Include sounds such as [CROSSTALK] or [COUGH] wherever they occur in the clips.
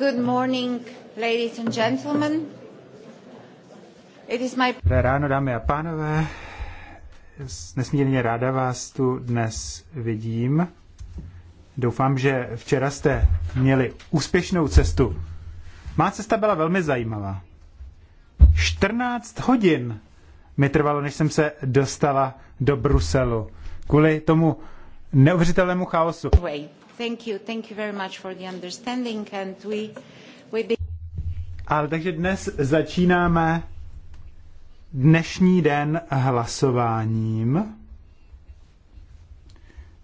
Good morning, ladies and gentlemen. Dobré ráno, dámy a pánové. Nesmírně ráda vás tu dnes vidím. Doufám, že včera jste měli úspěšnou cestu. Má cesta byla velmi zajímavá. 14 hodin mi trvalo, než jsem se dostala do Bruselu. Kvůli tomu neuvěřitelnému chaosu. Ale takže dnes začínáme dnešní den hlasováním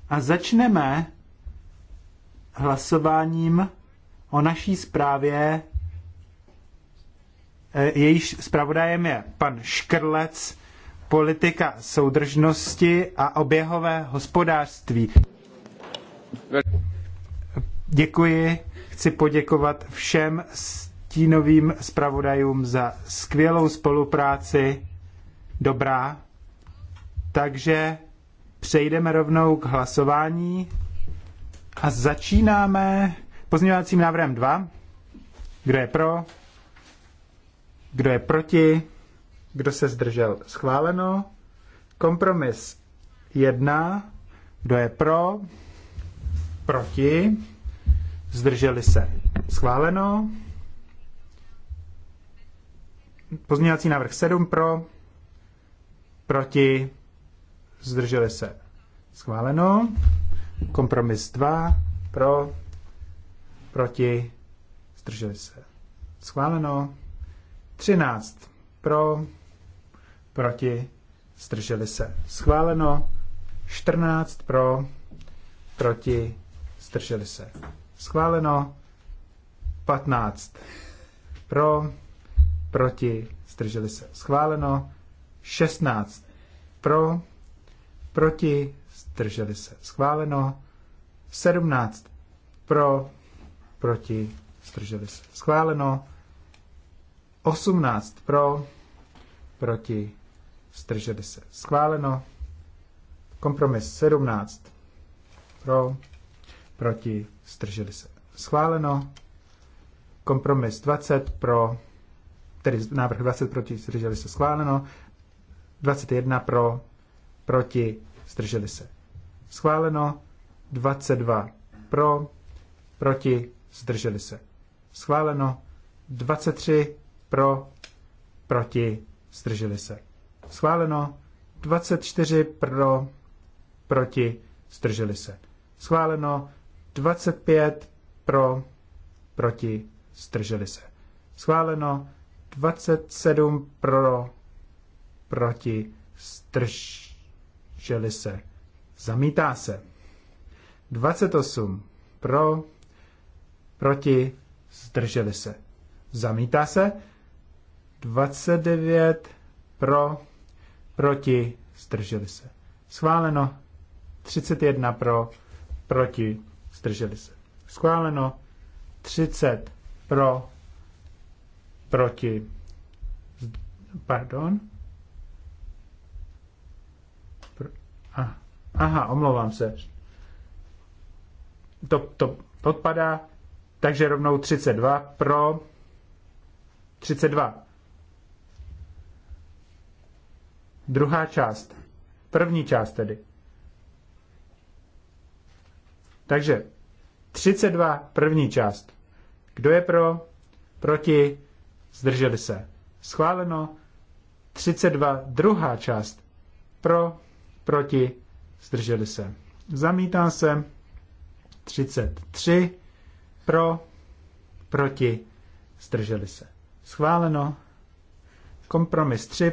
a začneme hlasováním o naší zprávě. Eh, jejíž zpravodajem je pan Škrlec, politika soudržnosti a oběhové hospodářství. Děkuji, chci poděkovat všem stínovým zpravodajům za skvělou spolupráci. Dobrá. Takže přejdeme rovnou k hlasování a začínáme pozměňovacím návrhem 2. Kdo je pro? Kdo je proti? Kdo se zdržel? Schváleno. Kompromis 1. Kdo je pro? Proti? Zdrželi se? Schváleno. Pozměňovací návrh 7 pro, proti, zdrželi se. Schváleno. Kompromis 2 pro, proti, zdrželi se. Schváleno. 13 pro, proti, zdrželi se. Schváleno 14 pro, proti, zdrželi se. Schváleno 15 pro, proti, zdrželi se. Schváleno 16 pro, proti, zdrželi se. Schváleno 17 pro, proti, zdrželi se. Schváleno 18 pro, proti, zdrželi se. Schváleno. Kompromis 17 pro, proti, zdrželi se. Schváleno. Kompromis 20 pro, tedy návrh 20 proti, zdrželi se. Schváleno. 21 pro, proti, zdrželi se. Schváleno. 22 pro, proti, zdrželi se. Schváleno. 23 pro, proti, zdrželi se. Schváleno. 24 pro, proti, zdrželi se. Schváleno. 25 pro, proti, zdrželi se. Schváleno. 27 pro, proti, zdrželi se. Zamítá se. 28 pro, proti, zdrželi se. Zamítá se. 29 pro, proti, zdrželi se. Schváleno 31 pro, proti, zdrželi se. Schváleno 30 pro, proti, pardon. Pro, aha, aha, omlouvám se. To, to podpadá, takže rovnou 32 pro, 32 Druhá část. První část tedy. Takže 32 první část. Kdo je pro? Proti? Zdrželi se. Schváleno. 32 druhá část. Pro? Proti? Zdrželi se. Zamítá se. 33 pro? Proti? Zdrželi se. Schváleno. Kompromis 3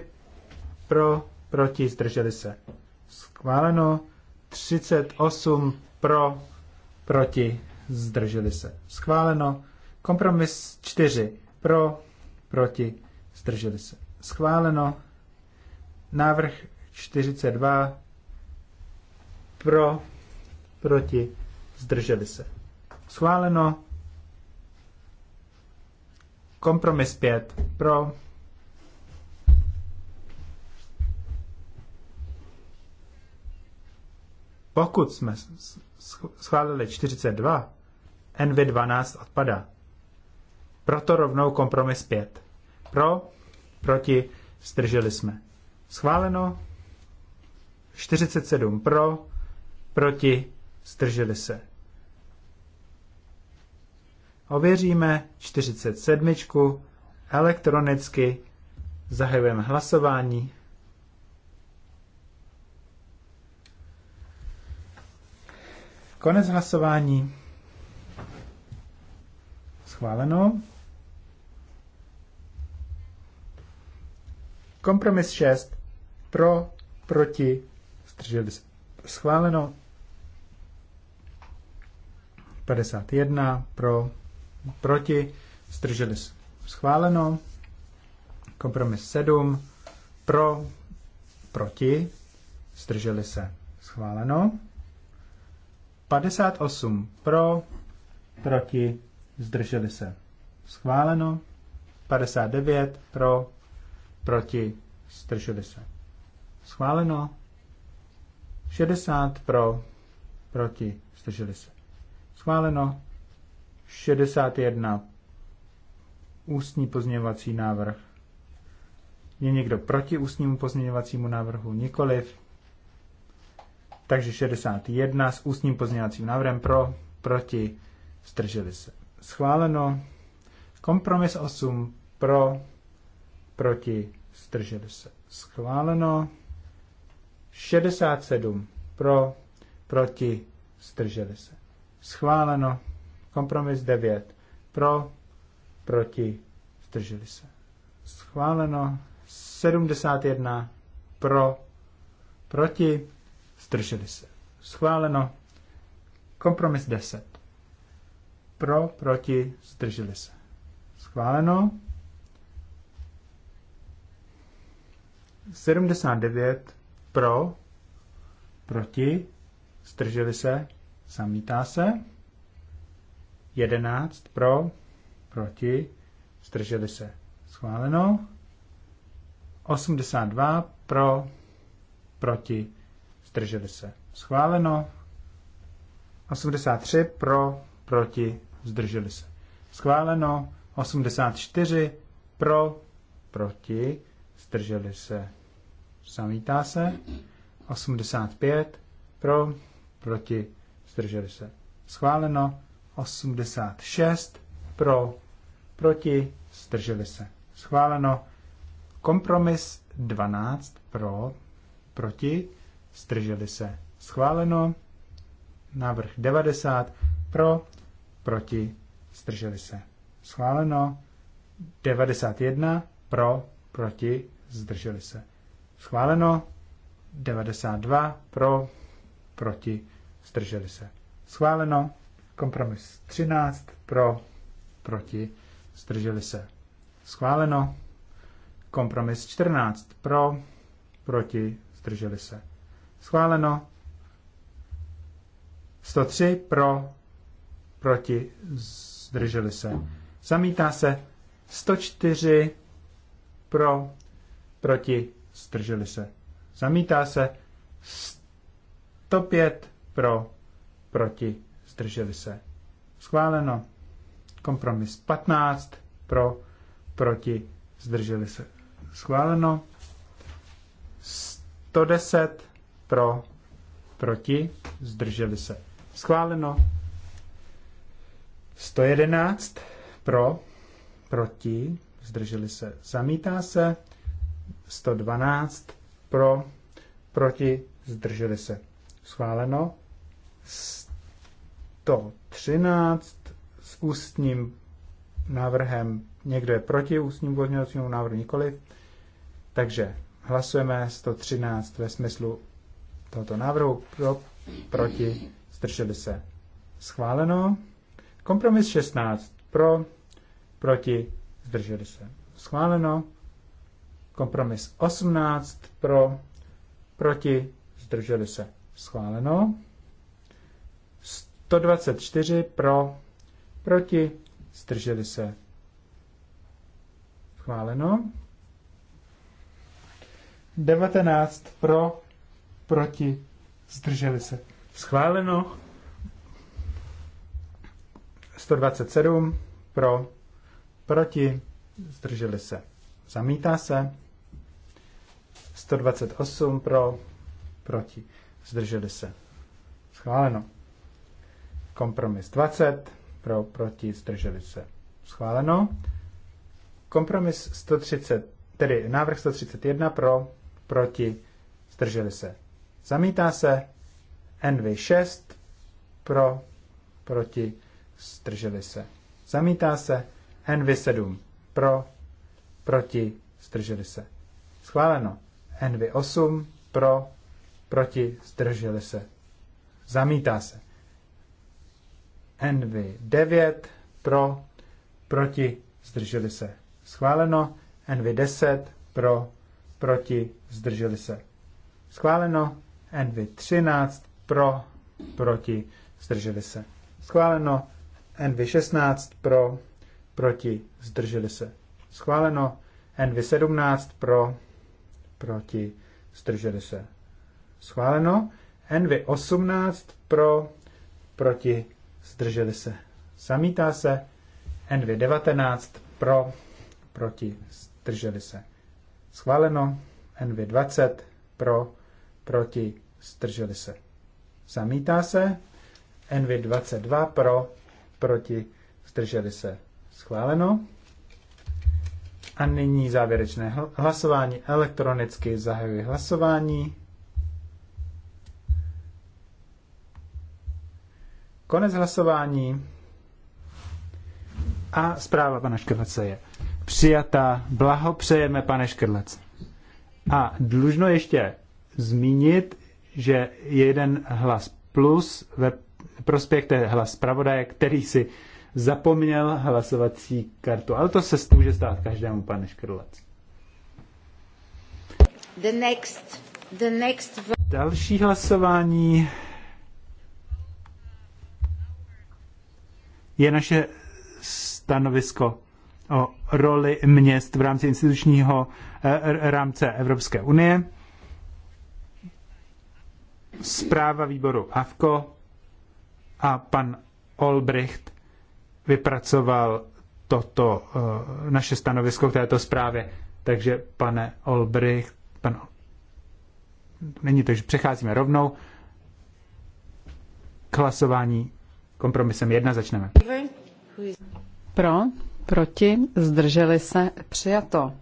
pro, proti, zdrželi se. Schváleno. 38 pro, proti, zdrželi se. Schváleno. Kompromis 4 pro, proti, zdrželi se. Schváleno. Návrh 42 pro, proti, zdrželi se. Schváleno. Kompromis 5 pro, Pokud jsme schválili 42, NV12 odpadá. Proto rovnou kompromis 5. Pro, proti, zdrželi jsme. Schváleno 47 pro, proti, zdrželi se. Ověříme 47 elektronicky, zahajujeme hlasování. Konec hlasování. Schváleno. Kompromis 6. Pro, proti, zdrželi se. Schváleno. 51. Pro, proti, zdrželi se. Schváleno. Kompromis 7. Pro, proti, zdrželi se. Schváleno. 58 pro, proti, zdrželi se. Schváleno. 59 pro, proti, zdrželi se. Schváleno. 60 pro, proti, zdrželi se. Schváleno. 61 ústní pozměňovací návrh. Je někdo proti ústnímu pozměňovacímu návrhu? Nikoliv. Takže 61 s ústním pozměňovacím návrhem pro, proti, zdrželi se. Schváleno. Kompromis 8 pro, proti, zdrželi se. Schváleno. 67 pro, proti, zdrželi se. Schváleno. Kompromis 9 pro, proti, zdrželi se. Schváleno. 71 pro, proti, zdrželi se. Schváleno. Kompromis 10. Pro, proti, zdrželi se. Schváleno. 79 pro, proti, zdrželi se, zamítá se. 11 pro, proti, zdrželi se. Schváleno. 82 pro, proti, zdrželi se. Schváleno. 83 pro, proti, zdrželi se. Schváleno. 84 pro, proti, zdrželi se. Zamítá se. 85 pro, proti, zdrželi se. Schváleno. 86 pro, proti, zdrželi se. Schváleno. Kompromis 12 pro, proti, zdrželi se. Schváleno. Návrh 90 pro, proti, zdrželi se. Schváleno. 91 pro, proti, zdrželi se. Schváleno. 92 pro, proti, zdrželi se. Schváleno. Kompromis 13 pro, proti, zdrželi se. Schváleno. Kompromis 14 pro, proti, zdrželi se Schváleno. 103 pro, proti, zdrželi se. Zamítá se 104 pro, proti, zdrželi se. Zamítá se 105 pro, proti, zdrželi se. Schváleno. Kompromis 15 pro, proti, zdrželi se. Schváleno. 110 pro, proti, zdrželi se. Schváleno. 111 pro, proti, zdrželi se. Zamítá se. 112 pro, proti, zdrželi se. Schváleno. 113 s ústním návrhem. Někdo je proti ústním pozměňovacímu návrhu nikoli. Takže hlasujeme 113 ve smyslu tohoto návrhu. Pro, proti, zdrželi se. Schváleno. Kompromis 16. Pro, proti, zdrželi se. Schváleno. Kompromis 18. Pro, proti, zdrželi se. Schváleno. 124 pro, proti, zdrželi se. Schváleno. 19 pro, proti, zdrželi se. Schváleno. 127 pro, proti, zdrželi se. Zamítá se. 128 pro, proti, zdrželi se. Schváleno. Kompromis 20 pro, proti, zdrželi se. Schváleno. Kompromis 130, tedy návrh 131 pro, proti, zdrželi se. Zamítá se NV6 pro, proti, strželi se. Zamítá se NV7 pro, proti, strželi se. Schváleno. NV8 pro, proti, strželi se. Zamítá se. NV9 pro, proti, zdrželi se. Schváleno. NV10 pro, proti, zdrželi se. Schváleno nv 13 pro, proti, zdrželi se. Schváleno. nv 16 pro, proti, zdrželi se. Schváleno. nv 17 pro, proti, zdrželi se. Schváleno. nv 18 pro, proti, zdrželi se. Zamítá se. nv 19 pro, proti, zdrželi se. Schváleno. nv 20 pro, proti, zdrželi se. Zamítá se. nv 22 pro, proti, zdrželi se. Schváleno. A nyní závěrečné hlasování. Elektronicky zahajuji hlasování. Konec hlasování. A zpráva pana Škrlece je přijatá. Blahopřejeme, pane Škrlec. A dlužno ještě zmínit, že jeden hlas plus ve prospěch té hlas zpravodaje, který si zapomněl hlasovací kartu. Ale to se může stát každému, pane Škrlec. The next, the next... Další hlasování je naše stanovisko o roli měst v rámci institučního eh, rámce Evropské unie zpráva výboru Havko a pan Olbricht vypracoval toto eh, naše stanovisko k této zprávě. Takže pane Olbricht, pan... není to, že přecházíme rovnou k hlasování kompromisem jedna začneme. Pro, proti, zdrželi se, přijato.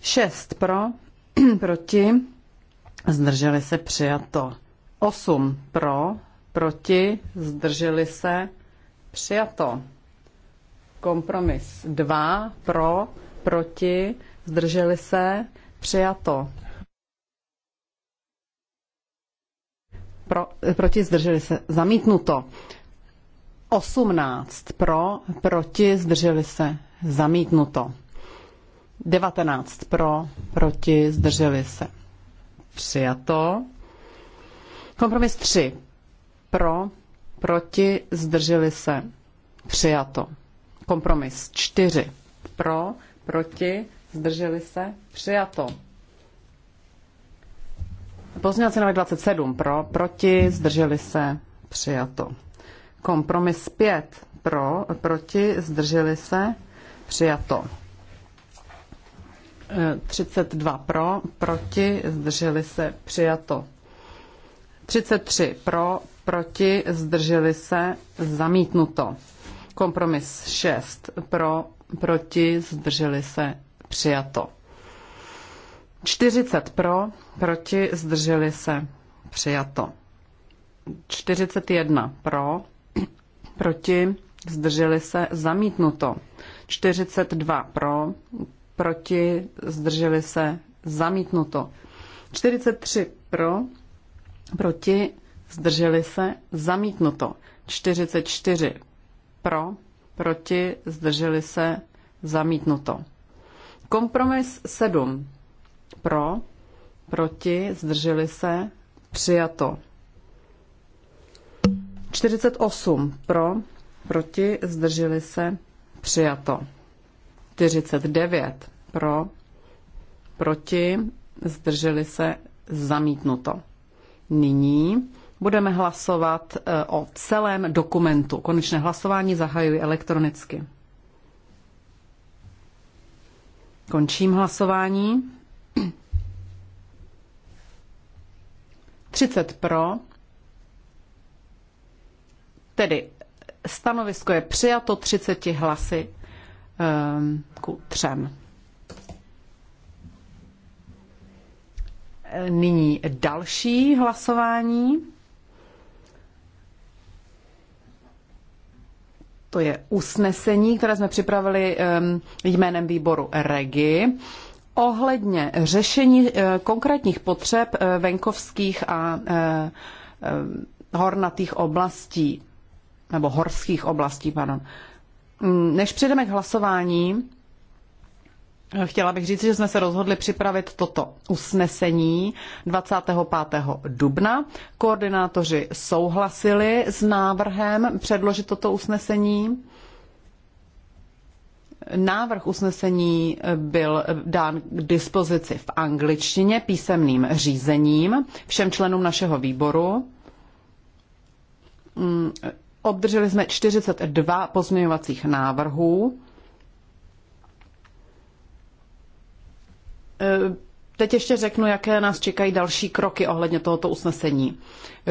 šest pro, [CLEARS THROAT] proti, zdrželi se přijato. 8 pro, proti, zdrželi se přijato. Kompromis 2 pro, proti, zdrželi se přijato. Pro, eh, proti, zdrželi se zamítnuto. 18 pro, proti, zdrželi se zamítnuto. 19 pro, proti, zdrželi se Přijato. Kompromis 3. Pro, proti, zdrželi se. Přijato. Kompromis 4. Pro, proti, zdrželi se. Přijato. Pozměňovací návrh 27. Pro, proti, zdrželi se. Přijato. Kompromis 5. Pro, proti, zdrželi se. Přijato. 32 pro, proti, zdrželi se, přijato. 33 pro, proti, zdrželi se, zamítnuto. Kompromis 6 pro, proti, zdrželi se, přijato. 40 pro, proti, zdrželi se, přijato. 41 pro, proti, zdrželi se, zamítnuto. 42 pro, proti, zdrželi se, zamítnuto. 43 pro, proti, zdrželi se, zamítnuto. 44 pro, proti, zdrželi se, zamítnuto. Kompromis 7 pro, proti, zdrželi se, přijato. 48 pro, proti, zdrželi se, přijato. 49 pro, proti, zdrželi se, zamítnuto. Nyní budeme hlasovat e, o celém dokumentu. Konečné hlasování zahajuji elektronicky. Končím hlasování. 30 pro. Tedy stanovisko je přijato 30 hlasy Ehm, ku třem. Nyní další hlasování. To je usnesení, které jsme připravili ehm, jménem výboru REGI ohledně řešení eh, konkrétních potřeb eh, venkovských a eh, ehm, hornatých oblastí, nebo horských oblastí, pardon. Mm, než přejdeme k hlasování, Chtěla bych říct, že jsme se rozhodli připravit toto usnesení 25. dubna. Koordinátoři souhlasili s návrhem předložit toto usnesení. Návrh usnesení byl dán k dispozici v angličtině písemným řízením všem členům našeho výboru mm, Obdrželi jsme 42 pozměňovacích návrhů. E, teď ještě řeknu, jaké nás čekají další kroky ohledně tohoto usnesení.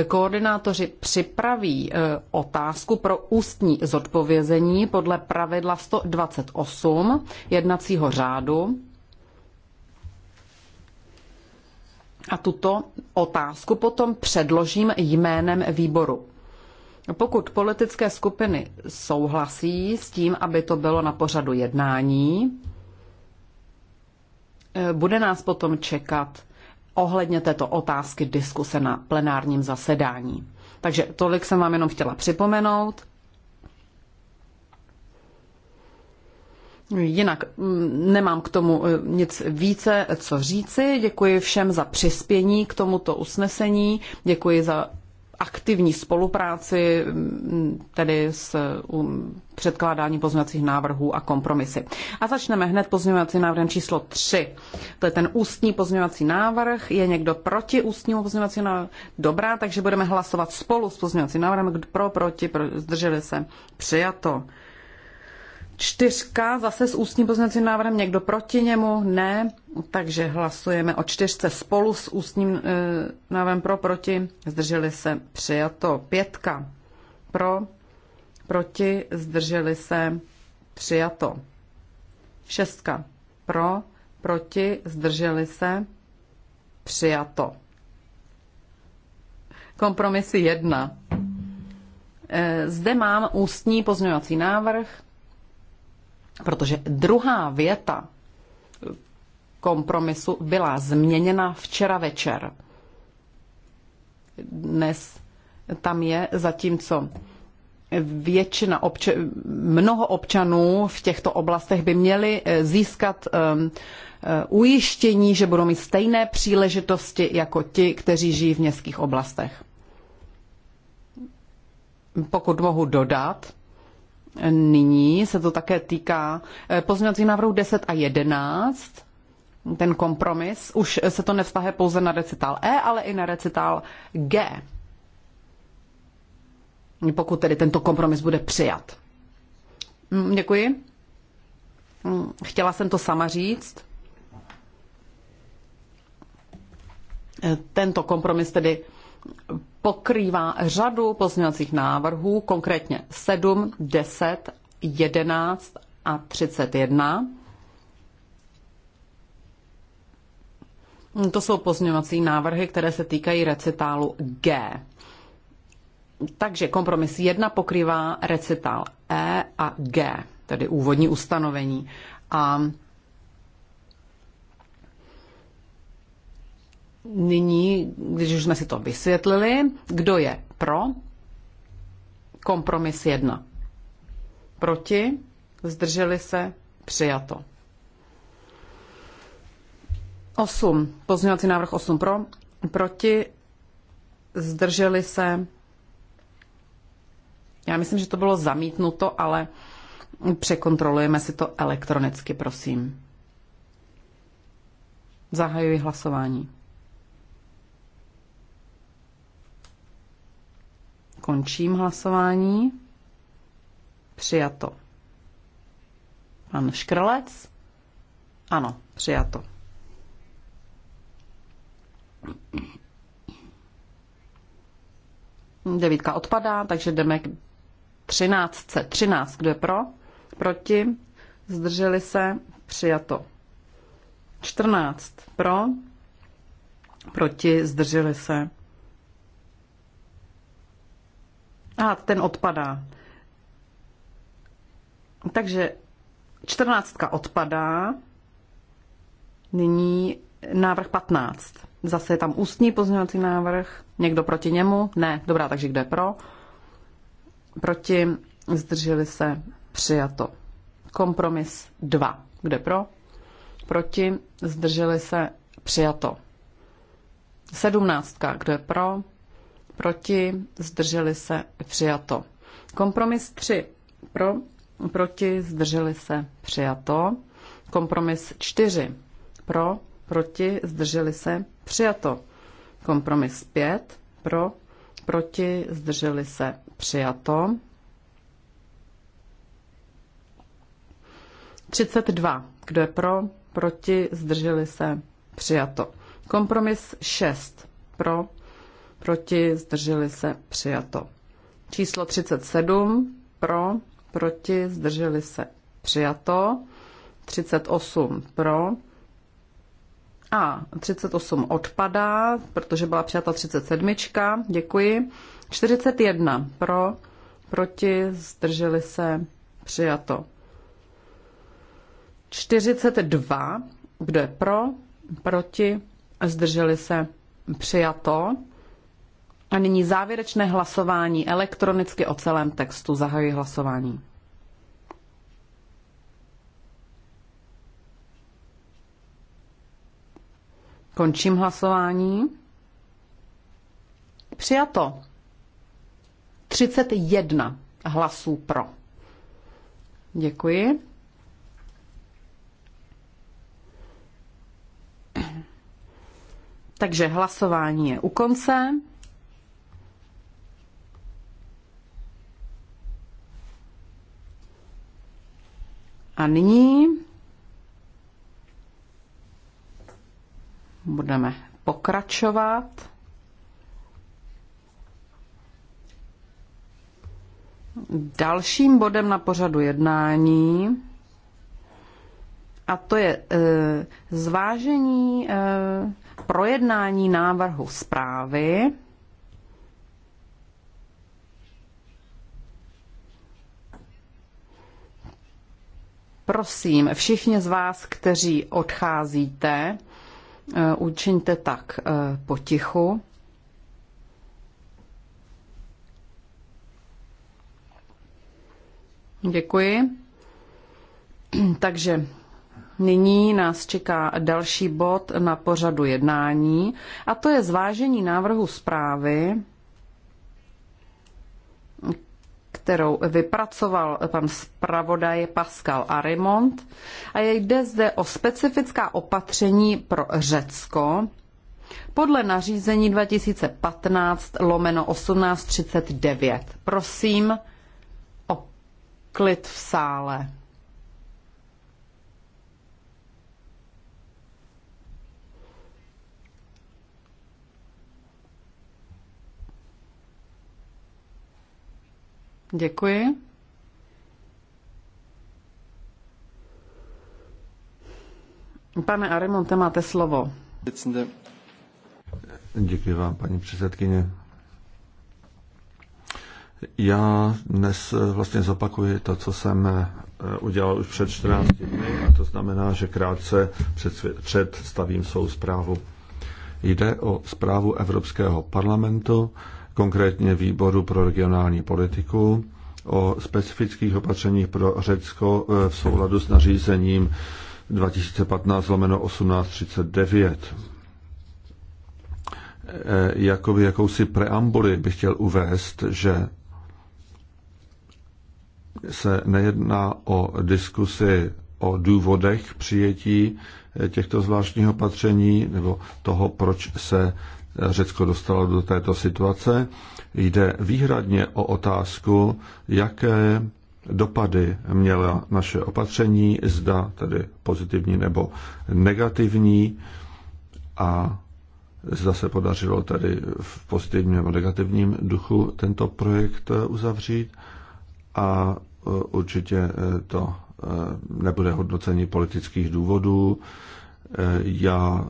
Koordinátoři připraví e, otázku pro ústní zodpovězení podle pravidla 128 jednacího řádu. A tuto otázku potom předložím jménem výboru. Pokud politické skupiny souhlasí s tím, aby to bylo na pořadu jednání, eh, bude nás potom čekat ohledně této otázky diskuse na plenárním zasedání. Takže tolik jsem vám jenom chtěla připomenout. Jinak mm, nemám k tomu eh, nic více, eh, co říci. Děkuji všem za přispění k tomuto usnesení. Děkuji za aktivní spolupráci, tedy s předkládáním pozměňovacích návrhů a kompromisy. A začneme hned pozměňovacím návrhem číslo 3. To je ten ústní pozměňovací návrh. Je někdo proti ústnímu pozměňovacímu návrhu? Dobrá, takže budeme hlasovat spolu s pozměňovacím návrhem. Pro, proti, pro, zdrželi se. Přijato. Čtyřka zase s ústním pozměňovacím návrhem, někdo proti němu? Ne, takže hlasujeme o čtyřce spolu s ústním e, návrhem pro, proti, zdrželi se, přijato. Pětka pro, proti, zdrželi se, přijato. Šestka pro, proti, zdrželi se, přijato. Kompromisy jedna. Eh, zde mám ústní pozměňovací návrh protože druhá věta kompromisu byla změněna včera večer. Dnes tam je, zatímco většina obč- mnoho občanů v těchto oblastech by měli eh, získat um, ujištění, že budou mít stejné příležitosti jako ti, kteří žijí v městských oblastech. Pokud mohu dodat, Nyní se to také týká eh, pozměňovacích návrhů 10 a 11. Ten kompromis už se to nevztahuje pouze na recital E, ale i na recital G. Pokud tedy tento kompromis bude přijat. Mm, děkuji. Mm, chtěla jsem to sama říct. Eh, tento kompromis tedy pokrývá řadu pozměňovacích návrhů, konkrétně 7, 10, 11 a 31. To jsou pozměňovací návrhy, které se týkají recitálu G. Takže kompromis 1 pokrývá recitál E a G, tedy úvodní ustanovení. A nyní, když už jsme si to vysvětlili, kdo je pro kompromis 1. Proti, zdrželi se, přijato. 8. Pozměňovací návrh 8 pro, proti, zdrželi se. Já myslím, že to bylo zamítnuto, ale překontrolujeme si to elektronicky, prosím. Zahajuji hlasování. Končím hlasování. Přijato. Pan Škrlec? Ano, přijato. Devítka odpadá, takže jdeme k třináctce. Třináct, kdo je pro? Proti? Zdrželi se? Přijato. Čtrnáct pro? Proti? Zdrželi se? A ten odpadá. Takže čtrnáctka odpadá. Nyní návrh 15. Zase je tam ústní pozměňovací návrh. Někdo proti němu? Ne. Dobrá, takže kde pro? Proti zdrželi se přijato. Kompromis 2. Kde pro? Proti zdrželi se přijato. Sedmnáctka. Kdo je pro? proti, zdrželi se, přijato. Kompromis 3 pro, proti, zdrželi se, přijato. Kompromis 4 pro, proti, zdrželi se, přijato. Kompromis 5 pro, proti, zdrželi se, přijato. 32. Kdo je pro, proti, zdrželi se, přijato. Kompromis 6. Pro, proti, zdrželi se, přijato. Číslo 37, pro, proti, zdrželi se, přijato. 38 pro. A 38 odpadá, protože byla přijata 37. Děkuji. 41 pro, proti, zdrželi se, přijato. 42, kdo je pro, proti, zdrželi se, přijato. A nyní závěrečné hlasování elektronicky o celém textu. Zahajuji hlasování. Končím hlasování. Přijato. 31 hlasů pro. Děkuji. Takže hlasování je u konce. A nyní budeme pokračovat. Dalším bodem na pořadu jednání a to je e, zvážení e, projednání návrhu zprávy Prosím, všichni z vás, kteří odcházíte, eh, učiňte tak eh, potichu. Děkuji. [CLEARS THROAT] Takže nyní nás čeká další bod na pořadu jednání a to je zvážení návrhu zprávy kterou vypracoval pan zpravodaj Pascal Arimont. A jde zde o specifická opatření pro Řecko podle nařízení 2015 lomeno 1839. Prosím o klid v sále. Děkuji. Pane Arimonte, máte slovo. Děkuji vám, paní předsedkyně. Já dnes eh, vlastně zopakuji to, co jsem eh, udělal už před 14 dny, a to znamená, že krátce představím svou zprávu. Jde o zprávu Evropského parlamentu konkrétně výboru pro regionální politiku o specifických opatřeních pro Řecko eh, v souladu s nařízením 2015 lomeno 1839. Eh, jakoby jakousi preambuli bych chtěl uvést, že se nejedná o diskusi o důvodech přijetí eh, těchto zvláštních opatření nebo toho, proč se Řecko dostalo do této situace. Jde výhradně o otázku, jaké dopady měla naše opatření, zda tedy pozitivní nebo negativní a zda se podařilo tedy v pozitivním nebo negativním duchu tento projekt uzavřít a e, určitě e, to e, nebude hodnocení politických důvodů, Eh, já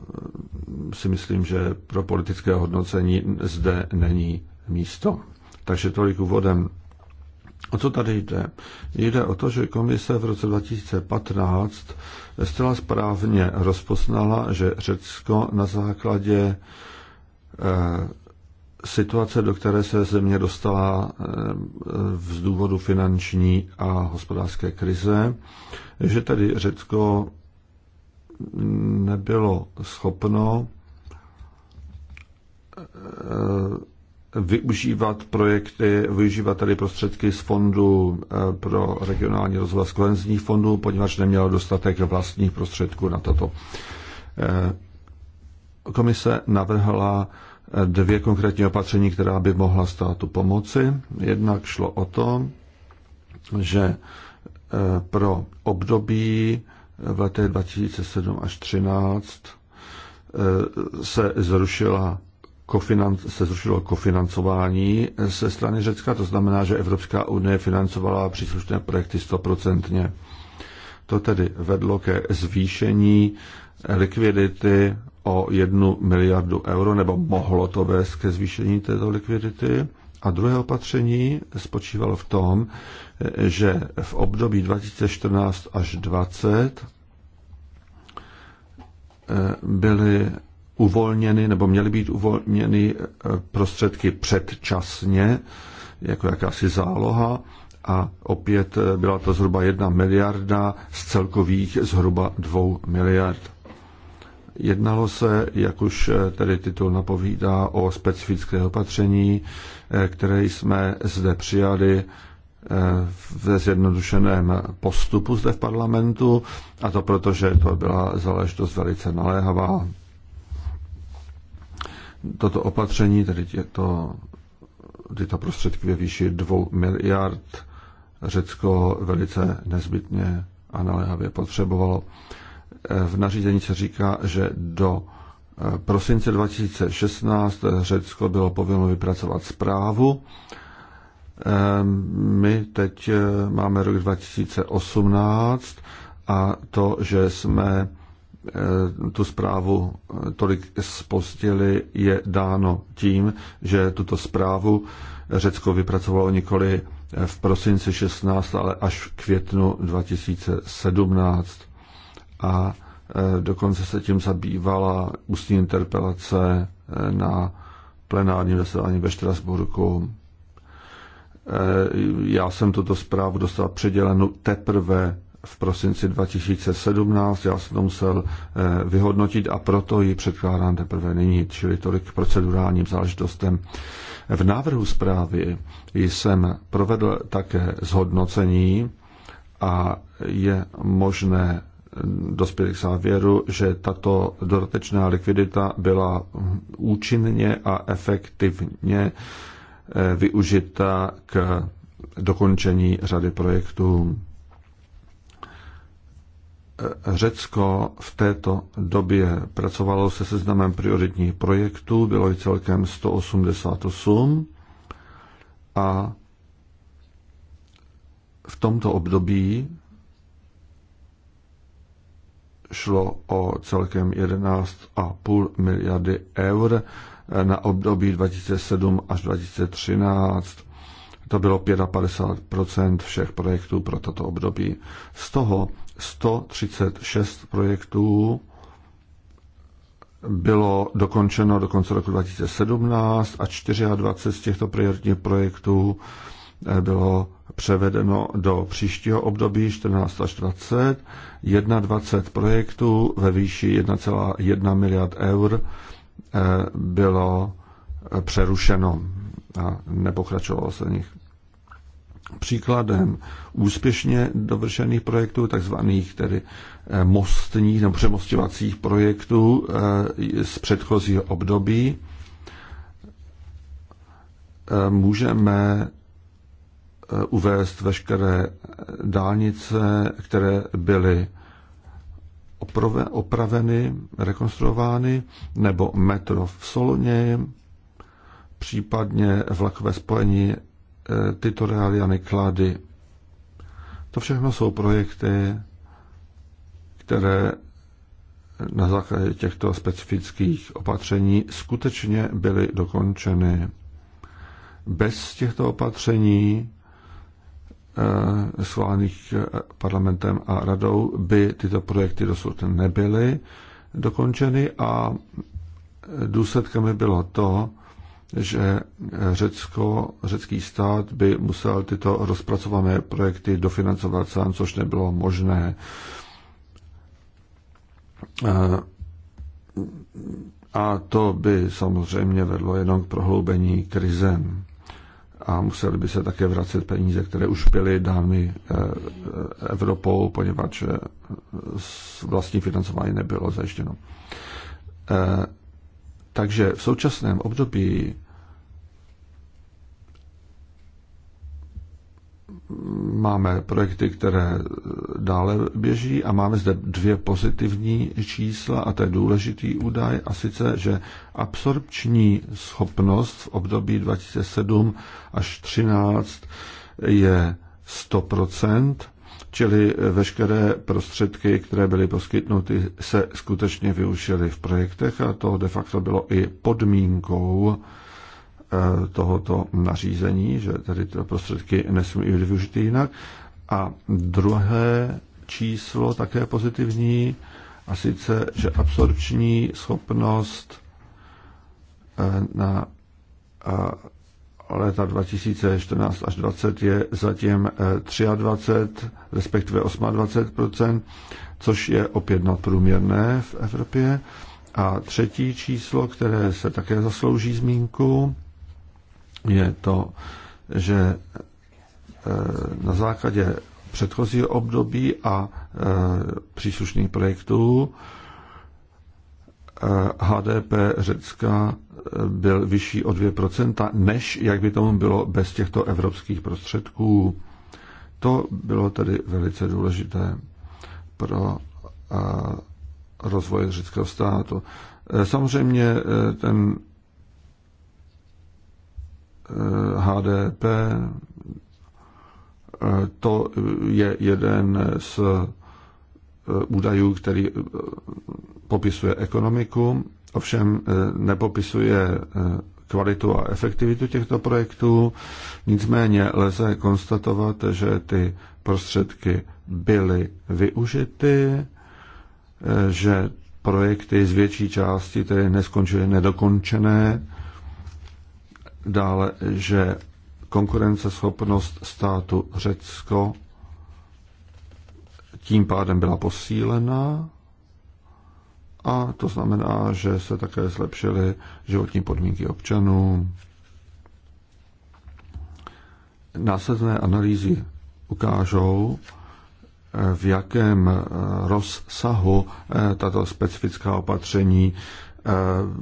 si myslím, že pro politické hodnocení zde není místo. Takže tolik úvodem. O co tady jde? Jde o to, že komise v roce 2015 zcela správně rozpoznala, že Řecko na základě eh, situace, do které se země dostala eh, z důvodu finanční a hospodářské krize, že tedy Řecko nebylo schopno eh, využívat projekty, využívat tady prostředky z fondu eh, pro regionální rozvoj z kolenzních fondů, poněvadž neměla dostatek vlastních prostředků na toto. Eh, komise navrhla dvě konkrétní opatření, která by mohla státu pomoci. Jednak šlo o to, že pro období v letech 2007 až 2013 eh, se zrušila kofinanc, se zrušilo kofinancování ze strany Řecka, to znamená, že Evropská unie financovala příslušné projekty stoprocentně. To tedy vedlo ke zvýšení likvidity o jednu miliardu euro, nebo mohlo to vést ke zvýšení této likvidity. A druhé opatření spočívalo v tom, že v období 2014 až 2020 eh, byly uvolněny nebo měly být uvolněny eh, prostředky předčasně, jako jakási záloha a opět eh, byla to zhruba jedna miliarda z celkových zhruba dvou miliard. Jednalo se, jak už tedy titul napovídá, o specifické opatření, Eh, které jsme zde přijali eh, ve zjednodušeném postupu zde v parlamentu, a to protože to byla záležitost velice naléhavá. Toto opatření, tedy těto, tyto prostředky ve výši 2 miliard, Řecko velice nezbytně a naléhavě potřebovalo. Eh, v nařízení se říká, že do prosince 2016 Řecko bylo povinno vypracovat zprávu. Ehm, my teď eh, máme rok 2018 a to, že jsme eh, tu zprávu eh, tolik spostili, je dáno tím, že tuto zprávu Řecko vypracovalo nikoli v prosinci 16, ale až v květnu 2017. A Eh, dokonce se tím zabývala ústní interpelace eh, na plenárním zasedání ve Štrasburku. Eh, já jsem tuto zprávu dostal předělenou teprve v prosinci 2017. Já jsem to musel vyhodnotit a proto ji předkládám teprve nyní, čili tolik k procedurálním záležitostem. V návrhu zprávy jsem provedl také zhodnocení a je možné dospěli k závěru, že tato dodatečná likvidita byla účinně a efektivně eh, využita k dokončení řady projektů. Eh, Řecko v této době pracovalo se seznamem prioritních projektů, bylo jich celkem 188 a v tomto období šlo o celkem 11,5 miliardy eur na období 2007 až 2013. To bylo 55 všech projektů pro toto období. Z toho 136 projektů bylo dokončeno do konce roku 2017 a 24 z těchto prioritních projektů eh, bylo převedeno do příštího období 14 až 20, 21 projektů ve výši 1,1 miliard eur eh, bylo eh, přerušeno a nepokračovalo se nich. Příkladem úspěšně dovršených projektů, takzvaných tedy eh, mostních nebo přemostovacích projektů z předchozího období, můžeme Eh, uvést veškeré dálnice, které byly opraveny, rekonstruovány, nebo metro v Soloně, případně vlakové spojení eh, tyto realiany klady. To všechno jsou projekty, které na základě těchto specifických opatření skutečně byly dokončeny. Bez těchto opatření Eh, schválených parlamentem a radou by tyto projekty dosud nebyly dokončeny a důsledkem by bylo to, že Řecko, řecký stát by musel tyto rozpracované projekty dofinancovat sám, což nebylo možné. Eh, a to by samozřejmě vedlo jenom k prohloubení krize a museli by se také vracet peníze, které už byly dány eh, Evropou, poněvadž eh, vlastní financování nebylo zajištěno. Eh, takže v současném období máme projekty, které dále běží a máme zde dvě pozitivní čísla a to je důležitý údaj a sice, že absorpční schopnost v období 2007 až 2013 je 100%, čili veškeré prostředky, které byly poskytnuty, se skutečně využily v projektech a to de facto bylo i podmínkou Eh, tohoto nařízení, že tedy ty prostředky nesmí být využity jinak. A druhé číslo také pozitivní, a sice, že absorpční schopnost eh, na eh, leta 2014 až 20 je zatím 23, respektive 28 což je opět nadprůměrné v Evropě. A třetí číslo, které se také zaslouží zmínku, je to, že e, na základě předchozího období a e, příslušných projektů e, HDP Řecka byl vyšší o 2%, než jak by tomu bylo bez těchto evropských prostředků. To bylo tedy velice důležité pro rozvoj řeckého státu. Samozřejmě ten HDP, eh, eh, to je jeden z eh, údajů, který popisuje ekonomiku, ovšem nepopisuje kvalitu a efektivitu těchto projektů. Nicméně lze konstatovat, že ty prostředky byly využity, že projekty z větší části tedy neskončily nedokončené Dále, že konkurenceschopnost státu Řecko tím pádem byla posílena a to znamená, že se také zlepšily životní podmínky občanů. Následné analýzy ukážou, v jakém rozsahu eh, tato specifická opatření Eh,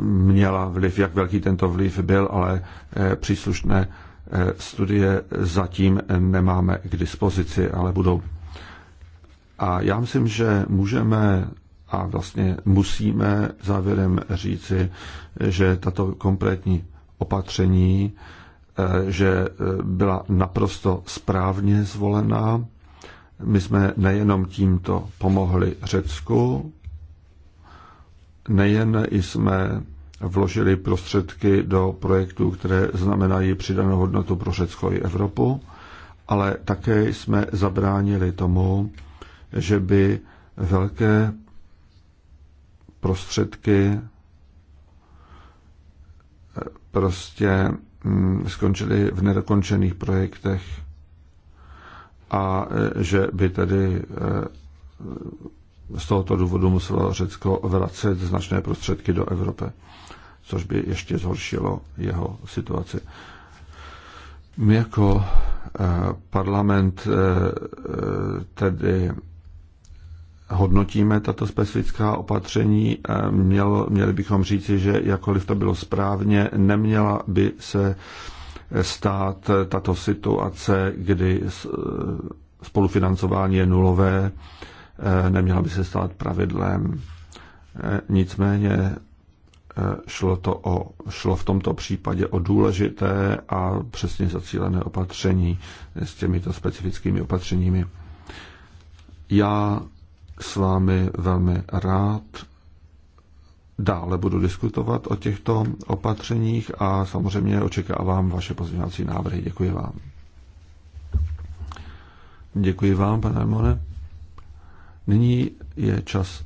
měla vliv, jak velký tento vliv byl, ale eh, příslušné eh, studie zatím nemáme k dispozici, ale budou. A já myslím, že můžeme a vlastně musíme závěrem říci, že tato kompletní opatření, že byla naprosto správně zvolená. My jsme nejenom tímto pomohli Řecku, nejen jsme vložili prostředky do projektů, které znamenají přidanou hodnotu pro Řecko i Evropu, ale také jsme zabránili tomu, že by velké prostředky prostě mm, skončily v nedokončených projektech a e, že by tedy e, z tohoto důvodu muselo Řecko vracet značné prostředky do Evropy, což by ještě zhoršilo jeho situaci. My jako eh, parlament eh, tedy hodnotíme tato specifická opatření. Eh, Mělo, měli bychom říci, že jakoliv to bylo správně, neměla by se stát tato situace, kdy spolufinancování je nulové, Eh, neměla by se stát pravidlem. Eh, nicméně eh, šlo, to o, šlo v tomto případě o důležité a přesně zacílené opatření s těmito specifickými opatřeními. Já s vámi velmi rád dále budu diskutovat o těchto opatřeních a samozřejmě očekávám vaše pozměňovací návrhy. Děkuji vám. Děkuji vám, pane Monet. Nyní je čas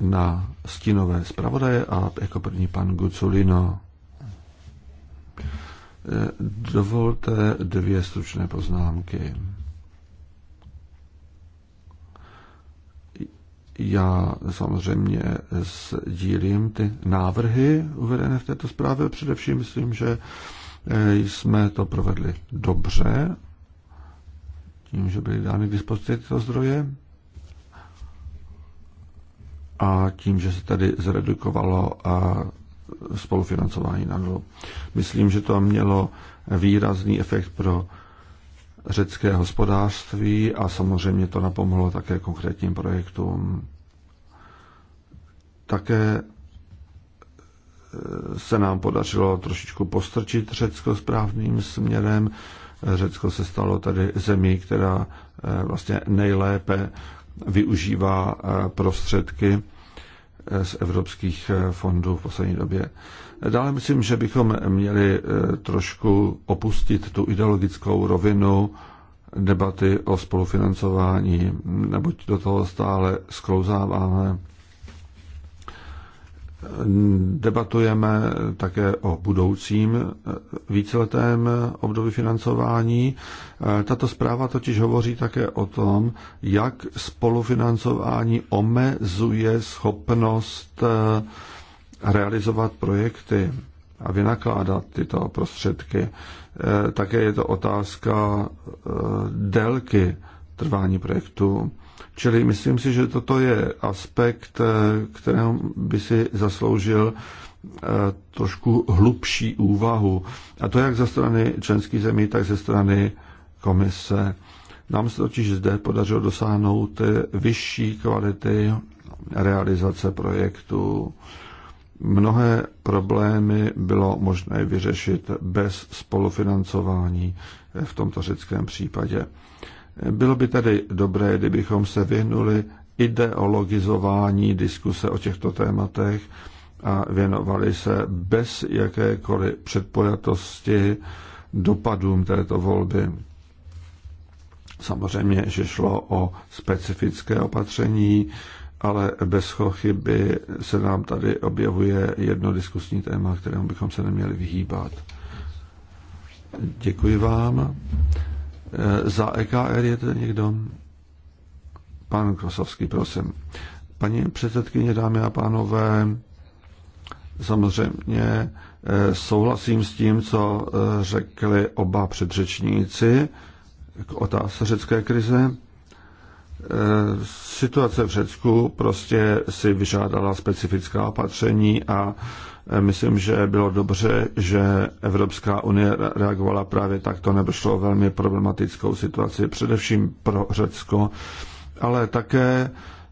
na stínové zpravodaje a jako první pan Guculino. Dovolte dvě stručné poznámky. Já samozřejmě sdílím ty návrhy uvedené v této zprávě. Především myslím, že eh, jsme to provedli dobře, tím, že byly dány k dispozici tyto zdroje a tím, že se tady zredukovalo a spolufinancování na nulu. Myslím, že to mělo výrazný efekt pro řecké hospodářství a samozřejmě to napomohlo také konkrétním projektům. Také e, se nám podařilo trošičku postrčit Řecko správným směrem. Řecko se stalo tady zemí, která e, vlastně nejlépe využívá eh, prostředky eh, z evropských eh, fondů v poslední době. Dále myslím, že bychom měli trošku opustit tu ideologickou rovinu debaty o spolufinancování, neboť do toho stále sklouzáváme. Debatujeme také o budoucím eh, víceletém eh, období financování. Eh, tato zpráva totiž hovoří také o tom, jak spolufinancování omezuje schopnost realizovat projekty a vynakládat tyto prostředky. Také je to otázka délky trvání projektu. Čili myslím si, že toto je aspekt, eh, kterého by si zasloužil eh, trošku hlubší úvahu. A to jak ze strany členských zemí, tak ze strany komise. Nám se totiž zde podařilo dosáhnout eh, vyšší kvality realizace projektu. Mnohé problémy bylo možné vyřešit bez spolufinancování v tomto řeckém případě. Bylo by tedy dobré, kdybychom se vyhnuli ideologizování diskuse o těchto tématech a věnovali se bez jakékoliv předpojatosti dopadům této volby. Samozřejmě, že šlo o specifické opatření, ale bez chochyby se nám tady objevuje jedno diskusní téma, kterému bychom se neměli vyhýbat. Děkuji vám. Eh, za EKR je tady někdo? Pan Krosovský, prosím. Paní předsedkyně, dámy a pánové, samozřejmě eh, souhlasím s tím, co eh, řekli oba předřečníci k otázce řecké krize. Situace v Řecku prostě si vyžádala specifická opatření a Eh, myslím, že bylo dobře, že Evropská unie reagovala právě takto, nebo šlo velmi problematickou situaci, především pro Řecko, ale také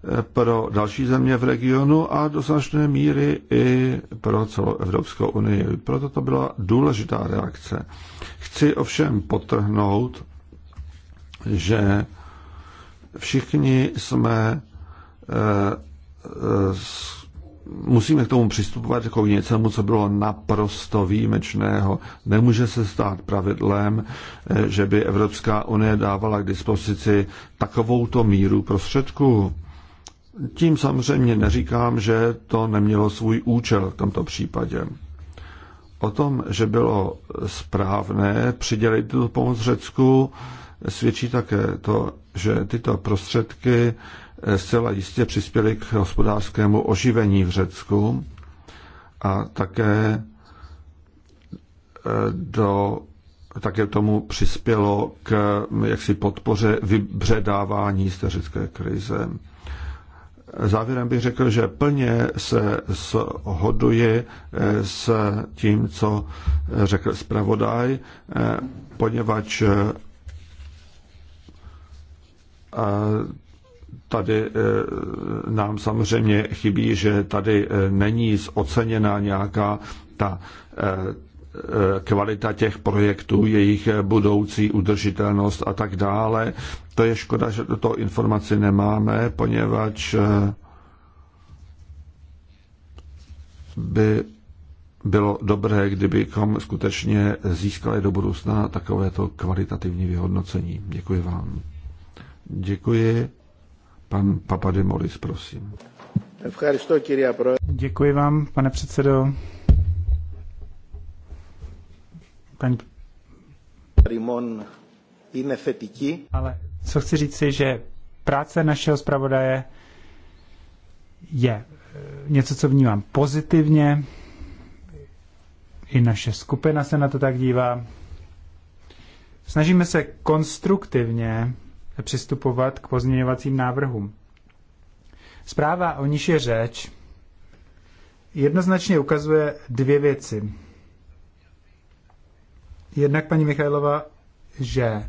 eh, pro další země v regionu a do značné míry i pro celou Evropskou unii. Proto to byla důležitá reakce. Chci ovšem potrhnout, že všichni jsme eh, musíme k tomu přistupovat jako k něčemu, co bylo naprosto výjimečného. Nemůže se stát pravidlem, eh, že by Evropská unie dávala k dispozici takovouto míru prostředků. Tím samozřejmě neříkám, že to nemělo svůj účel v tomto případě. O tom, že bylo správné přidělit tuto pomoc Řecku, svědčí také to, že tyto prostředky zcela jistě přispěly k hospodářskému oživení v Řecku a také eh, do také tomu přispělo k mm, jaksi podpoře vybředávání z řecké krize. Závěrem bych řekl, že plně se shoduji eh, s tím, co eh, řekl zpravodaj, poněvadž tady eh, nám samozřejmě chybí, že tady eh, není zoceněna nějaká ta eh, kvalita těch projektů, jejich budoucí udržitelnost a tak dále. To je škoda, že tuto informaci nemáme, poněvadž by bylo dobré, kdybychom skutečně získali do budoucna takovéto kvalitativní vyhodnocení. Děkuji vám. Děkuji Pan Papademolis, prosím. Děkuji vám, pane předsedo. Paní... Ale co chci říct si, že práce našeho zpravodaje je eh, něco, co vnímám pozitivně. I naše skupina se na to tak dívá. Snažíme se konstruktivně přistupovat k pozměňovacím návrhům. Zpráva, o níž je řeč, jednoznačně ukazuje dvě věci. Jednak paní Michailova, že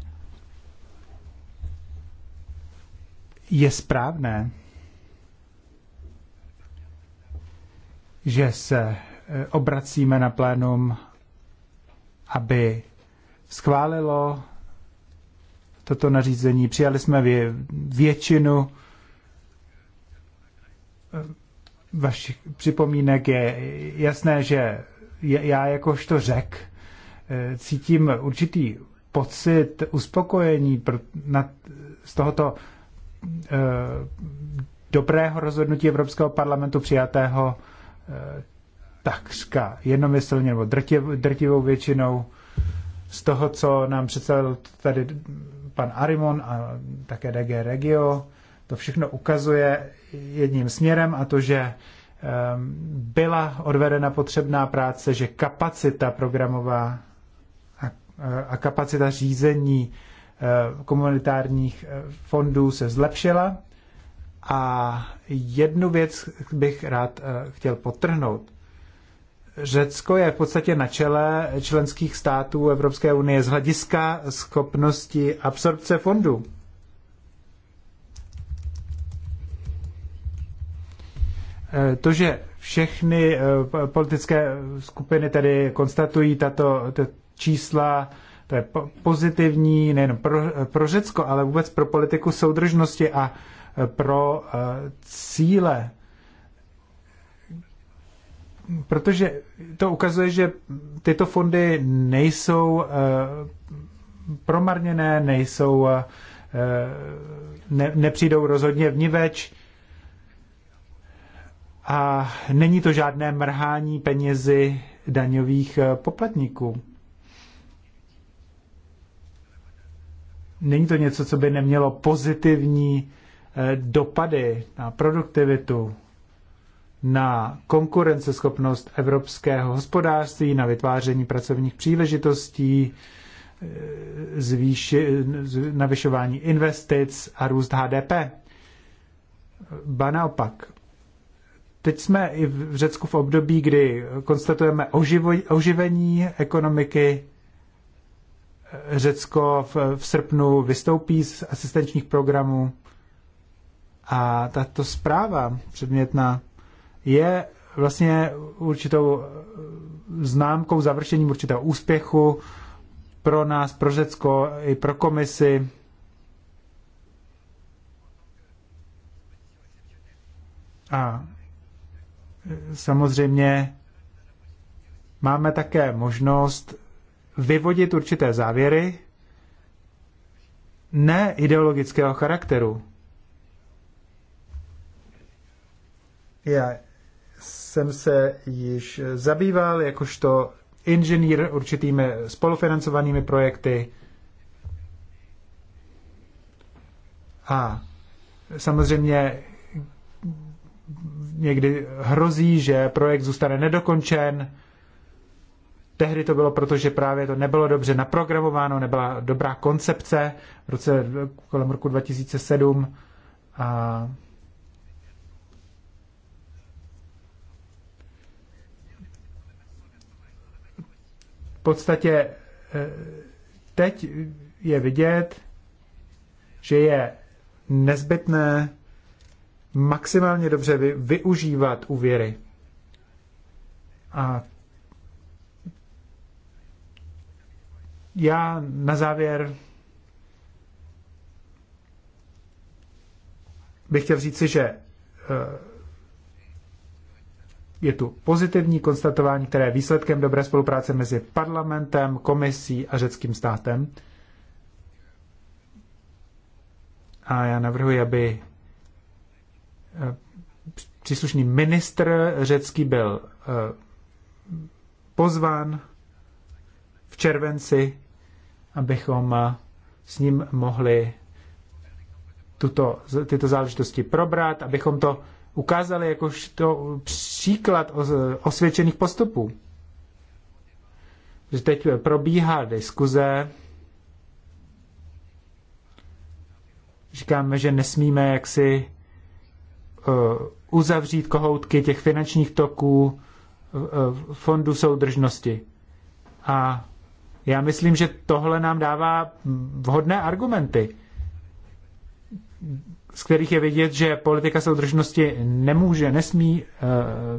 je správné, že se e, obracíme na plénum, aby schválilo toto nařízení. Přijali jsme většinu eh, vašich připomínek. Je jasné, že já jakožto řek eh, cítím určitý pocit uspokojení pro z tohoto eh, dobrého rozhodnutí Evropského parlamentu přijatého takřka jednomyslně nebo drtiv, drtivou většinou z toho, co nám představil tady pan Arimon a také DG Regio. To všechno ukazuje jedním směrem a to, že ehm, byla odvedena potřebná práce, že kapacita programová a e, kapacita řízení e, komunitárních e, fondů se zlepšila. A jednu věc bych rád chtěl potrhnout. Řecko je v podstatě na čele členských států Evropské unie z hlediska schopnosti absorpce fondů. Eh, to, že všechny eh, politické skupiny tedy konstatují tato, tato čísla, to je pozitivní nejen pro, pro Řecko, ale vůbec pro politiku soudržnosti a eh, pro cíle protože to ukazuje, že tyto fondy nejsou eh, promarněné, nejsou, eh, ne, nepřijdou rozhodně vniveč a není to žádné mrhání penězi daňových eh, poplatníků. Není to něco, co by nemělo pozitivní dopady na produktivitu, na konkurenceschopnost evropského hospodářství, na vytváření pracovních příležitostí, e, zvýši, navyšování investic a růst HDP. Ba naopak, teď jsme i v Řecku v období, kdy konstatujeme oživo, oživení ekonomiky. Řecko v, v srpnu vystoupí z asistenčních programů a tato zpráva předmětná je vlastně určitou známkou, završením určitého úspěchu pro nás, pro Řecko i pro komisi. A samozřejmě máme také možnost vyvodit určité závěry ne ideologického charakteru. Já jsem se již zabýval jakožto inženýr určitými spolufinancovanými projekty. A samozřejmě někdy hrozí, že projekt zůstane nedokončen. Tehdy to bylo proto, že právě to nebylo dobře naprogramováno, nebyla dobrá koncepce v roce kolem roku 2007. A podstatě eh, teď je vidět, že je nezbytné maximálně dobře využívat úvěry. A já na závěr bych chtěl říci, že eh, je tu pozitivní konstatování, které je výsledkem dobré spolupráce mezi parlamentem, komisí a řeckým státem. A já navrhuji, aby eh, příslušný ministr řecký byl eh, pozván v červenci, abychom eh, s ním mohli tuto, tyto záležitosti probrat, abychom to ukázali jakožto příklad osvědčených postupů. Že teď probíhá diskuze, říkáme, že nesmíme jaksi eh, uzavřít kohoutky těch finančních toků eh, fondu soudržnosti. A já myslím, že tohle nám dává vhodné argumenty z kterých je vidět, že politika soudržnosti nemůže, nesmí eh,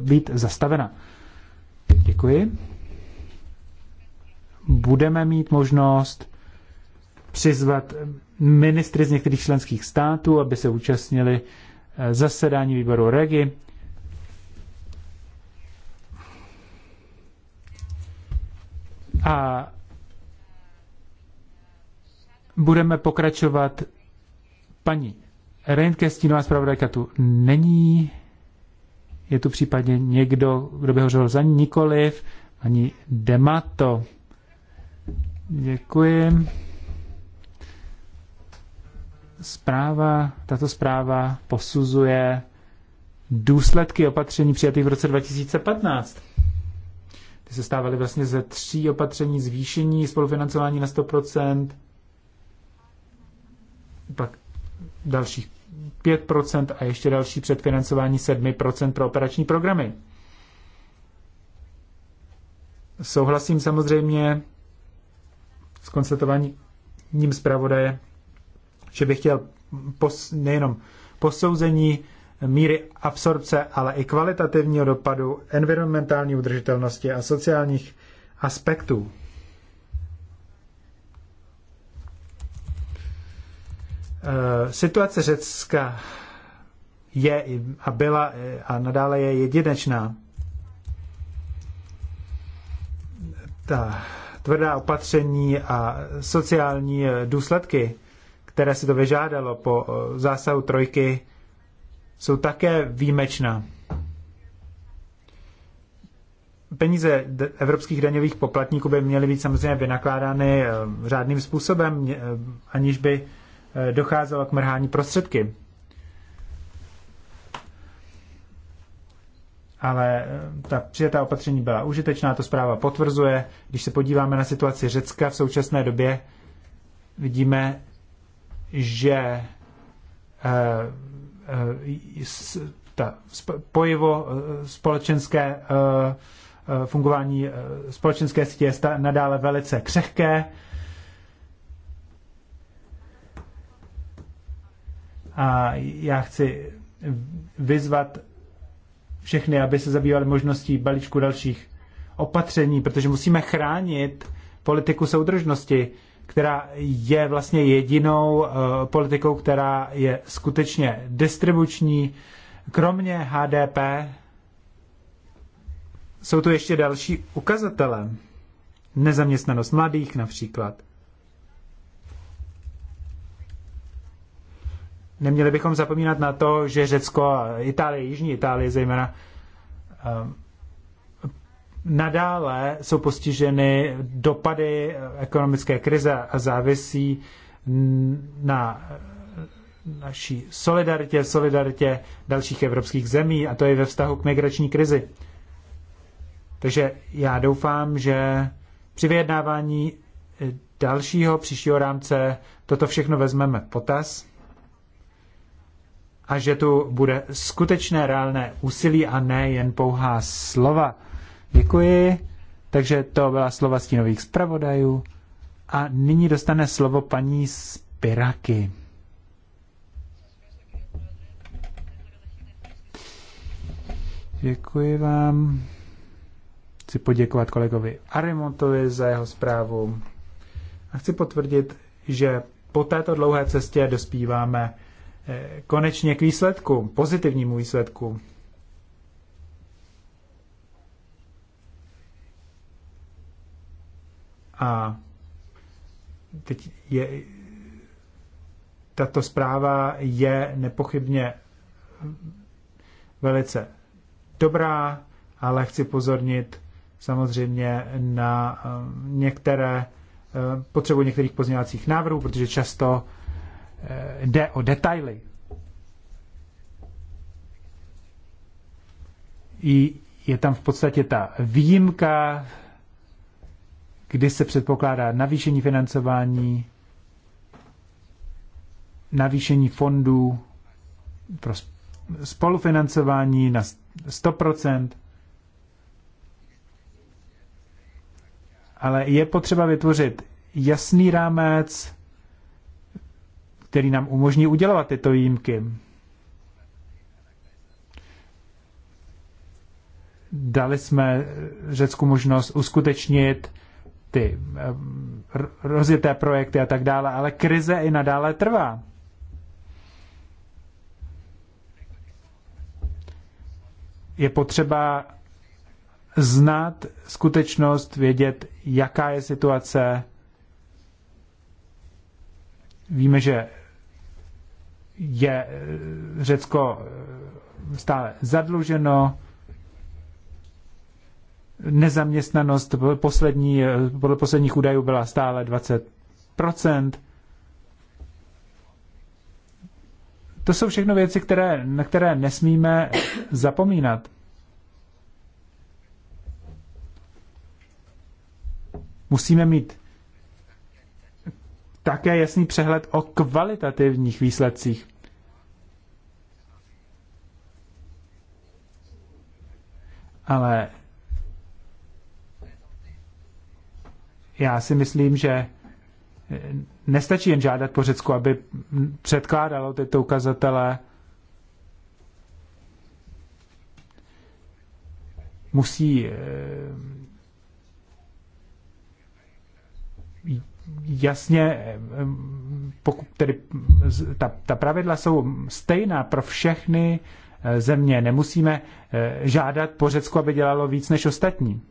být zastavena. Děkuji. Budeme mít možnost přizvat ministry z některých členských států, aby se účastnili eh, zasedání výboru REGI. A budeme pokračovat Paní Reintke, stínová zpravodajka tu není. Je tu případně někdo, kdo by hořel za ní nikoliv. Ani Demato. Děkuji. Zpráva, tato zpráva posuzuje důsledky opatření přijatých v roce 2015. Ty se stávaly vlastně ze tří opatření zvýšení spolufinancování na 100%, pak dalších 5% a ještě další předfinancování 7% pro operační programy. Souhlasím samozřejmě s konstatováním zpravodaje, že bych chtěl pos, nejenom posouzení míry absorpce, ale i kvalitativního dopadu environmentální udržitelnosti a sociálních aspektů Eh, situace Řecka je a byla eh, a nadále je jedinečná. Ta tvrdá opatření a sociální eh, důsledky, které si to vyžádalo po zásahu trojky, jsou také výjimečná. Peníze evropských daňových poplatníků by měly být samozřejmě vynakládány řádným způsobem, aniž by docházelo k mrhání prostředky. ale eh, ta přijetá opatření byla užitečná, to zpráva potvrzuje. Když se podíváme na situaci Řecka v současné době, vidíme, že eh, eh, ta pojivo společenské fungování společenské sítě je nadále velice křehké A já chci vyzvat všechny, aby se zabývali možností balíčku dalších opatření, protože musíme chránit politiku soudržnosti, která je vlastně jedinou eh, politikou, která je skutečně distribuční. Kromě HDP jsou tu ještě další ukazatele. Nezaměstnanost mladých například. Neměli bychom zapomínat na to, že Řecko a Itálie, Jižní Itálie zejména, ehm, nadále jsou postiženy dopady ekonomické krize a závisí na naší solidaritě, solidaritě dalších evropských zemí a to je ve vztahu k migrační krizi. Takže já doufám, že při vyjednávání dalšího příštího rámce toto všechno vezmeme v potaz a že tu bude skutečné reálné úsilí a ne jen pouhá slova. Děkuji. Takže to byla slova stínových zpravodajů. A nyní dostane slovo paní Spiraky. Děkuji vám. Chci poděkovat kolegovi Arimontovi za jeho zprávu. A chci potvrdit, že po této dlouhé cestě dospíváme konečně k výsledku, pozitivnímu výsledku. A teď je, tato zpráva je nepochybně velice dobrá, ale chci pozornit samozřejmě na eh, některé eh, potřebu některých pozměňovacích návrhů, protože často Eh, jde o detaily. Je tam v podstatě ta výjimka, kdy se předpokládá navýšení financování, navýšení fondů pro spolufinancování na 100%, ale je potřeba vytvořit jasný rámec, který nám umožní udělovat tyto výjimky. Dali jsme Řecku možnost uskutečnit ty eh, rozjeté projekty a tak dále, ale krize i nadále trvá. Je potřeba znát skutečnost, vědět, jaká je situace. Víme, že je eh, Řecko eh, stále zadluženo, nezaměstnanost poslední, eh, podle posledních údajů byla stále 20%. To jsou všechno věci, které, na které nesmíme zapomínat. Musíme mít také jasný přehled o kvalitativních výsledcích. Ale já si myslím, že nestačí jen žádat po Řecku, aby předkládalo tyto ukazatele. Musí eh, jasně, pokud tedy ta, ta pravidla jsou stejná pro všechny eh, země, nemusíme eh, žádat po Řecku, aby dělalo víc než ostatní.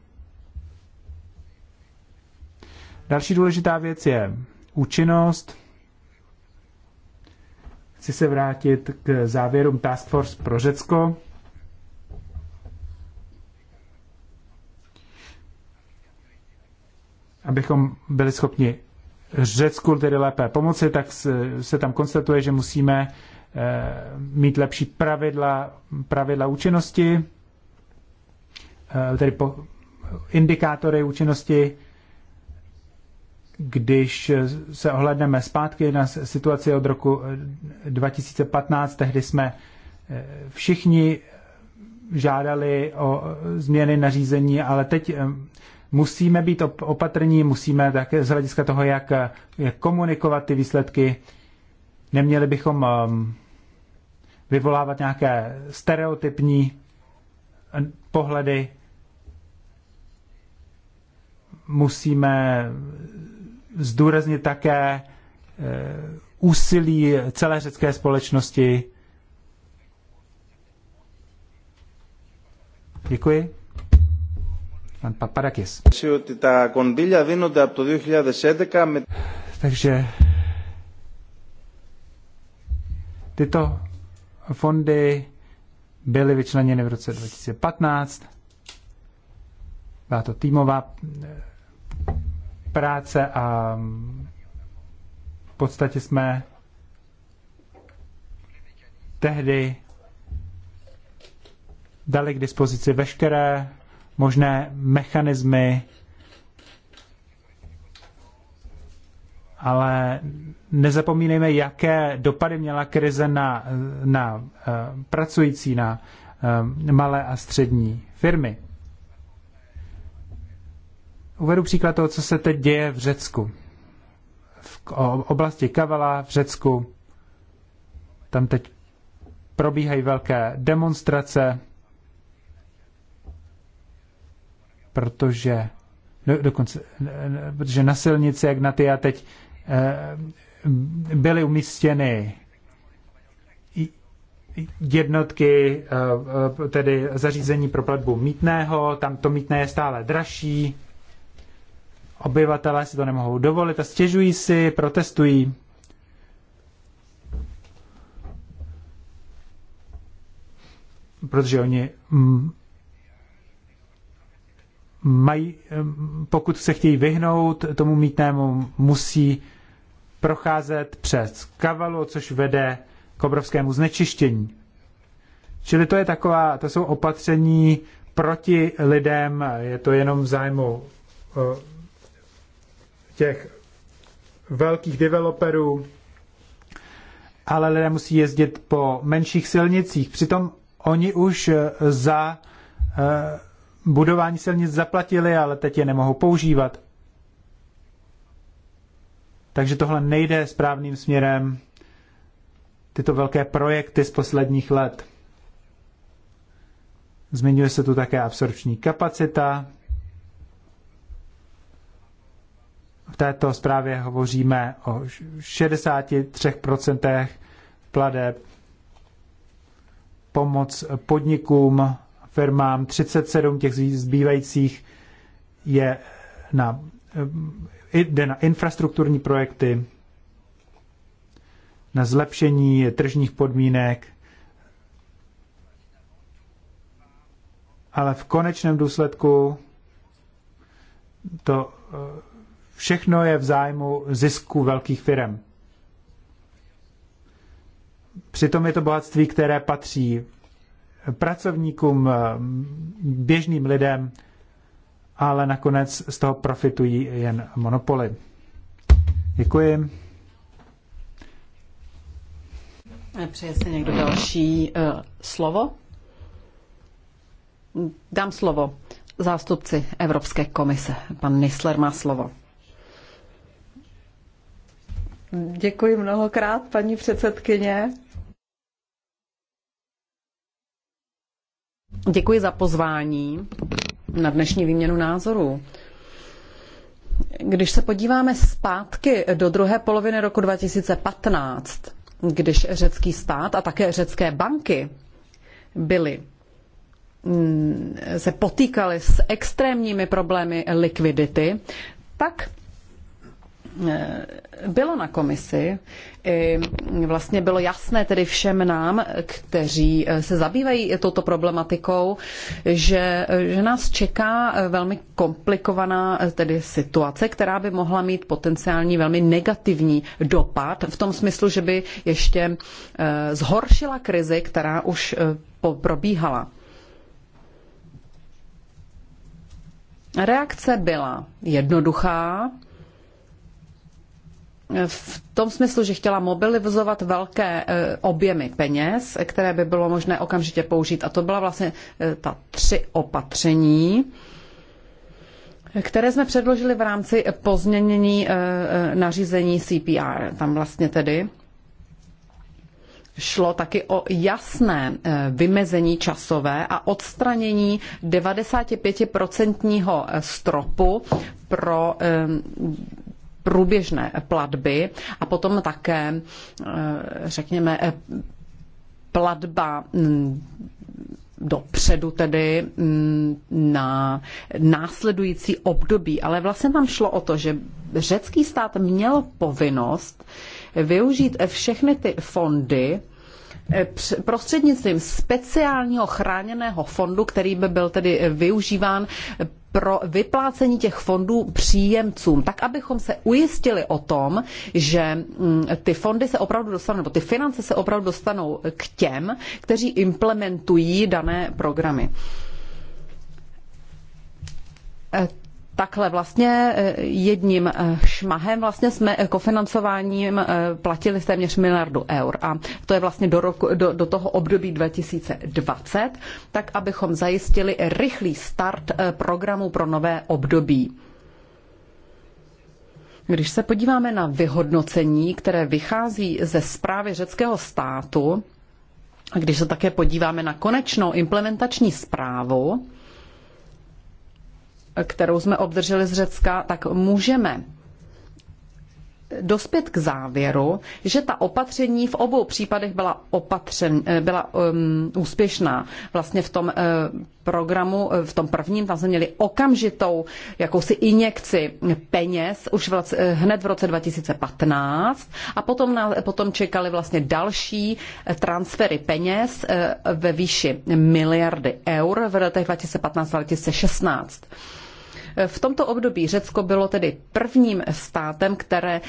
Další důležitá věc je účinnost. Chci se vrátit k závěrům Task Force pro Řecko. Abychom byli schopni Řecku tedy lépe pomoci, tak se tam konstatuje, že musíme eh, mít lepší pravidla, pravidla účinnosti, eh, tedy po, indikátory účinnosti, když se ohledneme zpátky na situaci od roku 2015, eh, tehdy jsme všichni žádali o změny nařízení, ale teď musíme být opatrní, musíme také z hlediska toho, jak, jak komunikovat ty výsledky, neměli bychom um, vyvolávat nějaké stereotypní eh, pohledy. Musíme zdůraznit také eh, úsilí celé řecké společnosti. Děkuji. Pan Takže tyto fondy byly vyčleněny v roce 2015. Byla to týmová eh, práce a mm, v podstatě jsme tehdy dali k dispozici veškeré možné mechanismy, ale nezapomínejme, jaké dopady měla krize na, na eh, pracující, na eh, malé a střední firmy. Uvedu příklad toho, co se teď děje v Řecku. V oblasti Kavala v Řecku tam teď probíhají velké demonstrace, protože do, no, dokonce, protože na silnici jak na ty, a teď eh, byly umístěny jednotky, eh, tedy zařízení pro platbu mítného, tam to mítné je stále dražší, obyvatelé si to nemohou dovolit a stěžují si, protestují. Protože oni mm, mají, pokud se chtějí vyhnout tomu mítnému, musí procházet přes kavalu, což vede k obrovskému znečištění. Čili to je taková, to jsou opatření proti lidem, je to jenom v zájmu eh, těch velkých developerů, ale lidé musí jezdit po menších silnicích. Přitom oni už eh, za eh, budování silnic zaplatili, ale teď je nemohou používat. Takže tohle nejde správným směrem. Tyto velké projekty z posledních let. Zmiňuje se tu také absorpční kapacita. V této zprávě hovoříme o 63% pladeb, pomoc podnikům firmám, 37 těch zbývajících je na, eh, jde na infrastrukturní projekty, na zlepšení tržních podmínek, ale v konečném důsledku to eh, všechno je v zájmu zisku velkých firm. Přitom je to bohatství, které patří pracovníkům, eh, běžným lidem, ale nakonec z toho profitují jen monopoly. Děkuji. Přeje se někdo další uh, slovo? Dám slovo zástupci Evropské komise. Pan Nisler má slovo. Děkuji mnohokrát, paní předsedkyně. Děkuji za pozvání na dnešní výměnu názorů. Když se podíváme zpátky do druhé poloviny roku 2015, když řecký stát a také řecké banky byly mm, se potýkaly s extrémními problémy likvidity, tak bylo na komisi, vlastně bylo jasné tedy všem nám, kteří eh, se zabývají touto problematikou, že, eh, že nás čeká eh, velmi komplikovaná tedy situace, která by mohla mít potenciální velmi negativní dopad v tom smyslu, že by ještě zhoršila krizi, která už probíhala. Reakce byla jednoduchá, v tom smyslu, že chtěla mobilizovat velké e, objemy peněz, které by bylo možné okamžitě použít. A to byla vlastně e, ta tři opatření, které jsme předložili v rámci pozměnění e, nařízení CPR. Tam vlastně tedy šlo taky o jasné vymezení časové a odstranění 95% stropu pro průběžné platby a potom také, eh, řekněme, eh, platba mm, dopředu tedy mm, na následující období. Ale vlastně tam šlo o to, že řecký stát měl povinnost využít všechny ty fondy, eh, prostřednictvím speciálního chráněného fondu, který by byl tedy využíván pro vyplácení těch fondů příjemcům, tak abychom se ujistili o tom, že mm, ty fondy se opravdu dostanou, nebo ty finance se opravdu dostanou k těm, kteří implementují dané programy. Eh, takhle vlastně eh, jedním eh, šmahem vlastně jsme kofinancováním eh, platili téměř miliardu eur a to je vlastně do, roku, do, do toho období 2020, tak abychom zajistili rychlý start programu pro nové období. Když se podíváme na vyhodnocení, které vychází ze zprávy řeckého státu, a když se také podíváme na konečnou implementační zprávu, kterou jsme obdrželi z Řecka, tak můžeme dospět k závěru, že ta opatření v obou případech byla, opatřen, eh, byla um, úspěšná. Vlastně v tom uh, programu, eh, v tom prvním, tam jsme měli okamžitou jakousi injekci peněz už v, hned v roce 2015 a potom, na, potom čekali vlastně další transfery peněz uh, ve výši miliardy eur v letech 2015 a 2016. V tomto období Řecko bylo tedy prvním státem, které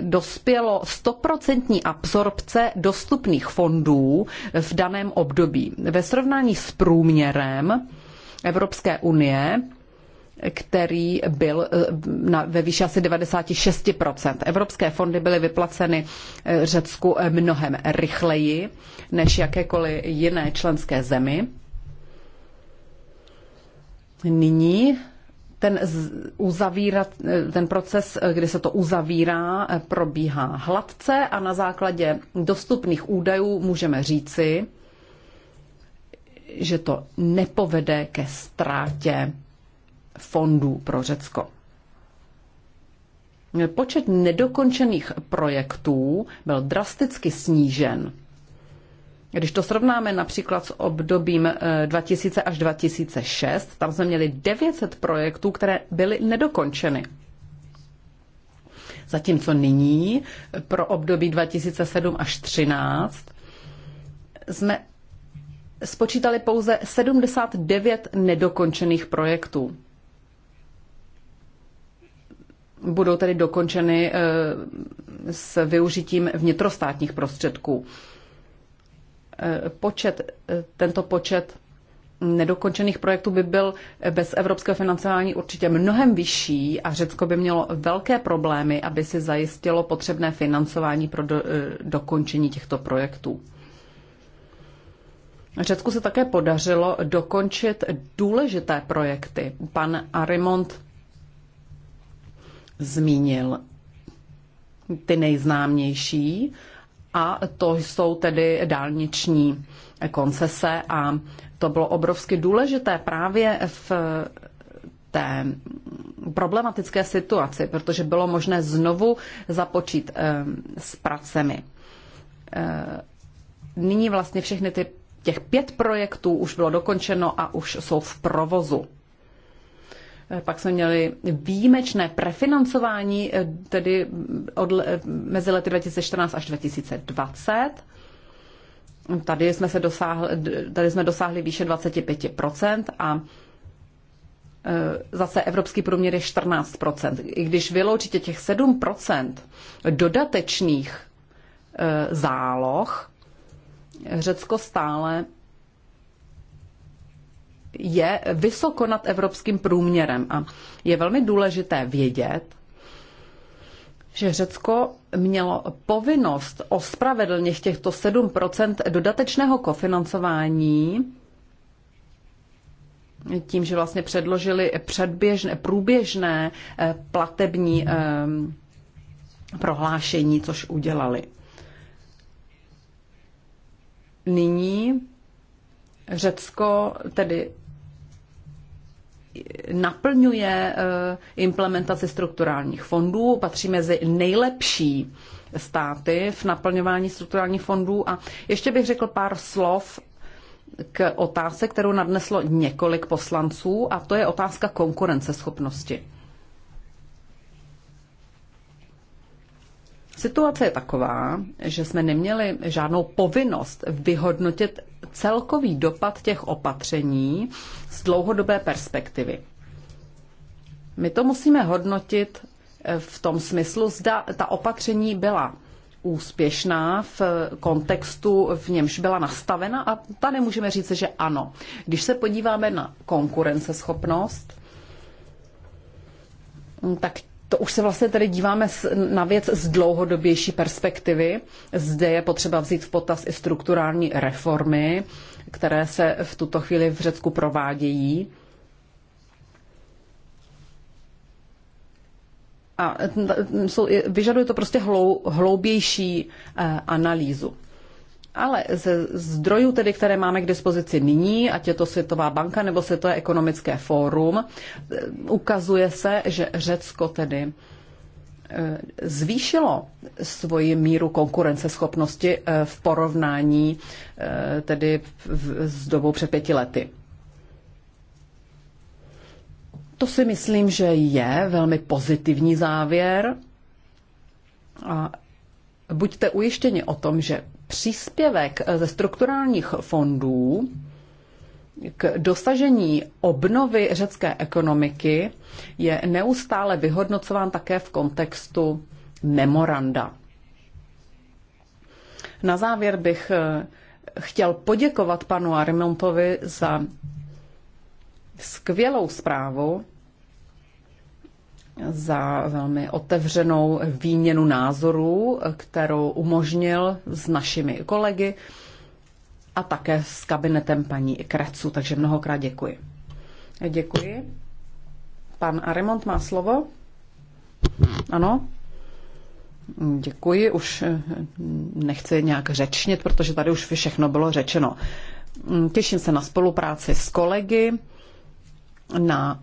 dospělo 100% absorpce dostupných fondů v daném období. Ve srovnání s průměrem Evropské unie, který byl eh, na, ve výši asi 96%. Evropské fondy byly vyplaceny eh, Řecku eh, mnohem rychleji než jakékoliv jiné členské zemi. Nyní ten, uzavírat, eh, ten proces, eh, kdy se to uzavírá, eh, probíhá hladce a na základě dostupných údajů můžeme říci, že to nepovede ke ztrátě fondů pro Řecko. Počet nedokončených projektů byl drasticky snížen když to srovnáme například s obdobím 2000 eh, až 2006, tam jsme měli 900 projektů, které byly nedokončeny. Zatímco nyní eh, pro období 2007 až 2013 jsme spočítali pouze 79 nedokončených projektů. Budou tedy dokončeny eh, s využitím vnitrostátních prostředků. Eh, počet, eh, tento počet nedokončených projektů by byl bez evropského financování určitě mnohem vyšší a Řecko by mělo velké problémy, aby si zajistilo potřebné financování pro do, eh, dokončení těchto projektů. Řecku se také podařilo dokončit důležité projekty. Pan Arimont zmínil ty nejznámější, a to jsou tedy dálniční koncese a to bylo obrovsky důležité právě v té problematické situaci, protože bylo možné znovu započít eh, s pracemi. Eh, nyní vlastně všechny ty těch pět projektů už bylo dokončeno a už jsou v provozu. Pak jsme měli výjimečné prefinancování, eh, tedy eh, od, eh, mezi lety 2014 až 2020. Tady jsme, se dosáhli, tady jsme dosáhli výše 25% a zase evropský průměr je 14%. I když vyloučíte těch 7% dodatečných záloh, Řecko stále je vysoko nad evropským průměrem. A je velmi důležité vědět, že Řecko mělo povinnost ospravedlnit těchto 7 dodatečného kofinancování tím, že vlastně předložili předběžné, průběžné eh, platební ehm, prohlášení, což udělali. Nyní Řecko tedy naplňuje eh, implementaci strukturálních fondů, patří mezi nejlepší státy v naplňování strukturálních fondů. A ještě bych řekl pár slov k otázce, kterou nadneslo několik poslanců, a to je otázka konkurenceschopnosti. Situace je taková, že jsme neměli žádnou povinnost vyhodnotit celkový dopad těch opatření z dlouhodobé perspektivy. My to musíme hodnotit eh, v tom smyslu, zda ta opatření byla úspěšná v eh, kontextu, v němž byla nastavena a tady nemůžeme říct, že ano. Když se podíváme na konkurenceschopnost, mm, tak to už se vlastně tady díváme na věc z dlouhodobější perspektivy. Zde je potřeba vzít v potaz i strukturální reformy, které se v tuto chvíli v Řecku provádějí. A jsou, vyžaduje to prostě hlou, hloubější eh, analýzu. Ale ze zdrojů, tedy, které máme k dispozici nyní, ať je to Světová banka nebo Světové ekonomické fórum, e, ukazuje se, že Řecko tedy e, zvýšilo svoji míru konkurenceschopnosti e, v porovnání tedy s dobou před pěti lety. To si myslím, že je velmi pozitivní závěr a buďte ujištěni o tom, že příspěvek eh, ze strukturálních fondů k dosažení obnovy řecké ekonomiky je neustále vyhodnocován také v kontextu memoranda. Na závěr bych eh, chtěl poděkovat panu Arimontovi za skvělou zprávu, za velmi otevřenou výměnu názorů, kterou umožnil s našimi kolegy a také s kabinetem paní Krecu, takže mnohokrát děkuji. Děkuji. Pan Aremont má slovo? Ano? Děkuji, už eh, nechci nějak řečnit, protože tady už všechno bylo řečeno. Těším se na spolupráci s kolegy, na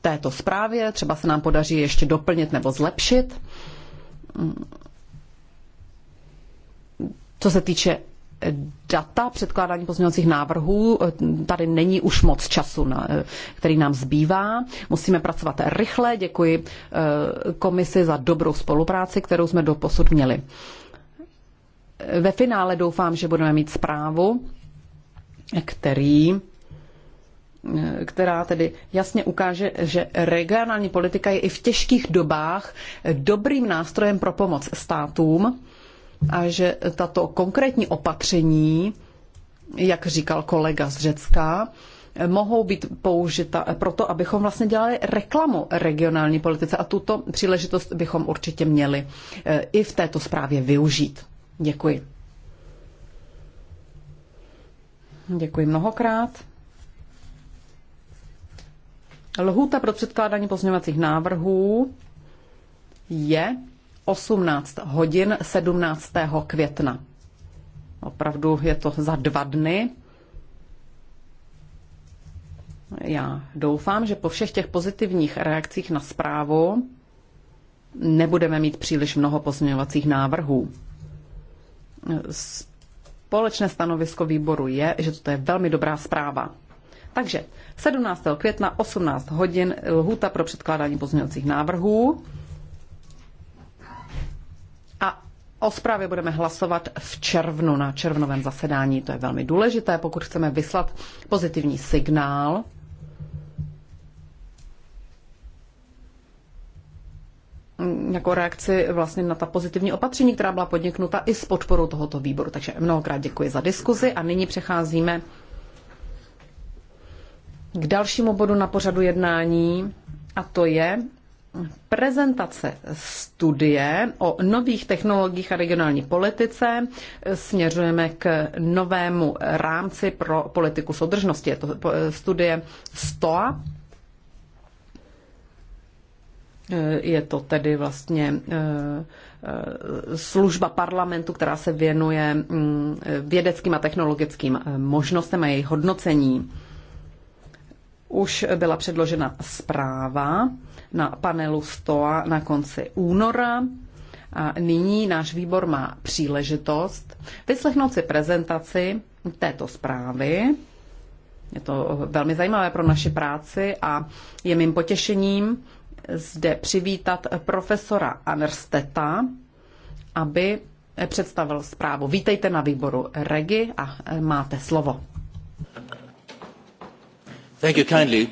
této zprávě. Třeba se nám podaří ještě doplnit nebo zlepšit. Co se týče data předkládání pozměňovacích návrhů, tady není už moc času, na, který nám zbývá. Musíme pracovat rychle. Děkuji eh, komisi za dobrou spolupráci, kterou jsme do posud měli. Ve finále doufám, že budeme mít zprávu, který E, která tedy jasně ukáže, že regionální politika je i v těžkých dobách dobrým nástrojem pro pomoc státům a že tato konkrétní opatření, jak říkal kolega z Řecka, mohou být použita proto, abychom vlastně dělali reklamu regionální politice a tuto příležitost bychom určitě měli e, i v této zprávě využít. Děkuji. Děkuji mnohokrát. Lhůta pro předkládání pozměňovacích návrhů je 18 hodin 17. května. Opravdu je to za dva dny. Já doufám, že po všech těch pozitivních reakcích na zprávu nebudeme mít příliš mnoho pozměňovacích návrhů. Společné stanovisko výboru je, že to je velmi dobrá zpráva. Takže 17. května 18 hodin eh, lhuta pro předkládání pozměňovacích návrhů. A o zprávě budeme hlasovat v červnu, na červnovém zasedání. To je velmi důležité, pokud chceme vyslat pozitivní signál mm, jako reakci vlastně na ta pozitivní opatření, která byla podniknuta i s podporou tohoto výboru. Takže mnohokrát děkuji za diskuzi a nyní přecházíme k dalšímu bodu na pořadu jednání, a to je prezentace studie o nových technologiích a regionální politice. Směřujeme k novému rámci pro politiku soudržnosti. Je to studie STOA. Je to tedy vlastně e, e, služba parlamentu, která se věnuje mm, vědeckým a technologickým e, možnostem a jejich hodnocení už byla předložena zpráva na panelu STOA na konci února. A nyní náš výbor má příležitost vyslechnout si prezentaci této zprávy. Je to velmi zajímavé pro naši práci a je mým potěšením zde přivítat profesora Anersteta, aby představil zprávu. Vítejte na výboru Regi a máte slovo. Thank you kindly,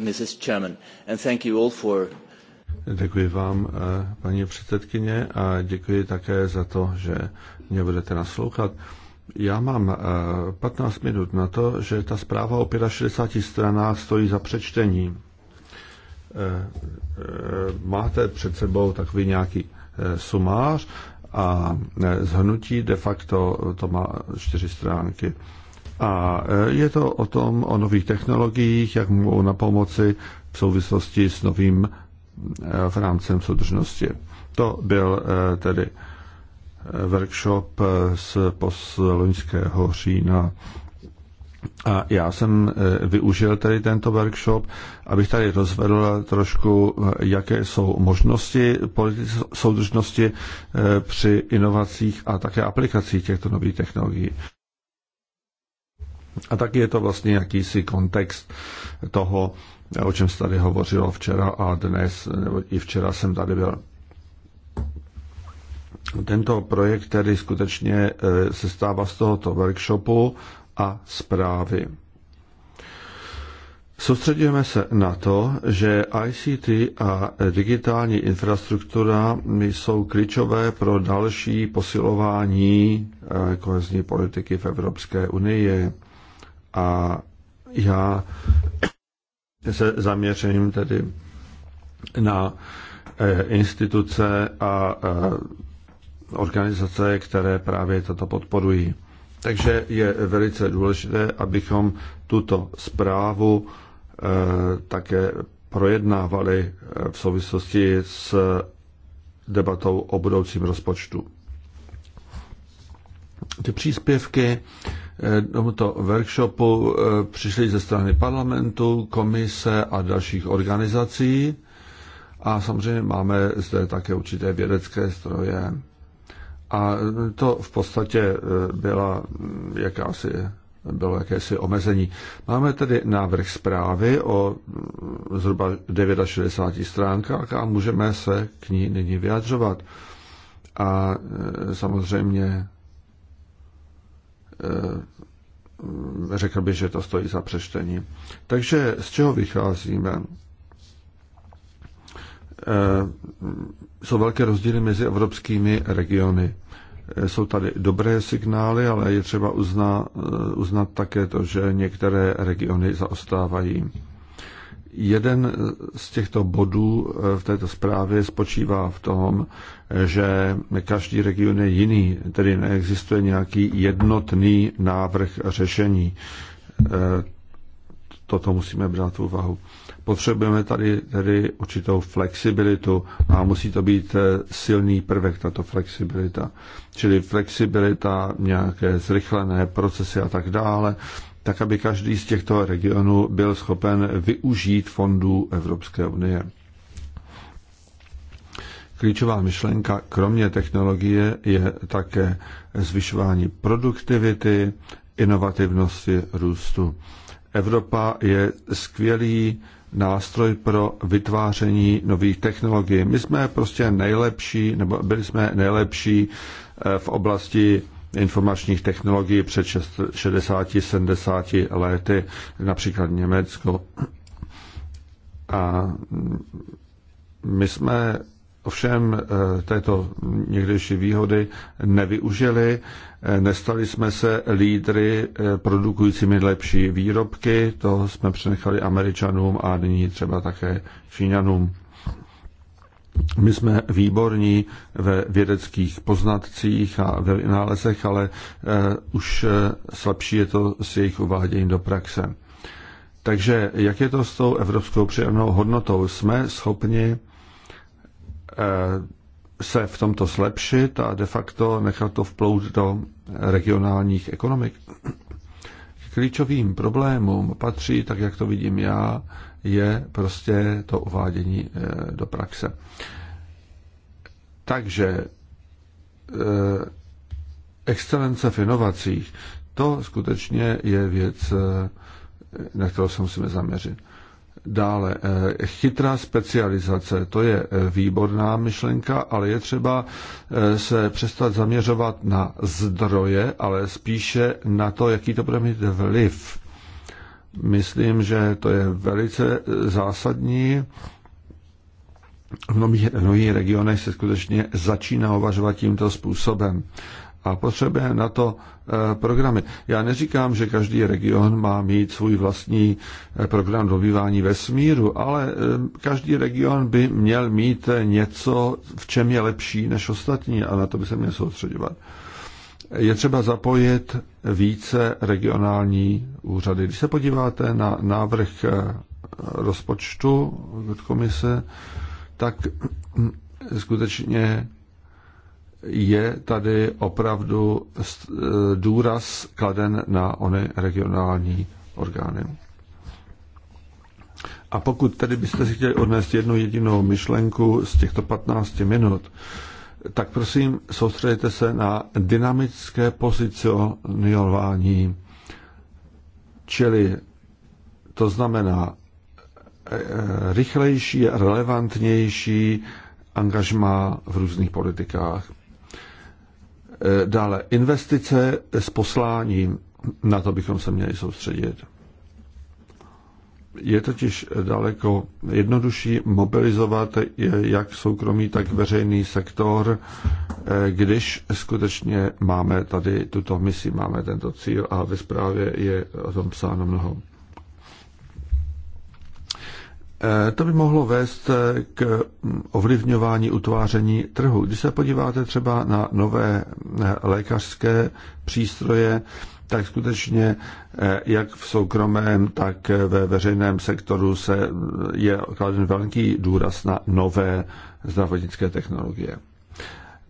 Mrs. Chairman, and thank you all for Děkuji vám, eh, paní předsedkyně, a děkuji také za to, že mě budete naslouchat. Já mám 15 eh, minut na to, že ta zpráva o 65 stranách stojí za přečtení. Eh, máte před sebou takový nějaký sumář a zhnutí de facto to má čtyři stránky. A e, je to o tom, o nových technologiích, jak mohou na pomoci v souvislosti s novým e, v rámcem soudržnosti. To byl e, tedy workshop z posloňského října. A já jsem využil tady tento workshop, abych tady rozvedl trošku, jaké jsou možnosti politické soudržnosti při inovacích a také aplikacích těchto nových technologií. A taky je to vlastně jakýsi kontext toho, o čem se tady hovořilo včera a dnes, nebo i včera jsem tady byl. Tento projekt tedy skutečně e, se stává z tohoto workshopu a zprávy. Soustředíme se na to, že ICT a digitální infrastruktura jsou klíčové pro další posilování e, kohezní politiky v Evropské unii a já se zaměřím tedy na eh, instituce a eh, organizace, které právě toto podporují. Takže je velice důležité, abychom tuto zprávu eh, také projednávali v souvislosti s debatou o budoucím rozpočtu. Ty příspěvky Eh, tomuto workshopu eh, přišli ze strany parlamentu, komise a dalších organizací. A samozřejmě máme zde také určité vědecké stroje. A to v podstatě eh, byla jakási, bylo jakési omezení. Máme tedy návrh zprávy o mm, zhruba 69 stránkách a můžeme se k ní nyní vyjadřovat. A samozřejmě Eh, řekl bych, že to stojí za přečtení. Takže z čeho vycházíme? Eh, jsou velké rozdíly mezi evropskými regiony. Eh, jsou tady dobré signály, ale je třeba uznat, uznat také to, že některé regiony zaostávají. Jeden z těchto bodů eh, v této zprávě spočívá v tom, že každý region je jiný, tedy neexistuje nějaký jednotný návrh řešení. Eh, toto musíme brát v úvahu. Potřebujeme tady tedy určitou flexibilitu a musí to být eh, silný prvek, tato flexibilita. Čili flexibilita, nějaké zrychlené procesy a tak dále, tak aby každý z těchto regionů byl schopen využít fondů Evropské unie. Klíčová myšlenka kromě technologie je také zvyšování produktivity, inovativnosti, růstu. Evropa je skvělý nástroj pro vytváření nových technologií. My jsme prostě nejlepší, nebo byli jsme nejlepší eh, v oblasti informačních technologií před 60-70 lety, například Německo. A my jsme ovšem eh, této někdejší výhody nevyužili. Eh, nestali jsme se lídry eh, produkujícími lepší výrobky, to jsme přenechali Američanům a nyní třeba také Číňanům. My jsme výborní ve vědeckých poznatcích a ve vynálezech, ale eh, už eh, slabší je to s jejich uváděním do praxe. Takže jak je to s tou evropskou přidanou hodnotou? Jsme schopni eh, se v tomto slepšit a de facto nechat to vplout do regionálních ekonomik? K klíčovým problémům patří, tak jak to vidím já, je prostě to uvádění eh, do praxe. Takže eh, excelence v inovacích, to skutečně je věc, eh, na kterou se musíme zaměřit. Dále, chytrá specializace, to je výborná myšlenka, ale je třeba se přestat zaměřovat na zdroje, ale spíše na to, jaký to bude mít vliv. Myslím, že to je velice zásadní. V mnohých, v mnohých regionech se skutečně začíná uvažovat tímto způsobem a potřebujeme na to eh, programy. Já neříkám, že každý region má mít svůj vlastní eh, program dobývání vesmíru, ale eh, každý region by měl mít něco, v čem je lepší než ostatní a na to by se měl soustředovat je třeba zapojit více regionální úřady. Když se podíváte na návrh eh, rozpočtu od komise, tak hm, skutečně je tady opravdu eh, důraz kladen na ony regionální orgány. A pokud tedy byste si chtěli odnést jednu jedinou myšlenku z těchto 15 minut, tak prosím soustředěte se na dynamické pozicionování, čili to znamená e, rychlejší, relevantnější angažma v různých politikách. E, dále investice s posláním, na to bychom se měli soustředit je totiž daleko jednodušší mobilizovat jak soukromý, tak veřejný sektor, eh, když skutečně máme tady tuto misi, máme tento cíl a ve zprávě je o tom psáno mnoho. Eh, to by mohlo vést eh, k hm, ovlivňování utváření trhu. Když se podíváte třeba na nové lékařské přístroje, tak skutečně eh, jak v soukromém, tak ve veřejném sektoru se je kladen velký důraz na nové zdravotnické technologie.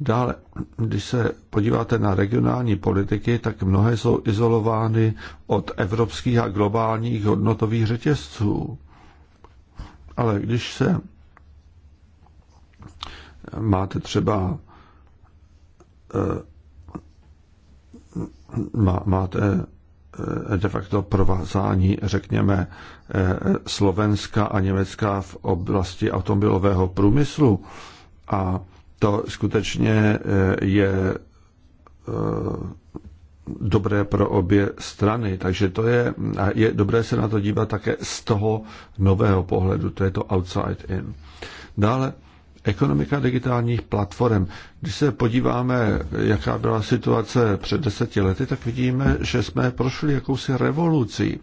Dále, když se podíváte na regionální politiky, tak mnohé jsou izolovány od evropských a globálních hodnotových řetězců. Ale když se máte třeba eh, má, máte eh, eh, de facto provázání, řekněme, eh, Slovenska a Německa v oblasti automobilového průmyslu. A to skutečně je dobré pro obě strany. Takže to je, je dobré se na to dívat také z toho nového pohledu, to je to outside in. Dále Ekonomika digitálních platform. Když se podíváme, jaká byla situace před deseti lety, tak vidíme, že jsme prošli jakousi revolucí.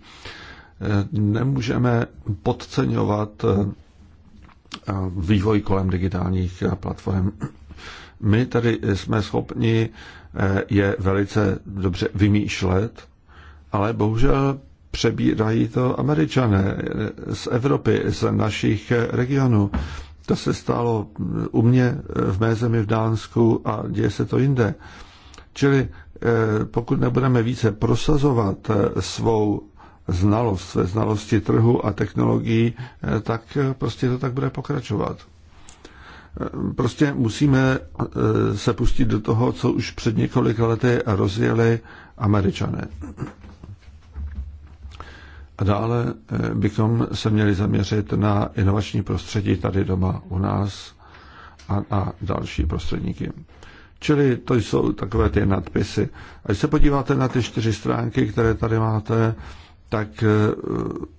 Nemůžeme podceňovat eh, vývoj kolem digitálních eh, platform. My tady jsme schopni eh, je velice dobře vymýšlet, ale bohužel přebírají to američané z Evropy, z našich regionů. To se stalo u mě v mé zemi v Dánsku a děje se to jinde. Čili eh, pokud nebudeme více prosazovat eh, svou znalost, své znalosti trhu a technologií, eh, tak prostě to tak bude pokračovat. Prostě musíme se pustit do toho, co už před několika lety rozjeli američané. A dále eh, bychom se měli zaměřit na inovační prostředí tady doma u nás a na další prostředníky. Čili to jsou takové ty nadpisy. Když se podíváte na ty čtyři stránky, které tady máte, tak eh,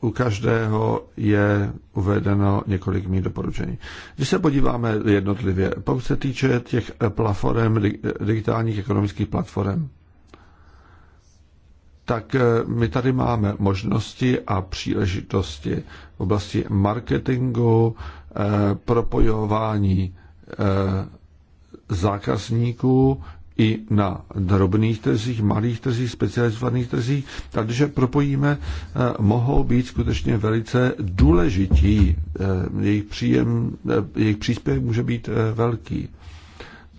u každého je uvedeno několik mých doporučení. Když se podíváme jednotlivě, pokud se týče těch platform, eh, digitálních ekonomických platform, tak eh, my tady máme možnosti a příležitosti v oblasti marketingu, eh, propojování eh, zákazníků i na drobných trzích, malých trzích, specializovaných trzích, takže propojíme, mohou být skutečně velice důležití. Jejich, příjem, jejich příspěvek může být velký.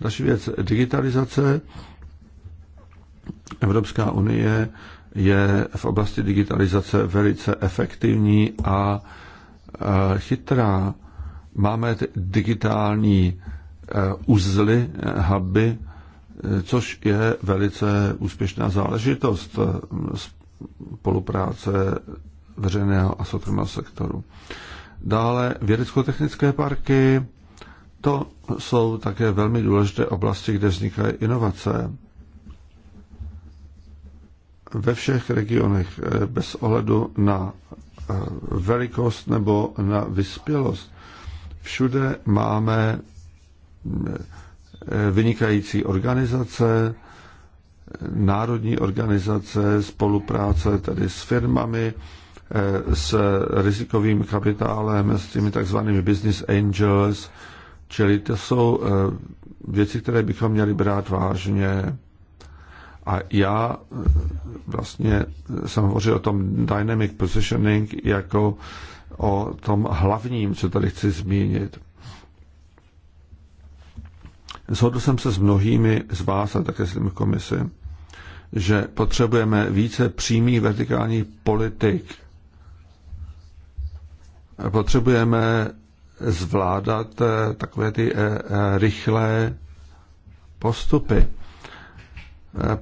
Další věc, digitalizace Evropská unie je v oblasti digitalizace velice efektivní a e, chytrá. Máme digitální e, uzly, huby, e, což je velice úspěšná záležitost spolupráce veřejného a soukromého sektoru. Dále vědecko-technické parky, to jsou také velmi důležité oblasti, kde vznikají inovace ve všech regionech eh, bez ohledu na eh, velikost nebo na vyspělost. Všude máme eh, vynikající organizace, národní organizace, spolupráce tedy s firmami, s rizikovým kapitálem, s těmi takzvanými business angels, čili to jsou věci, které bychom měli brát vážně. A já eh, vlastně eh, jsem hovořil o tom dynamic positioning jako o tom hlavním, co tady chci zmínit. Zhodl jsem se s mnohými z vás a také s těmi komisy, že potřebujeme více přímých vertikálních politik. Potřebujeme zvládat eh, takové ty rychlé postupy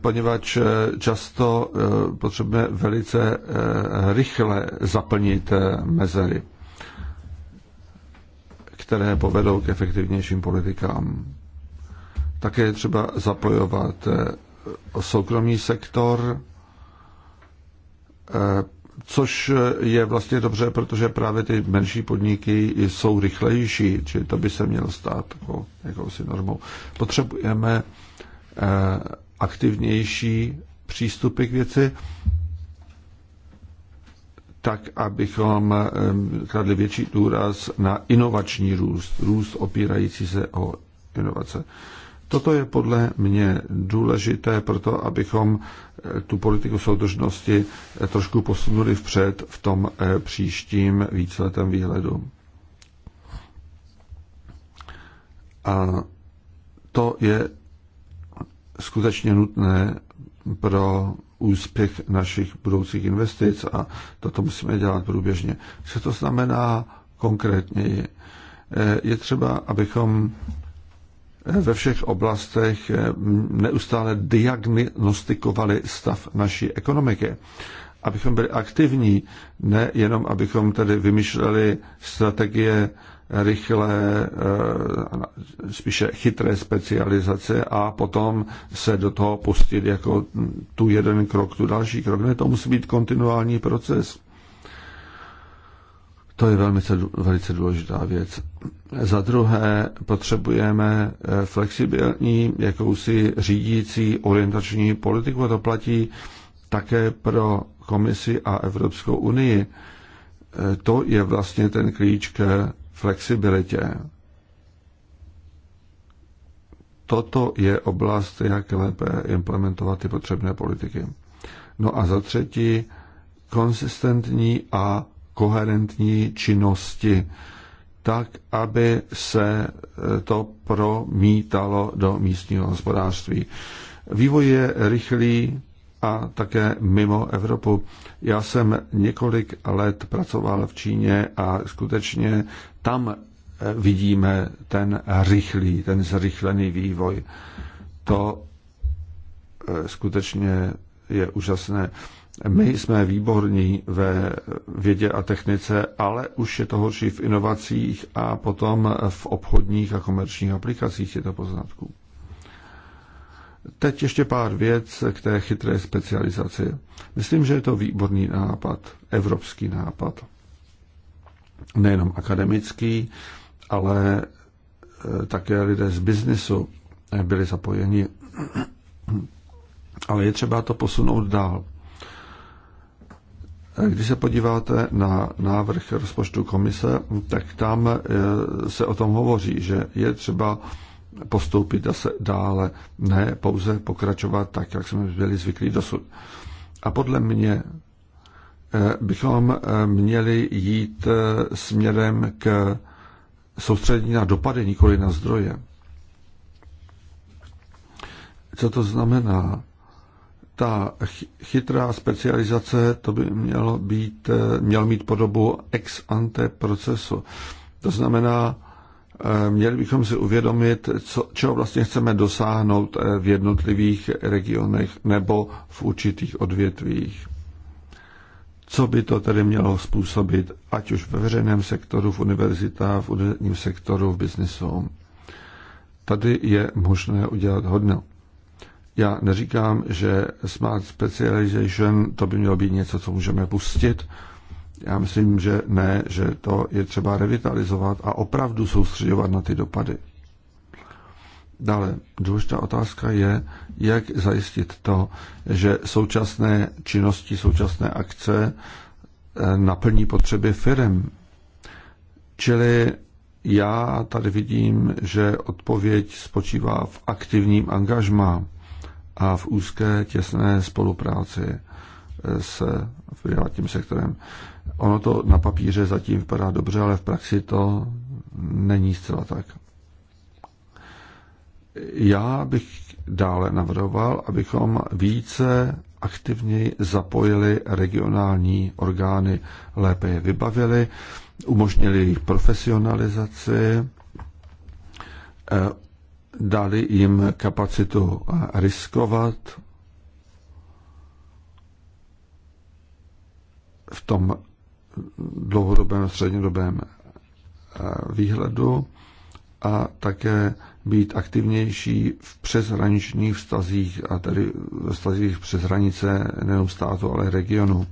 poněvadž eh, často eh, potřebujeme velice eh, rychle zaplnit mezery, které povedou k efektivnějším politikám. Také je třeba zapojovat soukromý sektor, což je vlastně dobře, protože právě ty menší podniky jsou rychlejší, čili to by se mělo stát jako, jakousi normou. Potřebujeme aktivnější přístupy k věci, tak, abychom kladli větší důraz na inovační růst, růst opírající se o inovace. Toto je podle mě důležité proto, abychom eh, tu politiku soudržnosti eh, trošku posunuli vpřed v tom eh, příštím víceletém výhledu. A to je skutečně nutné pro úspěch našich budoucích investic a toto musíme dělat průběžně. Co to znamená konkrétně? Je eh, třeba, abychom eh, ve všech oblastech eh, neustále diagnostikovali stav naší ekonomiky. Abychom byli aktivní, nejenom abychom tedy vymýšleli strategie rychlé, eh, spíše chytré specializace a potom se do toho pustit jako tu jeden krok, tu další krok. Ne, to musí být kontinuální proces. To je velmi, velice důležitá věc. Za druhé potřebujeme eh, flexibilní jakousi řídící orientační politiku a to platí také pro komisi a Evropskou unii. Eh, to je vlastně ten klíč k flexibilitě. Toto je oblast, jak lépe implementovat ty potřebné politiky. No a za třetí, konsistentní a koherentní činnosti, tak, aby se eh, to promítalo do místního hospodářství. Vývoj je rychlý a také mimo Evropu. Já jsem několik let pracoval v Číně a skutečně tam eh, vidíme ten rychlý, ten zrychlený vývoj. To eh, skutečně je úžasné. My jsme výborní ve vědě a technice, ale už je to horší v inovacích a potom v obchodních a komerčních aplikacích je to poznatků. Teď ještě pár věc k té chytré specializaci. Myslím, že je to výborný nápad, evropský nápad nejenom akademický, ale eh, také lidé z biznesu byli zapojeni. [CLEARS THROAT] Ale je třeba to posunout dál. Eh, když se podíváte na návrh rozpočtu komise, tak tam eh, se o tom hovoří, že je třeba postoupit zase dále, ne pouze pokračovat tak, jak jsme byli zvyklí dosud. A podle mě Eh, bychom eh, měli jít eh, směrem k soustředění na dopady, nikoli na zdroje. Co to znamená? Ta chytrá specializace, to by mělo, být, mělo mít podobu ex ante procesu. To znamená, měli bychom si uvědomit, co, čeho vlastně chceme dosáhnout v jednotlivých regionech nebo v určitých odvětvích co by to tedy mělo způsobit, ať už ve veřejném sektoru, v univerzitách, v univerzitním sektoru, v biznisu. Tady je možné udělat hodně. Já neříkám, že Smart Specialization to by mělo být něco, co můžeme pustit. Já myslím, že ne, že to je třeba revitalizovat a opravdu soustředovat na ty dopady. Dále důležitá otázka je, jak zajistit to, že současné činnosti, současné akce eh, naplní potřeby firm. Čili já tady vidím, že odpověď spočívá v aktivním angažmá a v úzké těsné spolupráci eh, s privátním sektorem. Ono to na papíře zatím vypadá dobře, ale v praxi to není zcela tak. Já bych dále navrhoval, abychom více aktivněji zapojili regionální orgány, lépe je vybavili, umožnili jejich profesionalizaci, eh, dali jim kapacitu eh, riskovat v tom dlouhodobém, střednědobém eh, výhledu a také být aktivnější v přeshraničních vztazích, a tedy ve vztazích přes hranice nejenom státu, ale regionu.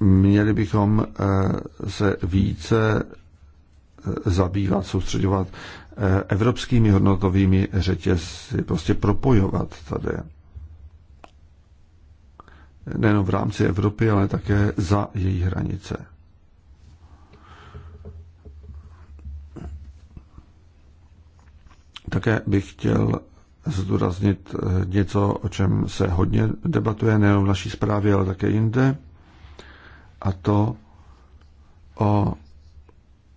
Měli bychom eh, se více eh, zabývat, soustředovat eh, evropskými hodnotovými řetězy, prostě propojovat tady. Nejenom v rámci Evropy, ale také za její hranice. Také bych chtěl zdůraznit eh, něco, o čem se hodně debatuje, nejen v naší zprávě, ale také jinde, a to o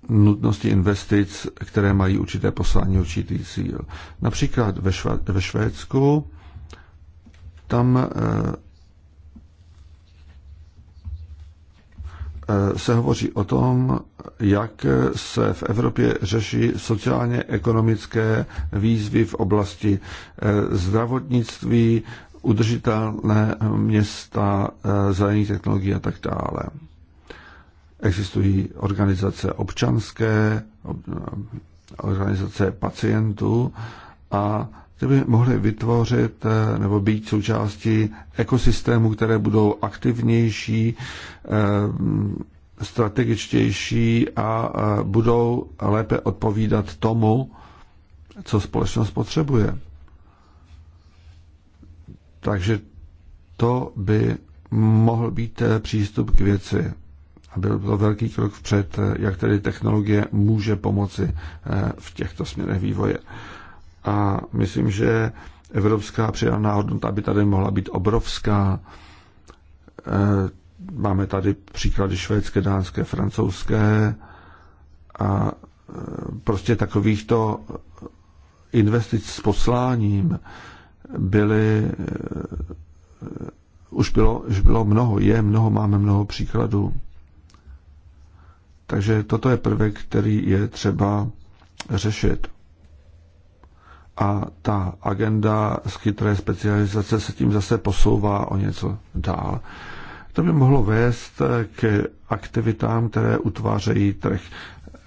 nutnosti investic, které mají určité poslání, určitý cíl. Například ve, Šva- ve Švédsku tam eh, Eh, se hovoří o tom, jak se v Evropě řeší sociálně-ekonomické výzvy v oblasti eh, zdravotnictví, udržitelné města, eh, zelených technologií a tak dále. Existují organizace občanské, organizace pacientů a že by mohly vytvořit eh, nebo být součástí ekosystému, které budou aktivnější, eh, strategičtější a eh, budou lépe odpovídat tomu, co společnost potřebuje. Takže to by mohl být přístup k věci. A byl to velký krok vpřed, jak tedy technologie může pomoci v těchto směrech vývoje. A myslím, že evropská přidaná hodnota by tady mohla být obrovská. E, máme tady příklady švédské, dánské, francouzské a e, prostě takovýchto investic s posláním byly e, už bylo, už bylo mnoho, je mnoho, máme mnoho příkladů. Takže toto je prvek, který je třeba řešit a ta agenda z chytré specializace se tím zase posouvá o něco dál. To by mohlo vést k aktivitám, které utvářejí trh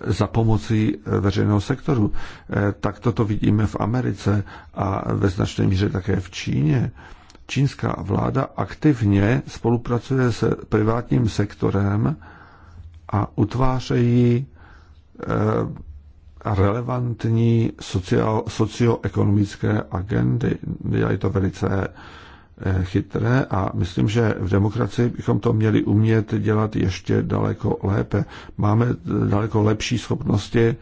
za pomocí veřejného sektoru. Eh, tak toto vidíme v Americe a ve značné míře také v Číně. Čínská vláda aktivně spolupracuje se privátním sektorem a utvářejí eh, relevantní socio, socioekonomické agendy. Dělají to velice eh, chytré a myslím, že v demokracii bychom to měli umět dělat ještě daleko lépe. Máme daleko lepší schopnosti